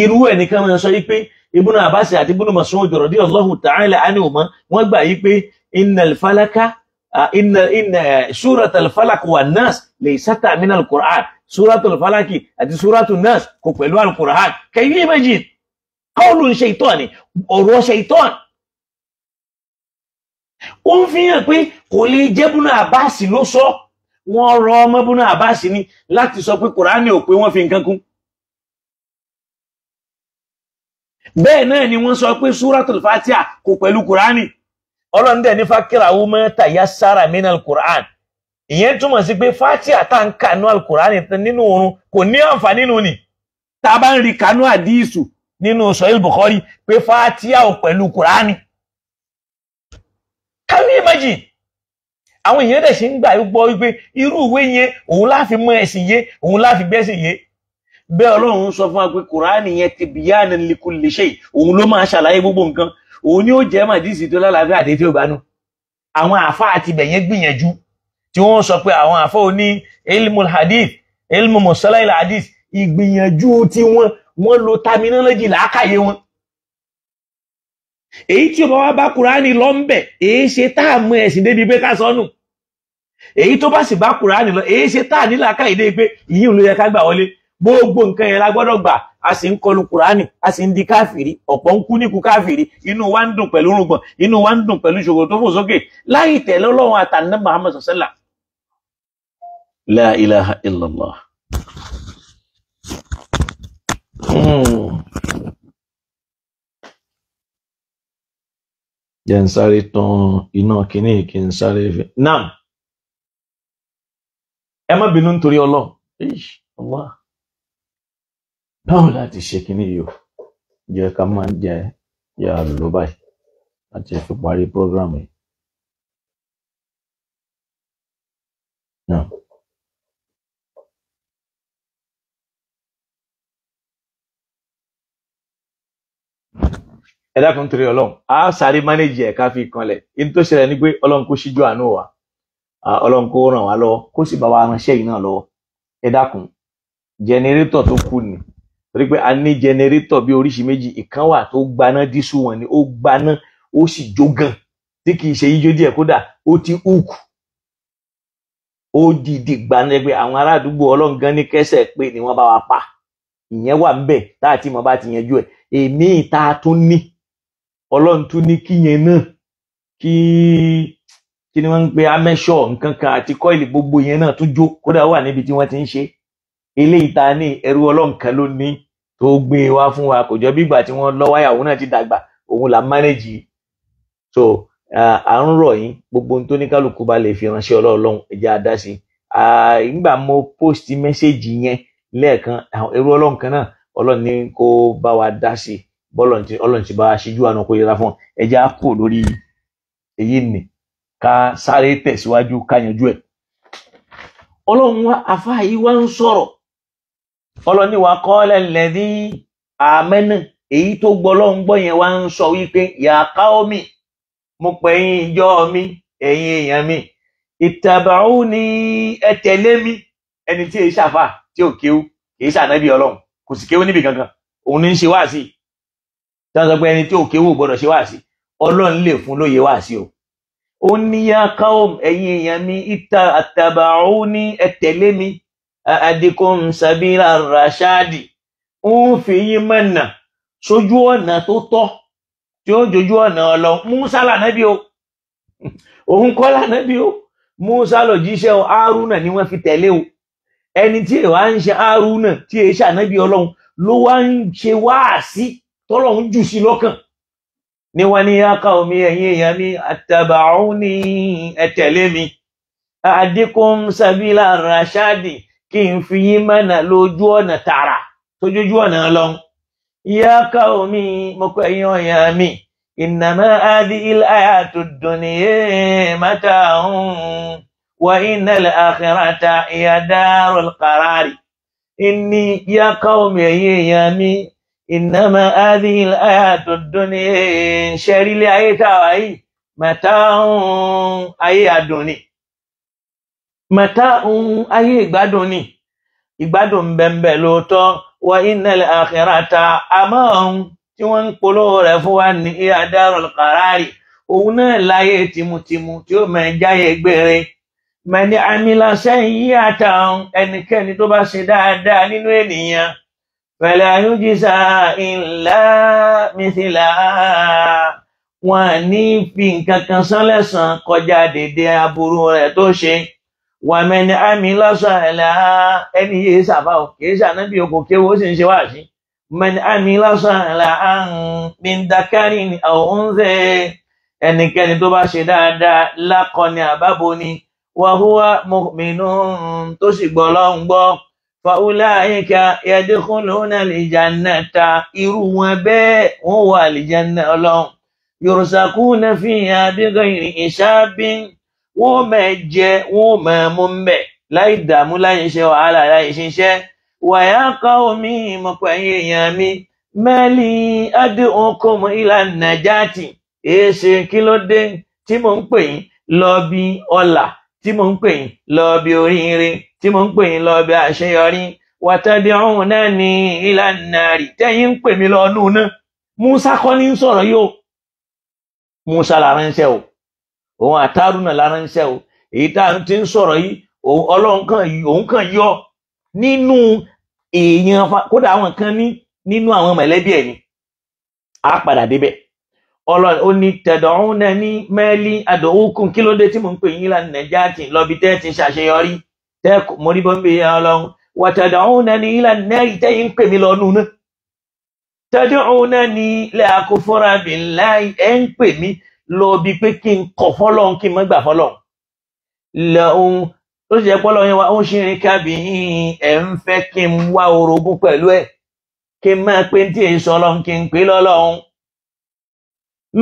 irú ẹ̀ nìkan mọ̀ sọ yìí pé ibùnú àbáàsì àti ibùnú Mas'ud radiyallahu ta'ala anhuma wọ́n gbà yìí pé innal falaka inna inna suratul falak wa nas laysata min ó ń fi hàn pé kò lè jẹ́ búnà àbáàsì ló sọ wọ́n rọ ọmọ búnà àbáàsì ni láti sọ pé kòránì ò pé wọ́n fi nǹkan kún. bẹ́ẹ̀ náà ni wọ́n sọ pé súrátùl fatiha kò pẹ̀lú kòránì ọlọ́run dẹ̀ ní fákìràwó mẹ́ta yá sára mí náà kòránì ìyẹn túmọ̀ sí pé fatiha tá ń kà nú alukòránì nínú oorun kò ní àǹfààní nù ni tá a bá ń rí kanú àdíìsù nínú sọ̀yìn Bukhari pé fatiha ò pẹ̀lú kòránì can you imagine àwọn èèyàn dẹ̀ ṣe ń gbà gbọ́ wípé irú ìwé yẹn òun láfi mọ ẹ̀sìn yé òun láfi gbẹ́sìn yé bẹ́ẹ̀ ọlọ́run sọ fún wa pé kùránì yẹn ti bìyànà likulli shay òun ló máa ṣàlàyé gbogbo nǹkan òun ni ó jẹ́ màdísì tó lálàáfíà àti tí ó bá nù àwọn àfa àti bẹ̀yẹn gbìyànjú tí wọ́n sọ pé àwọn àfa òní ilmul hadith ilmu musalai hadith ìgbìyànjú tí wọ́n wọ́n lo terminology làákàyè wọn èyí tí ọba wa bá kúránì lọ ń bẹ̀ èyí ṣe tá a mú ẹ̀sìn débi pé ká sọnù èyí tó bá sì bá kúránì lọ èyí ṣe tá a nílà káyìí dé pé ìyí ló yẹ ká gbà wọlé gbogbo nǹkan yẹn la gbọ́dọ̀ gbà a sì ń kọlu kúránì a sì ń di káfìrí ọ̀pọ̀ ń kú níkú káfìrí inú wa ń dùn pẹ̀lú rúgbọ̀n inú wa ń dùn pẹ̀lú ṣòkòtò tó fò sókè láì tẹ̀lé ọlọ́run àtàndé Muhammad sọ́sẹ́là la ilaha illallah. Hmm. jẹ́ ń sáré tan iná kínní kí n sáré fi náà ẹ má bínú nítorí ọlọ́run ọlá báwo láti ṣe kínní yìí o jẹ́ ká máa jẹ yà ló báyìí láti fi parí program yìí. náà. Thank you ẹ dákun torí Ọlọ́run a sáré mánéjì ẹ ká fi kanlẹ̀ ní tó ṣẹlẹ̀ ni pé Ọlọ́run kó ṣíjú àánú wa Ọlọ́run kó ràn wá lọ́wọ́ kó sì bá wa ránṣẹ́ yìí náà lọ́wọ́ ẹ dákun jẹnẹrétọ tó kù ni torí pé a ní jẹnẹrétọ bí oríṣi méjì ìkan wà tó gbaná dísù wọn ni ó gbaná ó sì jó gan tí kì í ṣe yíjó díẹ̀ kódà ó ti hùkù ó dìdì gbaná pé àwọn ará àdúgbò Ọlọ́run gan ní kẹsẹ pé ni wọ́n bá wa pa ìyẹn wà ń bẹ tá àti mọ bá ti yanjú ẹ èmi ìta tún ní ọlọ́run tún ní kíyẹn náà kí kí ni wọ́n ń pe amẹ́ṣọ́ nǹkan kan àti kọ́ìlì gbogbo yẹn náà tún jó kódà wà níbi tí wọ́n ti ń ṣe eléyìí ta ní ẹrú ọlọ́run kan ló ní tó gbé e wá fún wa kò jọ bí ìgbà tí wọ́n lọ wáyà òun náà ti dàgbà òun là ń mánéjì so à ń rọ̀ yín gbogbo ohun tó ní kálukú bá lè fi ránṣẹ́ ọlọ́run ẹ jẹ́ sí i nígbà mo post mẹ́sẹ̀gì yẹn lẹ́ẹ̀kan ẹrú ọlọ́run kan náà ọlọ́run ní kó bá wa dá sí i bọ́lọ̀ǹtì ọlọ́ǹtì bá aṣíjú àná kó yẹra fún ọ ẹjẹ́ á kò lórí èyí nì ká sáré tẹ̀síwájú ká yanjú ẹ̀. ọlọ́run wa afá yìí wá ń sọ̀rọ̀ ọlọ́ni wa qala alladhi amana èyí tó gbọ́ gbọ́ yẹn wá ń sọ wípé ya qaumi mo pè yín ìjọ mi ẹ̀yin èèyàn mi ittaba'uni ẹ tẹ̀lé mi ẹni tí èyí ṣàfà tí ò kéwú èyí ṣànábì ọlọ́run kò sì kéwú níbi kankan òun ní ń ṣe wáàsí tí wọ́n sọ pé ẹni tí òkè wò gbọ́dọ̀ ṣe wáàsí ọlọ́run lè fún lóye wáàsí o ó ní yá káwọ́m ẹ̀yin èèyàn mi ìta àtàbàrú ní ẹ tẹ̀lé mi àdìkùn sàbíra rashadi ń fi yín mọ̀nà sójú ọ̀nà tó tọ́ tí ó jojú ọ̀nà ọlọ musa lànàbí o òun kọ́ lànàbí o musa lọ jíṣẹ́ o haruna ni wọ́n fi tẹ̀lé o ẹni tí èèwà ń ṣe haruna tí èèṣà nàbí ọlọ́run ló wá ń ṣe wáàsí tọ́lọ́run jù sí lọ́kàn ni wọ́n ní yáká omi ẹ̀yìn èèyàn mi àtàbàún ní ẹ̀tẹ̀lé mi àdínkùn sabila rashadi kí n fi yín mọ́nà lójú ọ̀nà tààrà tójójú ọ̀nà lọ́hùn yáká omi mọ́kọ́ ẹ̀yìn ọ̀yàn mi ìnàmá adi ilayatu dunya mata'un wa innal akhirata iya darul qarari inni yáká omi ẹ̀yìn èèyàn mi ìnáma هذه àtúndúnni الدنيا ayé táwa yìí mẹ́ta ń ayé àdùn ni mẹ́ta ń ayé ìgbádùn ni ìgbádùn bẹ́ẹ̀nbẹ́ lóòótọ́ wọ ìnẹ̀lẹ̀ àkìràtà àmọ́ ohun tí wọ́n ń polówó rẹ̀ fún wa ní adarul qarari òun náà láyé tìmùtìmù tí ó mẹ́ jáyé gbére mẹ́ni àmìlà sẹ́yìn yíyàtà ẹnikẹ́ni tó bá ṣe dáadáa nínú ènìyàn fẹlẹ ayújísà ńlá mísìlá wọn ní fi nǹkan kan san lẹ́san kọjá dédé aburú rẹ̀ tó ṣe wàmẹni àmì lọsàn ẹlẹ ẹni yìí sàbà ò kìí sànábì òkò kéwò ó sì ń ṣe wáàsí mẹni àmì lọsàn ẹlẹ àǹbìndàkárìn ọ̀húnṣe ẹnikẹ́ni tó bá ṣe dáadáa lákọ ni àbábo ni wàhúwà mọ̀mìnú tó sì gbọ́ lọ́hùn fàúláìka yẹdẹkùnlónà lìjànàta irú wọn bẹ́ẹ̀ wọ́n wà lìjànà Ọlọ́run yorùsàkú na fi hàn abígan ìṣàbín wọ́n máa jẹ wọ́n máa mú mbẹ láì dààmú láì ṣe wàhálà láì ṣiṣẹ́ wàyà kọ omi ìmọpọ èèyàn mi mẹlì adéhùnkùnmù ìlànà jáàtì èèṣe kí ló dé tí mò ń pè yín lọ bí ọlà tí mò ń pè yín lọ bí oríire tí mo ń pè yín lọ bí àṣeyọrí wàtàdé ọ̀hún náà ní ìlànà rí tẹ́yìn ń pè mí lọ ọdún náà Musa kọ́ ní sọ̀rọ̀ yóò Musa láránṣẹ́ o òun àtàrúnà láránṣẹ́ o èyí tá à ń ti ń sọ̀rọ̀ yìí Ọlọ́run kan òun kan yọ nínú èèyàn kódà àwọn kan ní nínú àwọn mọ̀lẹ́bí ẹ̀ ni á padà débẹ̀ ọlọ́run ó ní tẹ̀dọ̀ọ́hún náà ní mẹ́lí àdòwúkùn kí ló dé tí mò ń pè yín lánàá jáàtì lọ́bi tẹ́ ti ṣàṣeyọrí tẹ́ mọ́rí bọ́ ń bẹ yẹn ọlọ́run wàtàdà òun náà ní ilà náà ìtẹ́yìn ń pè mí lọ́nu náà tẹ́jú òun náà ní ilẹ̀ àkófóra mi láì ẹ̀ ń pè mí lọ bí pé kí n kọ̀ fọ́lọ́run kí n má gbà fọ́lọ́run lẹ́hùn tó sì jẹ́ pọ́lọ́ yẹn wa ó ń ṣìrìn kábì ẹ̀ ń fẹ́ kí n wá orogún pẹ̀lú ẹ̀ kí n máa pé tí èyí sọ lọ́hùn kí n pè lọ́lọ́hùn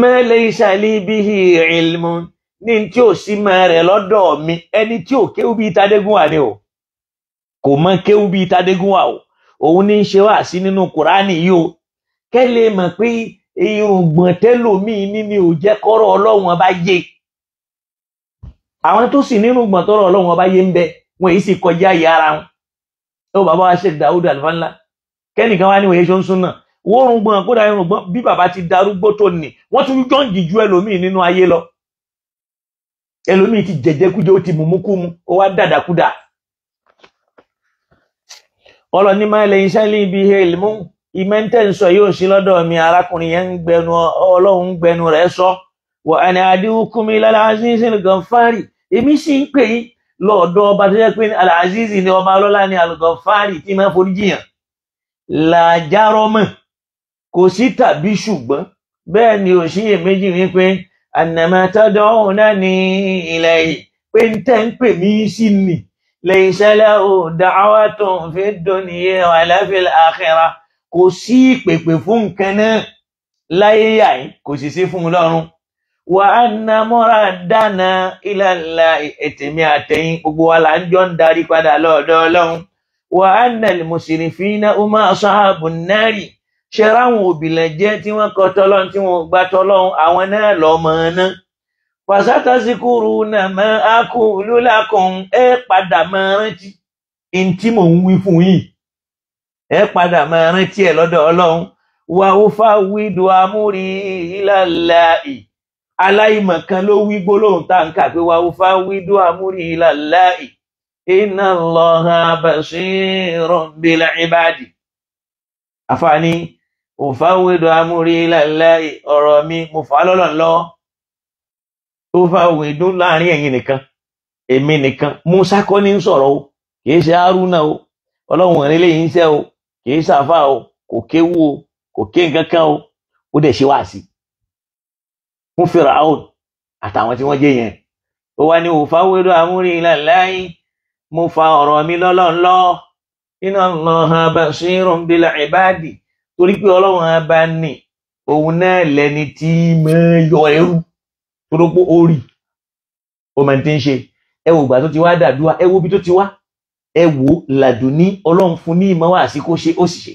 ma laysa li bihi ilmun ní tí ò sí mọ rẹ̀ lọ́dọ̀ mi ẹni tí ò kéwú bíi tadégún wà ni o kò mọ kéwú bíi tadégún wà o òun ní í ṣe wá sí nínú kùránì yìí o kẹlẹ mọ̀ pé irùngbọ̀n tẹlòmíín nínú ò jẹ kọrọ Ọlọ́run ọba yé àwọn tó sì nínú gbọn tọrọ Ọlọ́run ọba yé ń bẹ wọn èyí sì kọjá ìyá ara wọn ó bàbá wa ṣe Dawud alifanla kẹnìkan wá ní òye ṣó ń sún náà wọ́n rùngbọ̀n kódà irùngbọ̀n bí bàbá ti darúgbó tó nì wọ́n tún jọ́ǹgì ju ẹlòmíín nínú ayé lọ ẹlòmíì ti jẹjẹkújẹ ó ti mùmúkúmu ó wá dàdàkúdà ọlọ́ni máa lẹ́yìn sẹ́lẹ̀ ibi helmu ìmẹ́ntẹ́ǹsọ yóò sí lọ́dọ̀ mi arákùnrin yẹn ń gbẹnu ọlọ́run ń gbẹnu rẹ̀ sọ wọ ẹni adíwúkúmi lálàázíz gànfàárì èmi sì ń pè yín lọ́ọ̀dọ̀ ọba tó jẹ́ pé aláàzíz ni ọba ọlọ́lá ni alùgànfàárì tí máa forí la làjárọ́mọ̀ kò sí tàbí ṣùgbọ́n bẹ́ẹ̀ ni ò sí èméjì wípé ànàmọ́ tọ́jọ́ òun náà ní ilẹ̀ yìí pé ń tẹ́ ń pè mí sí nì lẹ́yìn sẹ́lẹ̀ ò dáwà tó ń fi dòní wala fil akhirah kò sí ìpèpè fún nǹkan náà láyé yà yìí kò sì sí fún un lọ́run wà á na mọ́ra dáná ìlàlà ètèmí àtẹ̀yìn gbogbo wa là ń jọ ń darí padà lọ́dọ̀ ọlọ́run wà á nà lè mùsùlùmí fínà ó máa sọ ààbò náà rì ṣe ráwọn òbílẹ̀ jẹ́ tí wọ́n kọ tọ́lọ́n tí wọ́n gba tọ́lọ́n àwọn náà lọ́mọ ná pàṣátá sí kúrú náà mọ́ ákú lólákan ẹ padà máa rántí in tí mò ń wí fún yìí ẹ padà máa rántí ẹ lọ́dọ̀ ọlọ́run wà ó fà wídò amúrí ìlàláì aláìmọ̀kan ló wí gbólóhùn tá à ń kà pé wà ó fà wídò amúrí ìlàláì iná lọ́ha bàṣírùn bílẹ̀ ìbàdí àfààní òfáwédò amúrí láìlá ọ̀rọ̀ mi mo fà á lọ́lọ́ lọ tó fáwédò láàrin ẹ̀yin nìkan èmi nìkan Musa kọ́ ní sọ̀rọ̀ o kì í ṣe Haruna o ọlọ́run ẹ̀rín lẹ́yìn iṣẹ́ o kì í ṣàfà o kò kéwu o kò ké nǹkan kan o ó dẹ̀ ṣe wáàsí fún Firaun àtàwọn tí wọ́n jẹ́ yẹn ó wá ní òfáwédò amúrí láìlá mo fa ọ̀rọ̀ mi lọ́lọ́ lọ inna Allaha basirun bil ibadi torí pé ọlọ́run abá ní òun náà lẹni tí máa yọ ẹrú torópó orí o máa ti ń ṣe ẹ wò ìgbà tó ti wá dàdúrà ẹ wo ibi tó ti wá ẹ wò làdùnní ọlọ́run fún ní ìmọ̀ wá sí kó ṣe ó sì ṣe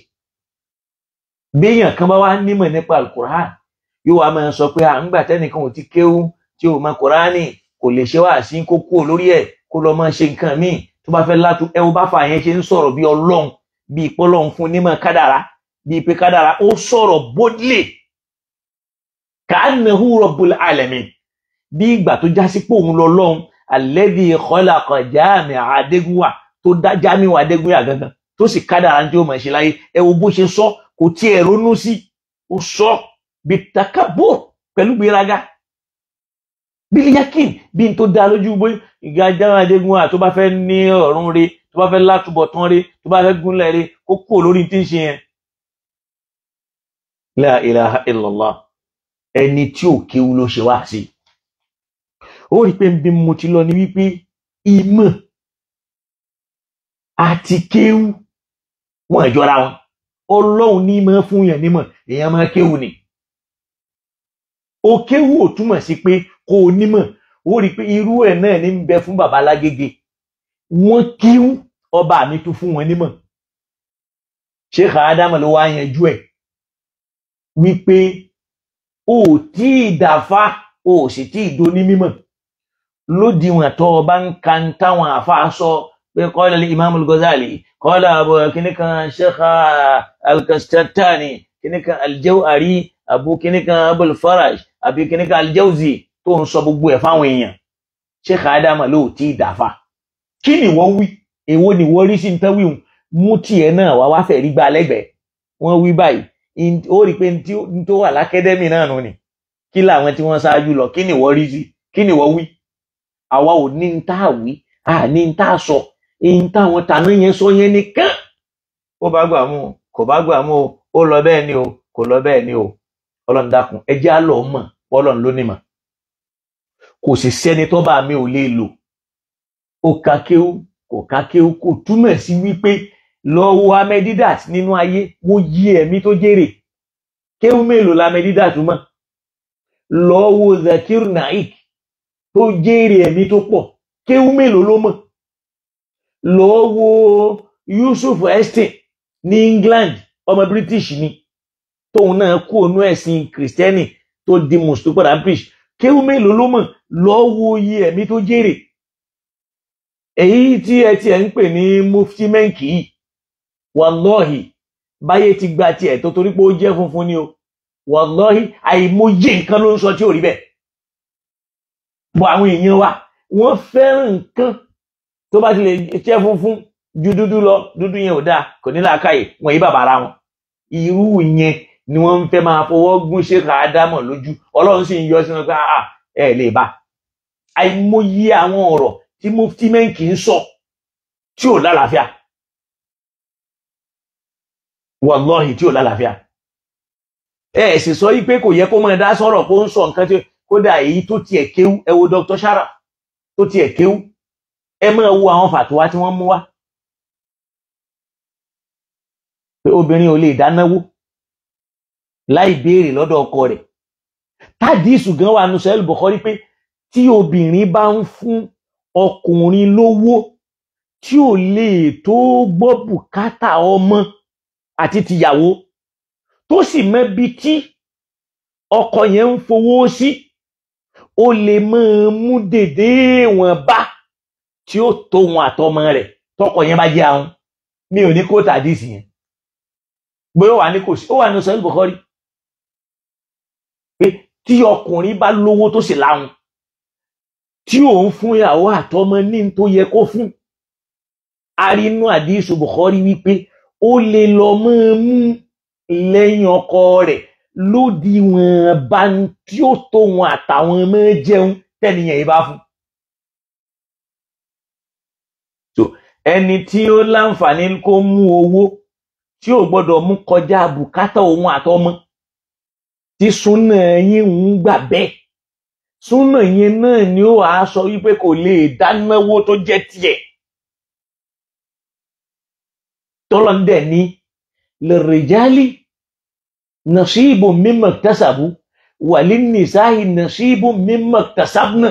béèyàn kan bá wá nímọ̀ nípa alukur'an yóò wá máa sọ pé à ń gbà tẹ́nìkan ò ti kéwú tí ò mọ kùránì kò lè ṣe wá sí kó kúrò lórí ẹ̀ kó lọ máa ṣe nǹkan míì tó bá fẹ́ látú ẹ wo bá fà yẹn ṣe ń sọ̀rọ̀ bí ọlọ́run bí ìpọ́lọ́run fún nímọ̀ kádàrá bíi pé kádàrá ó sọ̀rọ̀ boldly ka'annahu rabbul alamin bí ìgbà tó já sí pé òun lọ lọ́hùn alladhi khalaqa jami'a adégúnwà tó dá jamiu adégúnyà gangan tó sì kádàrá tí ó mọ̀ ṣe láyé ẹ wo bó ṣe sọ kò tiẹ̀ ronú sí ó sọ bitakabur pẹ̀lú gbéraga biliyakin bí n tó dá lójú bó ìgbà jamiu adégúnwà tó bá fẹ́ ní ọ̀run re tó bá fẹ́ látúbọ̀ tán re tó bá fẹ́ gúnlẹ̀ re kó kúrò lórí tí ń ṣe yẹn la ilaha illallah ẹni tí ò kéwu ló ṣe wá sí ó rí i pé bí mo ti lọ ni wípé ìmọ̀ àti kéwu wọn jọra wọn ọlọ́run ní máa fún yàn nímọ̀ èèyàn máa kéwu ni ó kéwu ò túmọ̀ sí pé kó nímọ̀ ó rí pé irú ẹ̀ náà ní bẹ fún bàbá lágége wọ́n kéwu ọba mi tún fún wọn nímọ̀ ṣé kàádámọ̀ ló wá yanjú ẹ̀ wípé o ò tí ì dàfa o ò sì tí ì doni mímọ̀ lódiwọ̀n tó o bá ń kan táwọn àfa sọ pé kọ́lá imam al-Ghazali kọ́lá abu kìnìkan sheikh al-Kastatani kìnìkan al-Jawhari abu kìnìkan abul faraj àbí kìnìkan al-Jawzi tó ń sọ gbogbo ẹ̀ fáwọn èèyàn sheikh adama ló tí ì dàfa kí ni wọ́n wí èwo ni wọ́n rí sí ń tẹ́wìhùn mú tiẹ̀ náà wá wá fẹ́ rí gbà lẹ́gbẹ̀ẹ́ wọ́n wí báyìí ó rí i pé ní tó wà lákẹ́dẹ́mì náà nù ni kí làwọn tí wọ́n ṣáájú lọ kí ni ìwọ rí sí kí ni ìwọ wí àwa ò ní ní tá a wí a ní ní tá a sọ ní táwọn tàná yẹn sọ yẹn nìkan ó bá gbà mú kò bá gbà mú ó lọ bẹ́ẹ̀ ni o kò lọ bẹ́ẹ̀ ni o ọlọ́run dákun ẹ á lọ mọ̀ ọlọ́run ló ní mọ̀ kò sì sẹ́ni tó bá mi ò lè lò ó ka kéwú kò ka kéwú kò túmọ̀ sí wípé lọ wo amedidat nínú ayé wo yí ẹ̀mí tó jèrè kéwú mélòó la amedidat mọ̀ lọ wo zakir naik tó jèrè ẹ̀mí tó pọ̀ kéwú mélòó ló mọ̀ lọ yusuf estin ní england ọmọ british ni tóun náà kú ònú ẹ̀sìn kristẹni tó di mùsùlùmí padà british kéwú mélòó ló mọ̀ lọ wo ẹ̀mí tó jèrè èyí tí ẹ tiẹ̀ ń pè ní mufti menki yìí wàlọ́ọ̀hì báyé ti gba tiẹ̀ tó torí pé ó jẹ́ funfun ni o wàlọ́ọ̀hì àìmọye nǹkan ló ń sọ tí ò rí bẹ́ẹ̀ bọ àwọn èèyàn wa wọ́n fẹ́ràn nǹkan tó bá ti lè jẹ́ funfun ju dúdú lọ dúdú yẹn ò dáa kò ní làákàyè wọn yí bàbá ara wọn irú yẹn ni wọ́n fẹ́ máa fọwọ́ gún ṣéka ádámọ̀ lójú ọlọ́run sì ń yọ sínú pé àà ẹ lè bá àìmọye àwọn ọ̀rọ̀ tí mufti mẹ́ǹkì ń sọ tí ò lálàáfíà wọlọ́hì tí ò lálàáfíà ẹ sì sọ yí pé kò yẹ kó máa dá sọ̀rọ̀ kó ń sọ nǹkan tí kódà èyí tó tiẹ̀ kéwú ẹ wo Dr. Sharaf tó tiẹ̀ kéwú ẹ máa wo àwọn fàtúwá tí wọ́n mú wá pé obìnrin ò lè dánáwó láì béèrè lọ́dọ̀ ọkọ rẹ̀ tádìsù gan wà nù sẹ́lù Bukhari pé tí obìnrin bá ń fún ọkùnrin lówó tí ò lè tó gbọ́ bùkátà ọmọ àti tìyàwó tó sì mẹ́bi tí ọkọ yẹn ń fowó sí ó lè máa mú dèdè wọn bá tí ó tó wọn àtọmọ rẹ̀ tọkọ yẹn bá jẹ àwọn mi ò ní kó tàdísì yẹn bóyá ó wà ní kò sí ó wà ní sọyìn bọkọrí pé tí ọkùnrin bá lówó tó sì láwọn tí òun fún ìyàwó àtọmọ ní tó yẹ kó fún arínú àdísù bọkọrí wípé ó lè lọ máa mú lẹ́yìn ọkọ rẹ̀ lódiwọ̀n bá ń tí ó tó wọn àtàwọn ọmọ jẹun tẹ́nìyàn yìí bá fún. ẹni tí ó láǹfààní kó mú owó tí ò gbọ́dọ̀ mú kọjá bùkátà òun àtọmọ tí súnà yín ń gbà bẹ́ẹ̀ súnà yín náà ni ó wàá sọ wípé kò lè dánáwó tó jẹ́ tiẹ̀ tọ́lọ́ndẹ̀ ní lirrijali nasibu mimma iktasabu walinnisahi nasibu mimma iktasabna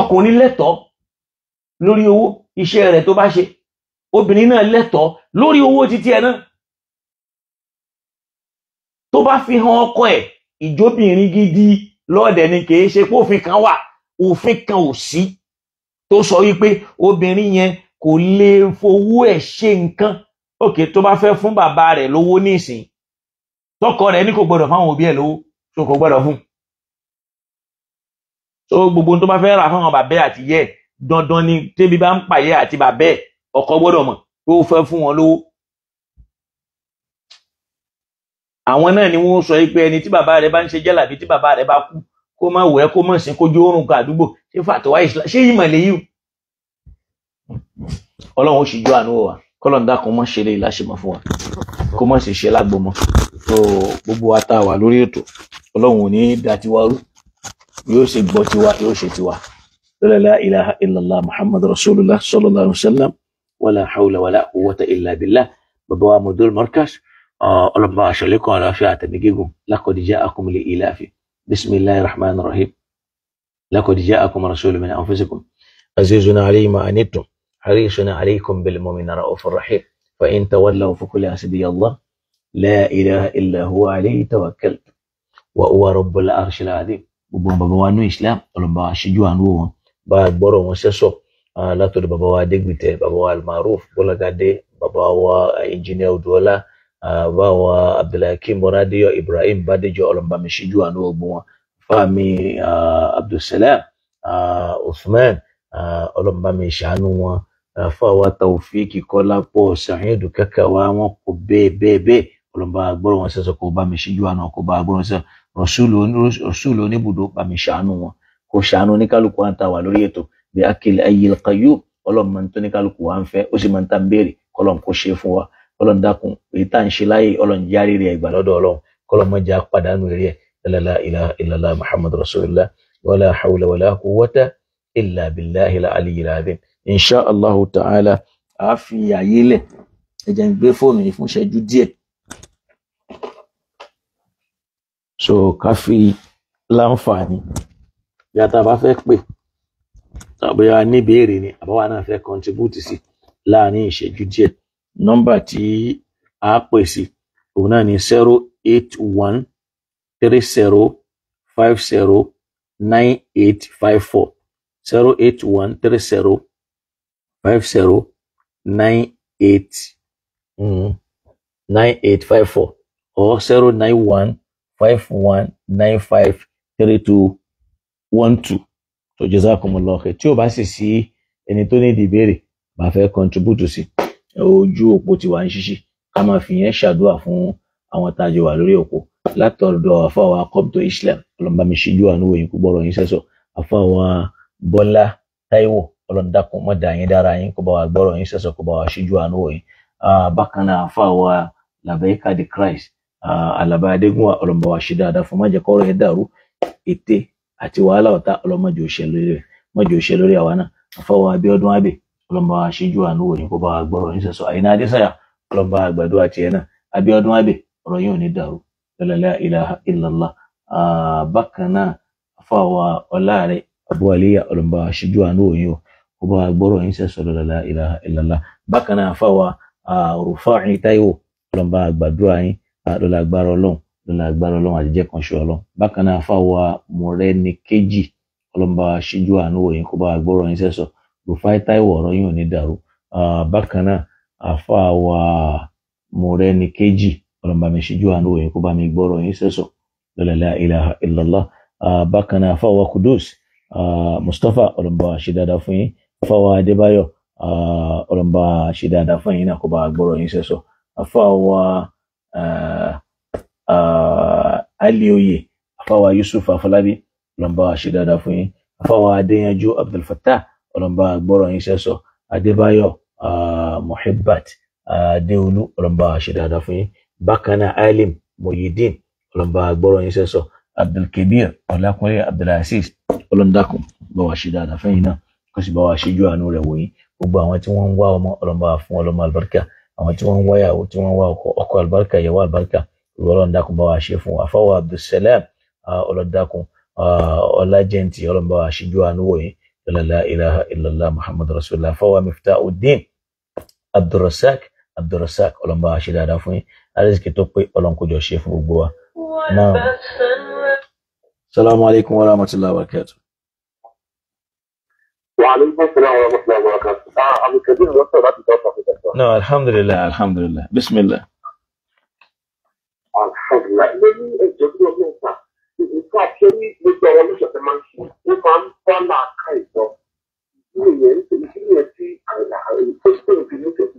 ọkùnrin lẹ́tọ̀ọ́ lórí owó iṣẹ́ rẹ̀ tó bá ṣe obìnrin náà lẹ́tọ̀ọ́ lórí owó títí ẹ̀ náà tó bá fi hàn ọkọ ẹ̀ ìjóbìnrin gidi lọ́ọ̀dẹ̀ ni kì í ṣe pé òfin kan wà òfin kan ò sí tó sọ wípé obìnrin yẹn kò lè fowó ẹ̀ ṣe nǹkan òkè tó bá fẹ́ fún bàbá rẹ̀ lówó nísìn tọkọ rẹ̀ ní kò gbọdọ̀ fáwọn òbí ẹ̀ lówó tó kò gbọdọ̀ fún so gbogbo tó bá fẹ́ rà fáwọn bàbá àti yẹ dandan ni tẹ́bí bá ń pàyẹ àti bàbá ọkọ gbọdọ̀ mọ̀ pé ó fẹ́ fún wọn lówó àwọn náà ni wọ́n sọ pé ẹni tí bàbá rẹ̀ bá ń ṣe jálàbí tí bàbá rẹ̀ bá kú kó má wẹ̀ kó má sin kójú oorun kan àdúgbò ṣé fàtọwá ìṣìlá ṣé ìmọ̀ lèyí o ọlọ́run ó sì jó àánú wa kọ́lọ̀ ń dákun mọ́ ṣe léyìí láṣemọ̀ fún wa kó mọ̀ sì ṣe lágbọ́mọ́ tó gbogbo wa tá a wà lórí ètò ọlọ́run ò ní da tiwa rú yóò ṣe gbọ́ tiwa yóò ṣe tiwa la ilaha illallah muhammad rasulullah sallallahu alayhi wa sallam wala hawla wala quwwata illa billah bàbá wa mudur markaz ọlọ́mọba aṣọ́lẹ́kọ̀ọ́ aláfíà àtẹ̀mígígùn laqad ja'akum li ilafi bismillahir rahmanir rahim laqad ja'akum rasulun anfusikum azizun alayhi ma حريص عليكم بالمؤمن رؤوف رحيم فإن تولوا فقل حسبي الله لا إله إلا هو عليه توكلت وهو رب العرش العظيم gbogbo bàbá wa nú islam ọlọmọba aṣíjú àánú wọn bá a gbọ́rọ̀ wọn sẹsọ látọdọ bàbá wa adégbìtẹ bàbá wa almaruf bọlágadé bàbá wa engineer odúọlá bàbá wa abdulhakeem bọládéyọ ibrahim bádéjọ ọlọmọba mi ṣíjú àánú ọgbọ wọn fáàmì abdulsalam usman ọlọmọba mi ṣàánú wọn àfàwà taofeeki kọlápọ saheed kẹkẹwà wọn kò bẹ́ẹ̀ bẹ́ẹ̀ bẹ́ẹ̀ ọlọmọba agbọrọ wọn sẹsọ kò bá mi ṣíjú àná kò bá agbọrọ sẹ rọṣúlù oníbùdó bá mi ṣàánú wọn kò ṣàánú oníkálukú àǹtà wà lórí ètò bí akele ayil qayyub ọlọmọ tó oníkálukú wà ń fẹ́ ó sì máa ń tà ń béèrè kọlọm wa ọlọm dákun èyí tá à ń ṣe láàyè ọlọm járe rẹ ìgbà lọ́dọ̀ ọlọm kọlọm mọjà pàdánù la ilaha illallah wala hawla wala quwwata illa billahi al-aliyyil azim insha allahu ta'ala a fi àyè lẹ̀ ẹ jẹ́ n gbé fóònù yìí fún ìṣẹ́jú díẹ̀ so ká fi láǹfààní bí a ta bá fẹ́ pè tàbí a ní ìbéèrè ni àbáwá náà fẹ́ contribute sí láàrin ìṣẹ́jú díẹ̀ nọ́mbà tí a pè sí òun náà ni zero eight one three zero five zero nine five zero nine eight mm-hmm. nine eight five four or zero nine one five one nine five three two one two tó jazakumullahu khair tí o bá sì sí ẹni tó ní ìdìbèrè bá fẹ́ contribute sí ojú òpó tí wàá ń ṣiṣẹ́ ká máa fi yẹn ṣàdúrà fún àwọn tájọ wà lórí òpó látọ̀dọ̀ àfáwà kọ́pútọ̀ islam ọlọ́mọbàmíṣíjú àánú òyìnbó gbọ́rọ̀ yín sẹ́sọ̀ àfáwà bọ́lá táíwò ọlọ́run dákun mọ́ dà yín dára yín kó bá wa gbọ́rọ̀ yín sẹ̀sọ̀ kó bá wa ṣíjú àánú wò yín bákan náà àfa wa làbẹ́yíká the Christ àlàbà adégún wa ọlọ́run bá wa ṣe dáadáa fún májẹ̀ kọ́rọ̀ yẹn dàrú ète àti wàhálà ọ̀tá ọlọ́run mọ́jọ òṣè lórí àwa náà àfa wa Abíọ́dún Abbey ọlọ́run bá wa ṣíjú àánú wò yín kó bá wa gbọ́rọ̀ yín sẹ̀sọ̀ Àyìnà Adésàyà ọlọ́run bá wa gbàdúrà tiẹ̀ náà Abíọ́dún Abbey ọ̀rọ̀ yín ò dàrú la ilaha illallah bákan náà àfa wa ọláàrẹ abúwalẹ́yà ọlọ́run bá wa ṣíjú àánú wò yín o kó bá wa gbọ́rọ̀ yín sẹ́sọ̀ lọ́la la ilaha illallah bákan náà fáwa Rufai Táíwò lọ́nba àgbàdúrà yín lọ́la agbára ọlọ́run lọ́la agbára ọlọ́run àjẹjẹ́ kan ṣe ọlọ́run bákan náà fáwa Mọ̀rẹ́ni Kejì ọlọ́nba ṣíjú àánú wò yín kó bá wa gbọ́rọ̀ yín sẹ́sọ̀ Rufai Táíwò ọ̀rọ̀ yín ò ní dàrú bákan náà àfáwa Mọ̀rẹ́ni Kejì ọlọ́nba mi ṣíjú àánú wò yín kó mi gbọ́rọ̀ yín sẹ́sọ̀ lọ́la la ilaha illallah bákan náà fáwa Kudus Mustapha ọlọ́nba ṣe dáadáa fún yín Afawa adébáyọ̀ ọlọmọba ṣe dáadáa fún ẹ̀yin náà kó bá gbọrọ yín sẹsọ afáwa alioye afáwa yusuf afọlábí ọlọmọba ṣe dáadáa fún yín afáwa adéyanjú abdulfatah ọlọmọba gbọrọ yín sẹsọ adébáyọ̀ muhibbat adéolú ọlọmọba ṣe dáadáa fún yín bákan alim moyedin ọlọmọba gbọrọ yín sẹsọ abdulkabir ọlákùnrin abdulaziz ọlọmọdàkùn bá wa ṣe dáadáa fún yín náà wọ́n sì bá wa ṣíjú àánú rẹ̀ wò yín gbogbo àwọn tí wọ́n ń wá ọmọ ọlọ́mọ fún ọlọ́mọ àlùbáríkà àwọn tí wọ́n ń wá ìyàwó tí wọ́n ń wá ọkọ àlùbáríkà ìyàwó àlùbáríkà ọlọ́run dákun bá wa ṣe fún wa àfáwọ̀ abdulsalam ọlọ́dàkùn ọlájẹ́ntì ọlọ́mọ bá wa ṣíjú àánú wò yín la ilaha illallah muhammadu rasulillah àfáwọ̀ miftahuddin abdulrasaq abdulrasaq ọlọ́mọ bá wa ṣe dáadáa fún yín arizikì tó pé ọlọ́nkójọ ṣe fún gbogbo wa. Assalamu alaikum warahmatullahi wabarakatuh. وعليكم السلام ورحمه الله وبركاته. عبد الكريم يوصل بعد No, alhamdulillah, alhamdulillah. Bismillah. Alhamdulillah. Lẹ́yìn ẹ̀jẹ̀ bí ọdún ìta, ìfúnpá kẹ́rí gbogbo àwọn olóṣèlú máa ń ṣe, ó máa ń bá máa ká ìjọ. Ìdílé yẹn ń tẹ̀lé sílẹ̀ sí àìlà àìlè tó ṣe òfin ní tẹ̀lé.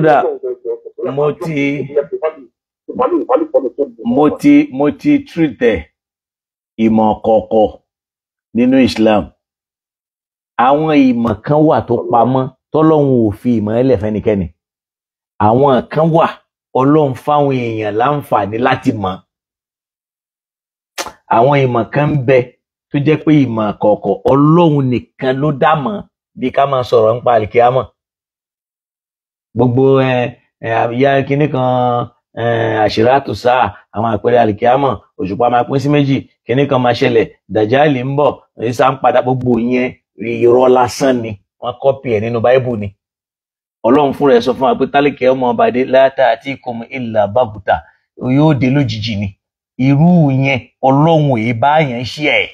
kódà mo ti mo ti mo ti tírìtẹ̀ ìmọ̀ kọ̀ọ̀kọ̀ nínú Islam àwọn ìmọ̀ kan wà tó pamọ́ tọ́lọ́hun ò fi ìmọ̀ ẹlẹ̀ fẹ́nikẹ́ni àwọn kan wà ọlọ́run fáwọn èèyàn láǹfààní láti mọ̀ àwọn ìmọ̀ kan ń bẹ tó jẹ́ pé ìmọ̀ kọ̀ọ̀kọ̀ ọlọ́run nìkan ló dá mọ̀ bí ká máa sọ̀rọ̀ nípa àlìkíyàmọ̀ gbogbo àbíyá kinní kan àṣírà tó sá àwọn àpẹẹrẹ àlìkíámọ òṣùpá máa pín sí méjì kinní kan máa ṣẹlẹ̀ dàjáàlì ń bọ̀ ìsá ń padà gbogbo yẹn irọ́ lásán ni wọ́n kọ́pì ẹ̀ nínú báíbù ni ọlọ́run fúnra ẹ̀ sọ fún wa pé tálíkẹ ọmọ ọbàdé látà àti ikùn ìlà bàbùtà yóò dé lójijì ni irú yẹn ọlọ́run èyí báyẹn ṣe ẹ̀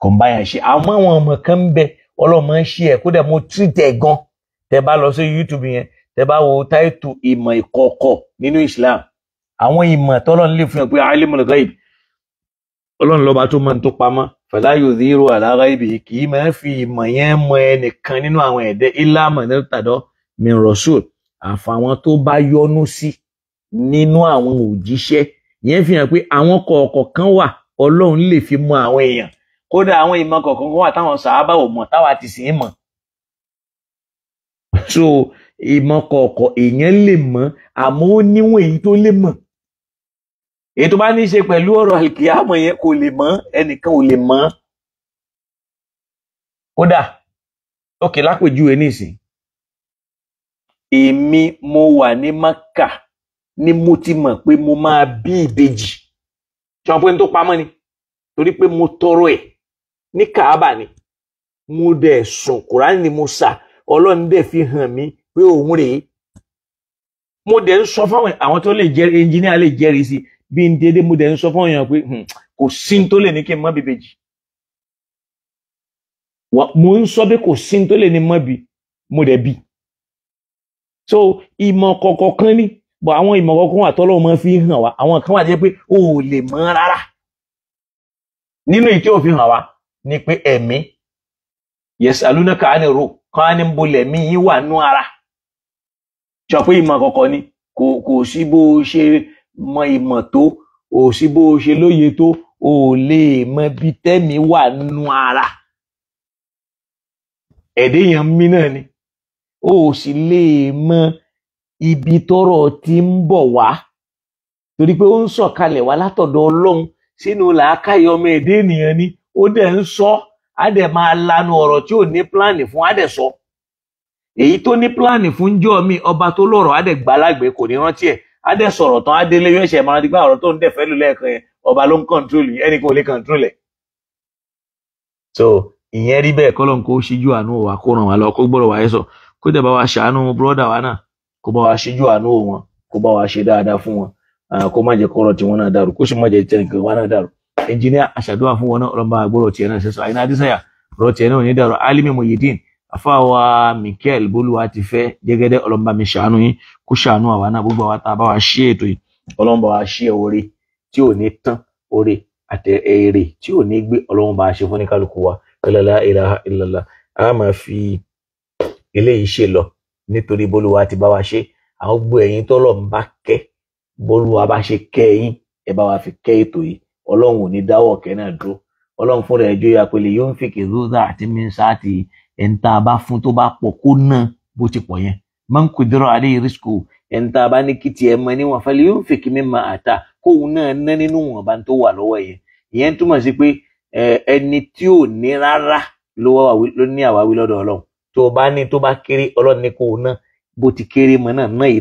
kò ń báyẹn ṣe àmọ́ àwọn ọmọ kan ń bẹ ọlọ́run máa ń ṣe ẹ̀ kódà mo tírìtẹ̀ gan-an tẹ bá lọ sí youtube yẹn tẹ bá wo táìtù ìmọ̀ ìkọ̀kọ̀ nínú islam àwọn ìmọ̀ tọ́lọ́n lè fún yàn pé alimul ghaib ọlọ́run lọ́ba tó mọ̀ tó pamọ́ fala yudhiru ala ghaibihi kì í máa fi ìmọ̀ yẹn mọ ẹnìkan nínú àwọn ẹ̀dẹ́ ìlàmọ̀ nítàdọ́ min rasul àfàwọn tó bá yọ́nú sí nínú àwọn òjíṣẹ́ yẹn fi hàn pé àwọn kọ̀ọ̀kọ̀ kan wà ọlọ́run lè fi mọ àwọn èèyàn kódà àwọn ìmọ̀ kọ̀ọ̀kan wà táwọn sàábà ò mọ̀ táwa ti sì ń mọ̀ so ìmọ̀ kọ̀ọ̀kọ̀ èèyàn lè mọ̀ àmọ́ ó níwọ̀n èyí tó lè mọ̀ èyí tó bá ní í ṣe pẹ̀lú ọ̀rọ̀ àlìkìyàmọ̀ yẹn kò lè mọ̀ ẹnìkan ò lè mọ̀ kódà ókè lápèjúwe nísìn èmi mo wà ní Mákà ni mo ti mọ̀ pé mo máa bí ìbejì ṣe pé ní tó pamọ́ ni torí pé mo tọrọ ẹ̀ ní Kàábà ni mo dẹ̀ sùn Kùránì ni mo sà ọlọ́run dẹ̀ fi hàn mí pé òun rèé mo dẹ̀ ń sọ fáwọn àwọn tó lè jẹ́ ẹnjìníà lè jẹ́rìí sí bí n dédé mo dẹ̀ ń sọ fáwọn èèyàn pé hmm, kò sí n tó lè ní kí n mọ́ bíbejì mo ń sọ pé kò sí n tó lè ní mọ́ bí mo dẹ̀ bí so ìmọ̀ kọ̀ọ̀kan kan ní bọ̀ àwọn ìmọ̀ kọ̀ọ̀kan wà tọ́lọ́wọ́ máa fi hàn wá àwọn kan wà jẹ́ pé o ò lè mọ̀ rárá nínú ìtí òfin hàn wá ni pé ẹ̀mí yẹsẹ alúnáka àníró kan á ní bolẹ mi yín wà nú ara sọ pé ìmọ̀ kọ̀kọ̀ ni kò kò sí bó ṣe mọ ìmọ̀ tó kò sí bó ṣe lóye tó ò lè mọ bí tẹmí wà nú ara ẹdẹ yẹn mí náà ni ó sì lè mọ ibi tọ́rọ̀ ti ń bọ̀ wá torí pé ó ń sọ̀kalẹ̀ wá látọ̀dọ̀ Ọlọ́run sínú làákàyè ẹdẹ ènìyàn ni ó dẹ̀ ń sọ. So á dẹ̀ máa lanu ọ̀rọ̀ tí ò ní pílánì fún á dẹ̀ sọ èyí tó ní pílánì fún jọ mi ọba tó lọ́rọ̀ á dẹ̀ gbàlágbé kò ní rántí ẹ̀ á dẹ̀ sọ̀rọ̀ tán á délé yóò ṣẹ̀ máa dígbà ọ̀rọ̀ tó ń dẹ̀ fẹ́ lù lẹ́ẹ̀kan yẹn ọba ló ń kọ̀ǹtrólì ẹnì kò lè kọ̀ǹtrólẹ̀. so ìyẹn rí bẹ́ẹ̀ kọ́lọ́n kó ṣíjú àánú wa kó ràn wá lọ kó gbọ́dọ̀ wáyé sọ kó dẹ̀ bá wa ṣàánú búrọ́dà wa náà kó bá wa ṣíjú àánú wọn kó bá wa ṣe dáadáa fún wọn kó má jẹ́ kọ́rọ̀ tiwọn náà dàrú kó sì má jẹ́ tẹnìkan wa náà dàrú Engineer aṣàdúrà fún wọn náà ọlọ́mọba àgbọ̀rọ̀ tiẹ̀ náà ṣẹṣọ àyìnlá adísáyà ọ̀rọ̀ tiẹ̀ náà ò ní dàrú alimi muyideen afáwa mikel bolúwa ti fẹ́ jẹ́gẹ́dẹ́ ọlọ́mọba mi ṣàánú yín kó ṣàánú àwa náà gbogbo àwa tá a bá wa ṣí ètò yìí ọlọ́mọba wa ṣí oore tí ò ní tán oore àti èrè tí ò ní gbé ọlọ́mọba ṣe fún ní kálukú wa la ilaha illallah a máa fi eléyìí ṣe lọ nítorí bolúwa ti bá wa ṣe àwọn gbogbo ẹ̀yin tọ́lọ̀ ń bá kẹ́ bolúwa bá ṣe kẹ́ yín ẹ bá wa fi kẹ́ ètò yìí ọlọ́run ò ní dáwọ́ ọ̀kẹ́ náà dúró ọlọ́run fúnra ẹ̀ jó apẹ̀lẹ̀ yóò ń fèkè zúzà àti mísà àti ẹ̀ńtà bá fún tó bá pọ̀ kó náà bó ti pọ̀ yẹn máa ń kudurọ̀ àdé ìrísíkò ẹ̀ńtà bá ní kìtì ẹ̀ mọ níwọ̀n fẹ́lẹ̀ yóò ń fèkè mímọ àtà kóun náà ná nínú wọn bá ń tó wà lọ́wọ́ yẹn ìyẹn túmọ̀ sí pé ẹni tí ò ní rárá ló ní àwáwí lọ́dọ̀ ọlọ́run tó bá ní tó bá kéré ọlọ́run ní kó o bó ti kéré mọ́ náà ná èyí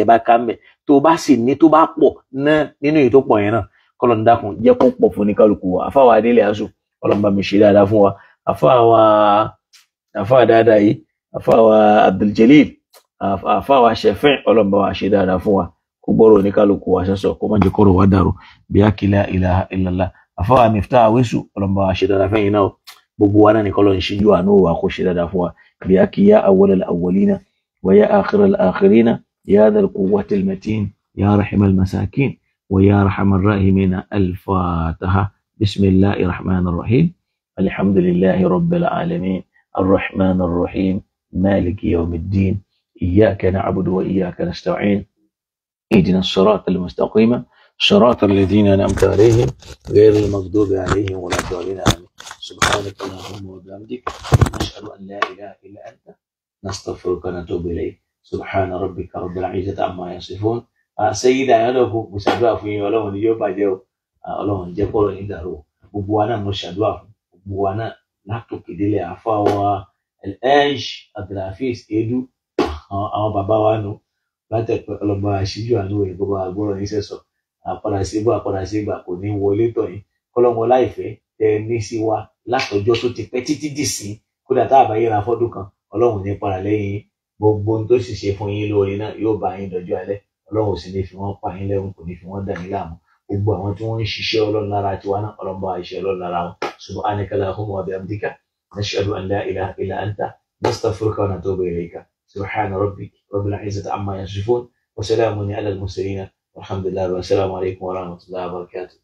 ẹ̀ bá ká ń tó bá sì ní tó bá pọ̀ ná nínú èyí kọlọ́n dákun jẹ́ kó pọ̀ fún ní kálukú wa àfáwà adélé aṣọ kọlọ́n bá mi ṣe dáadáa fún wa àfáwà àfáwà dáadáa yìí àfáwà abduljalil àfáwà ṣẹfẹ́ ọlọ́n bá wa ṣe dáadáa fún wa kó gbọ́rọ̀ ní kálukú wa ṣẹ́sọ kó má jẹ́ kọ́rọ̀ wa dàrú bí a kìlá ilaha illallah àfáwà miftah awésù ọlọ́n wa ṣe dáadáa fẹ́yìn náà gbogbo wa náà ní kọlọ́n ṣíjú àánú wa kó ṣe dáadáa fún wa bí a kìyà awwalal awwalina wa ya akhiral akhirina ya dhal quwwatil matin ya rahimal masakin ويا أرحم الراحمين الفاتحة بسم الله الرحمن الرحيم الحمد لله رب العالمين الرحمن الرحيم مالك يوم الدين إياك نعبد وإياك نستعين إيدنا الصراط المستقيم صراط الذين أنعمت عليهم غير المغضوب عليهم ولا الضالين آمين سبحانك اللهم وبحمدك نشهد أن لا إله إلا أنت نستغفرك ونتوب إليك سبحان ربك رب العزة عما يصفون sẹ́yìn dáhùn náà fún mo ṣàdúrà fún yín ọlọ́run ni yóò bàjẹ́ o ọlọ́run jẹ́ kọ́rọ̀ yín dàrú gbogbo wa náà mo ṣàdúrà fún gbogbo wa náà látòkè délẹ̀ àfa wa abdulhafiz edu àwọn bàbá wa nù látẹ̀pẹ́ ọlọ́mọ àṣíjú àánú rẹ̀ gbogbo àgbọ̀rọ̀ yín sẹ̀sọ̀ àpàdà síbà àpàdà síbà kò ní wọlé tọ̀ yín kọ́lọ́mọ láìfẹ́ tẹ ní sí wa látọjọ́ tó ti pẹ́ títí dì sí kódà tá àbáyé ra fọ́dún kan ọlọ́run ní para lẹ́yìn gbogbo ohun tó sì ṣe fún yín lórí náà yóò bá yín dọjọ́ alẹ́ ọlọ́run ò sì ní fi wọ́n pa yín lẹ́rù kò ní fi wọ́n dà yín láàmú gbogbo àwọn tí wọ́n ń ṣiṣẹ́ ọlọ́run lára tiwa náà ọlọ́run bá iṣẹ́ ọlọ́run lára wọn subhanaka allahumma wa bihamdika nashhadu an la ilaha illa anta nastaghfiruka wa natubu ilayka subhana rabbik rabbil izzati amma yasifun wa salamun ala al mursalin walhamdulillahi wa salamu alaykum wa rahmatullahi wa barakatuh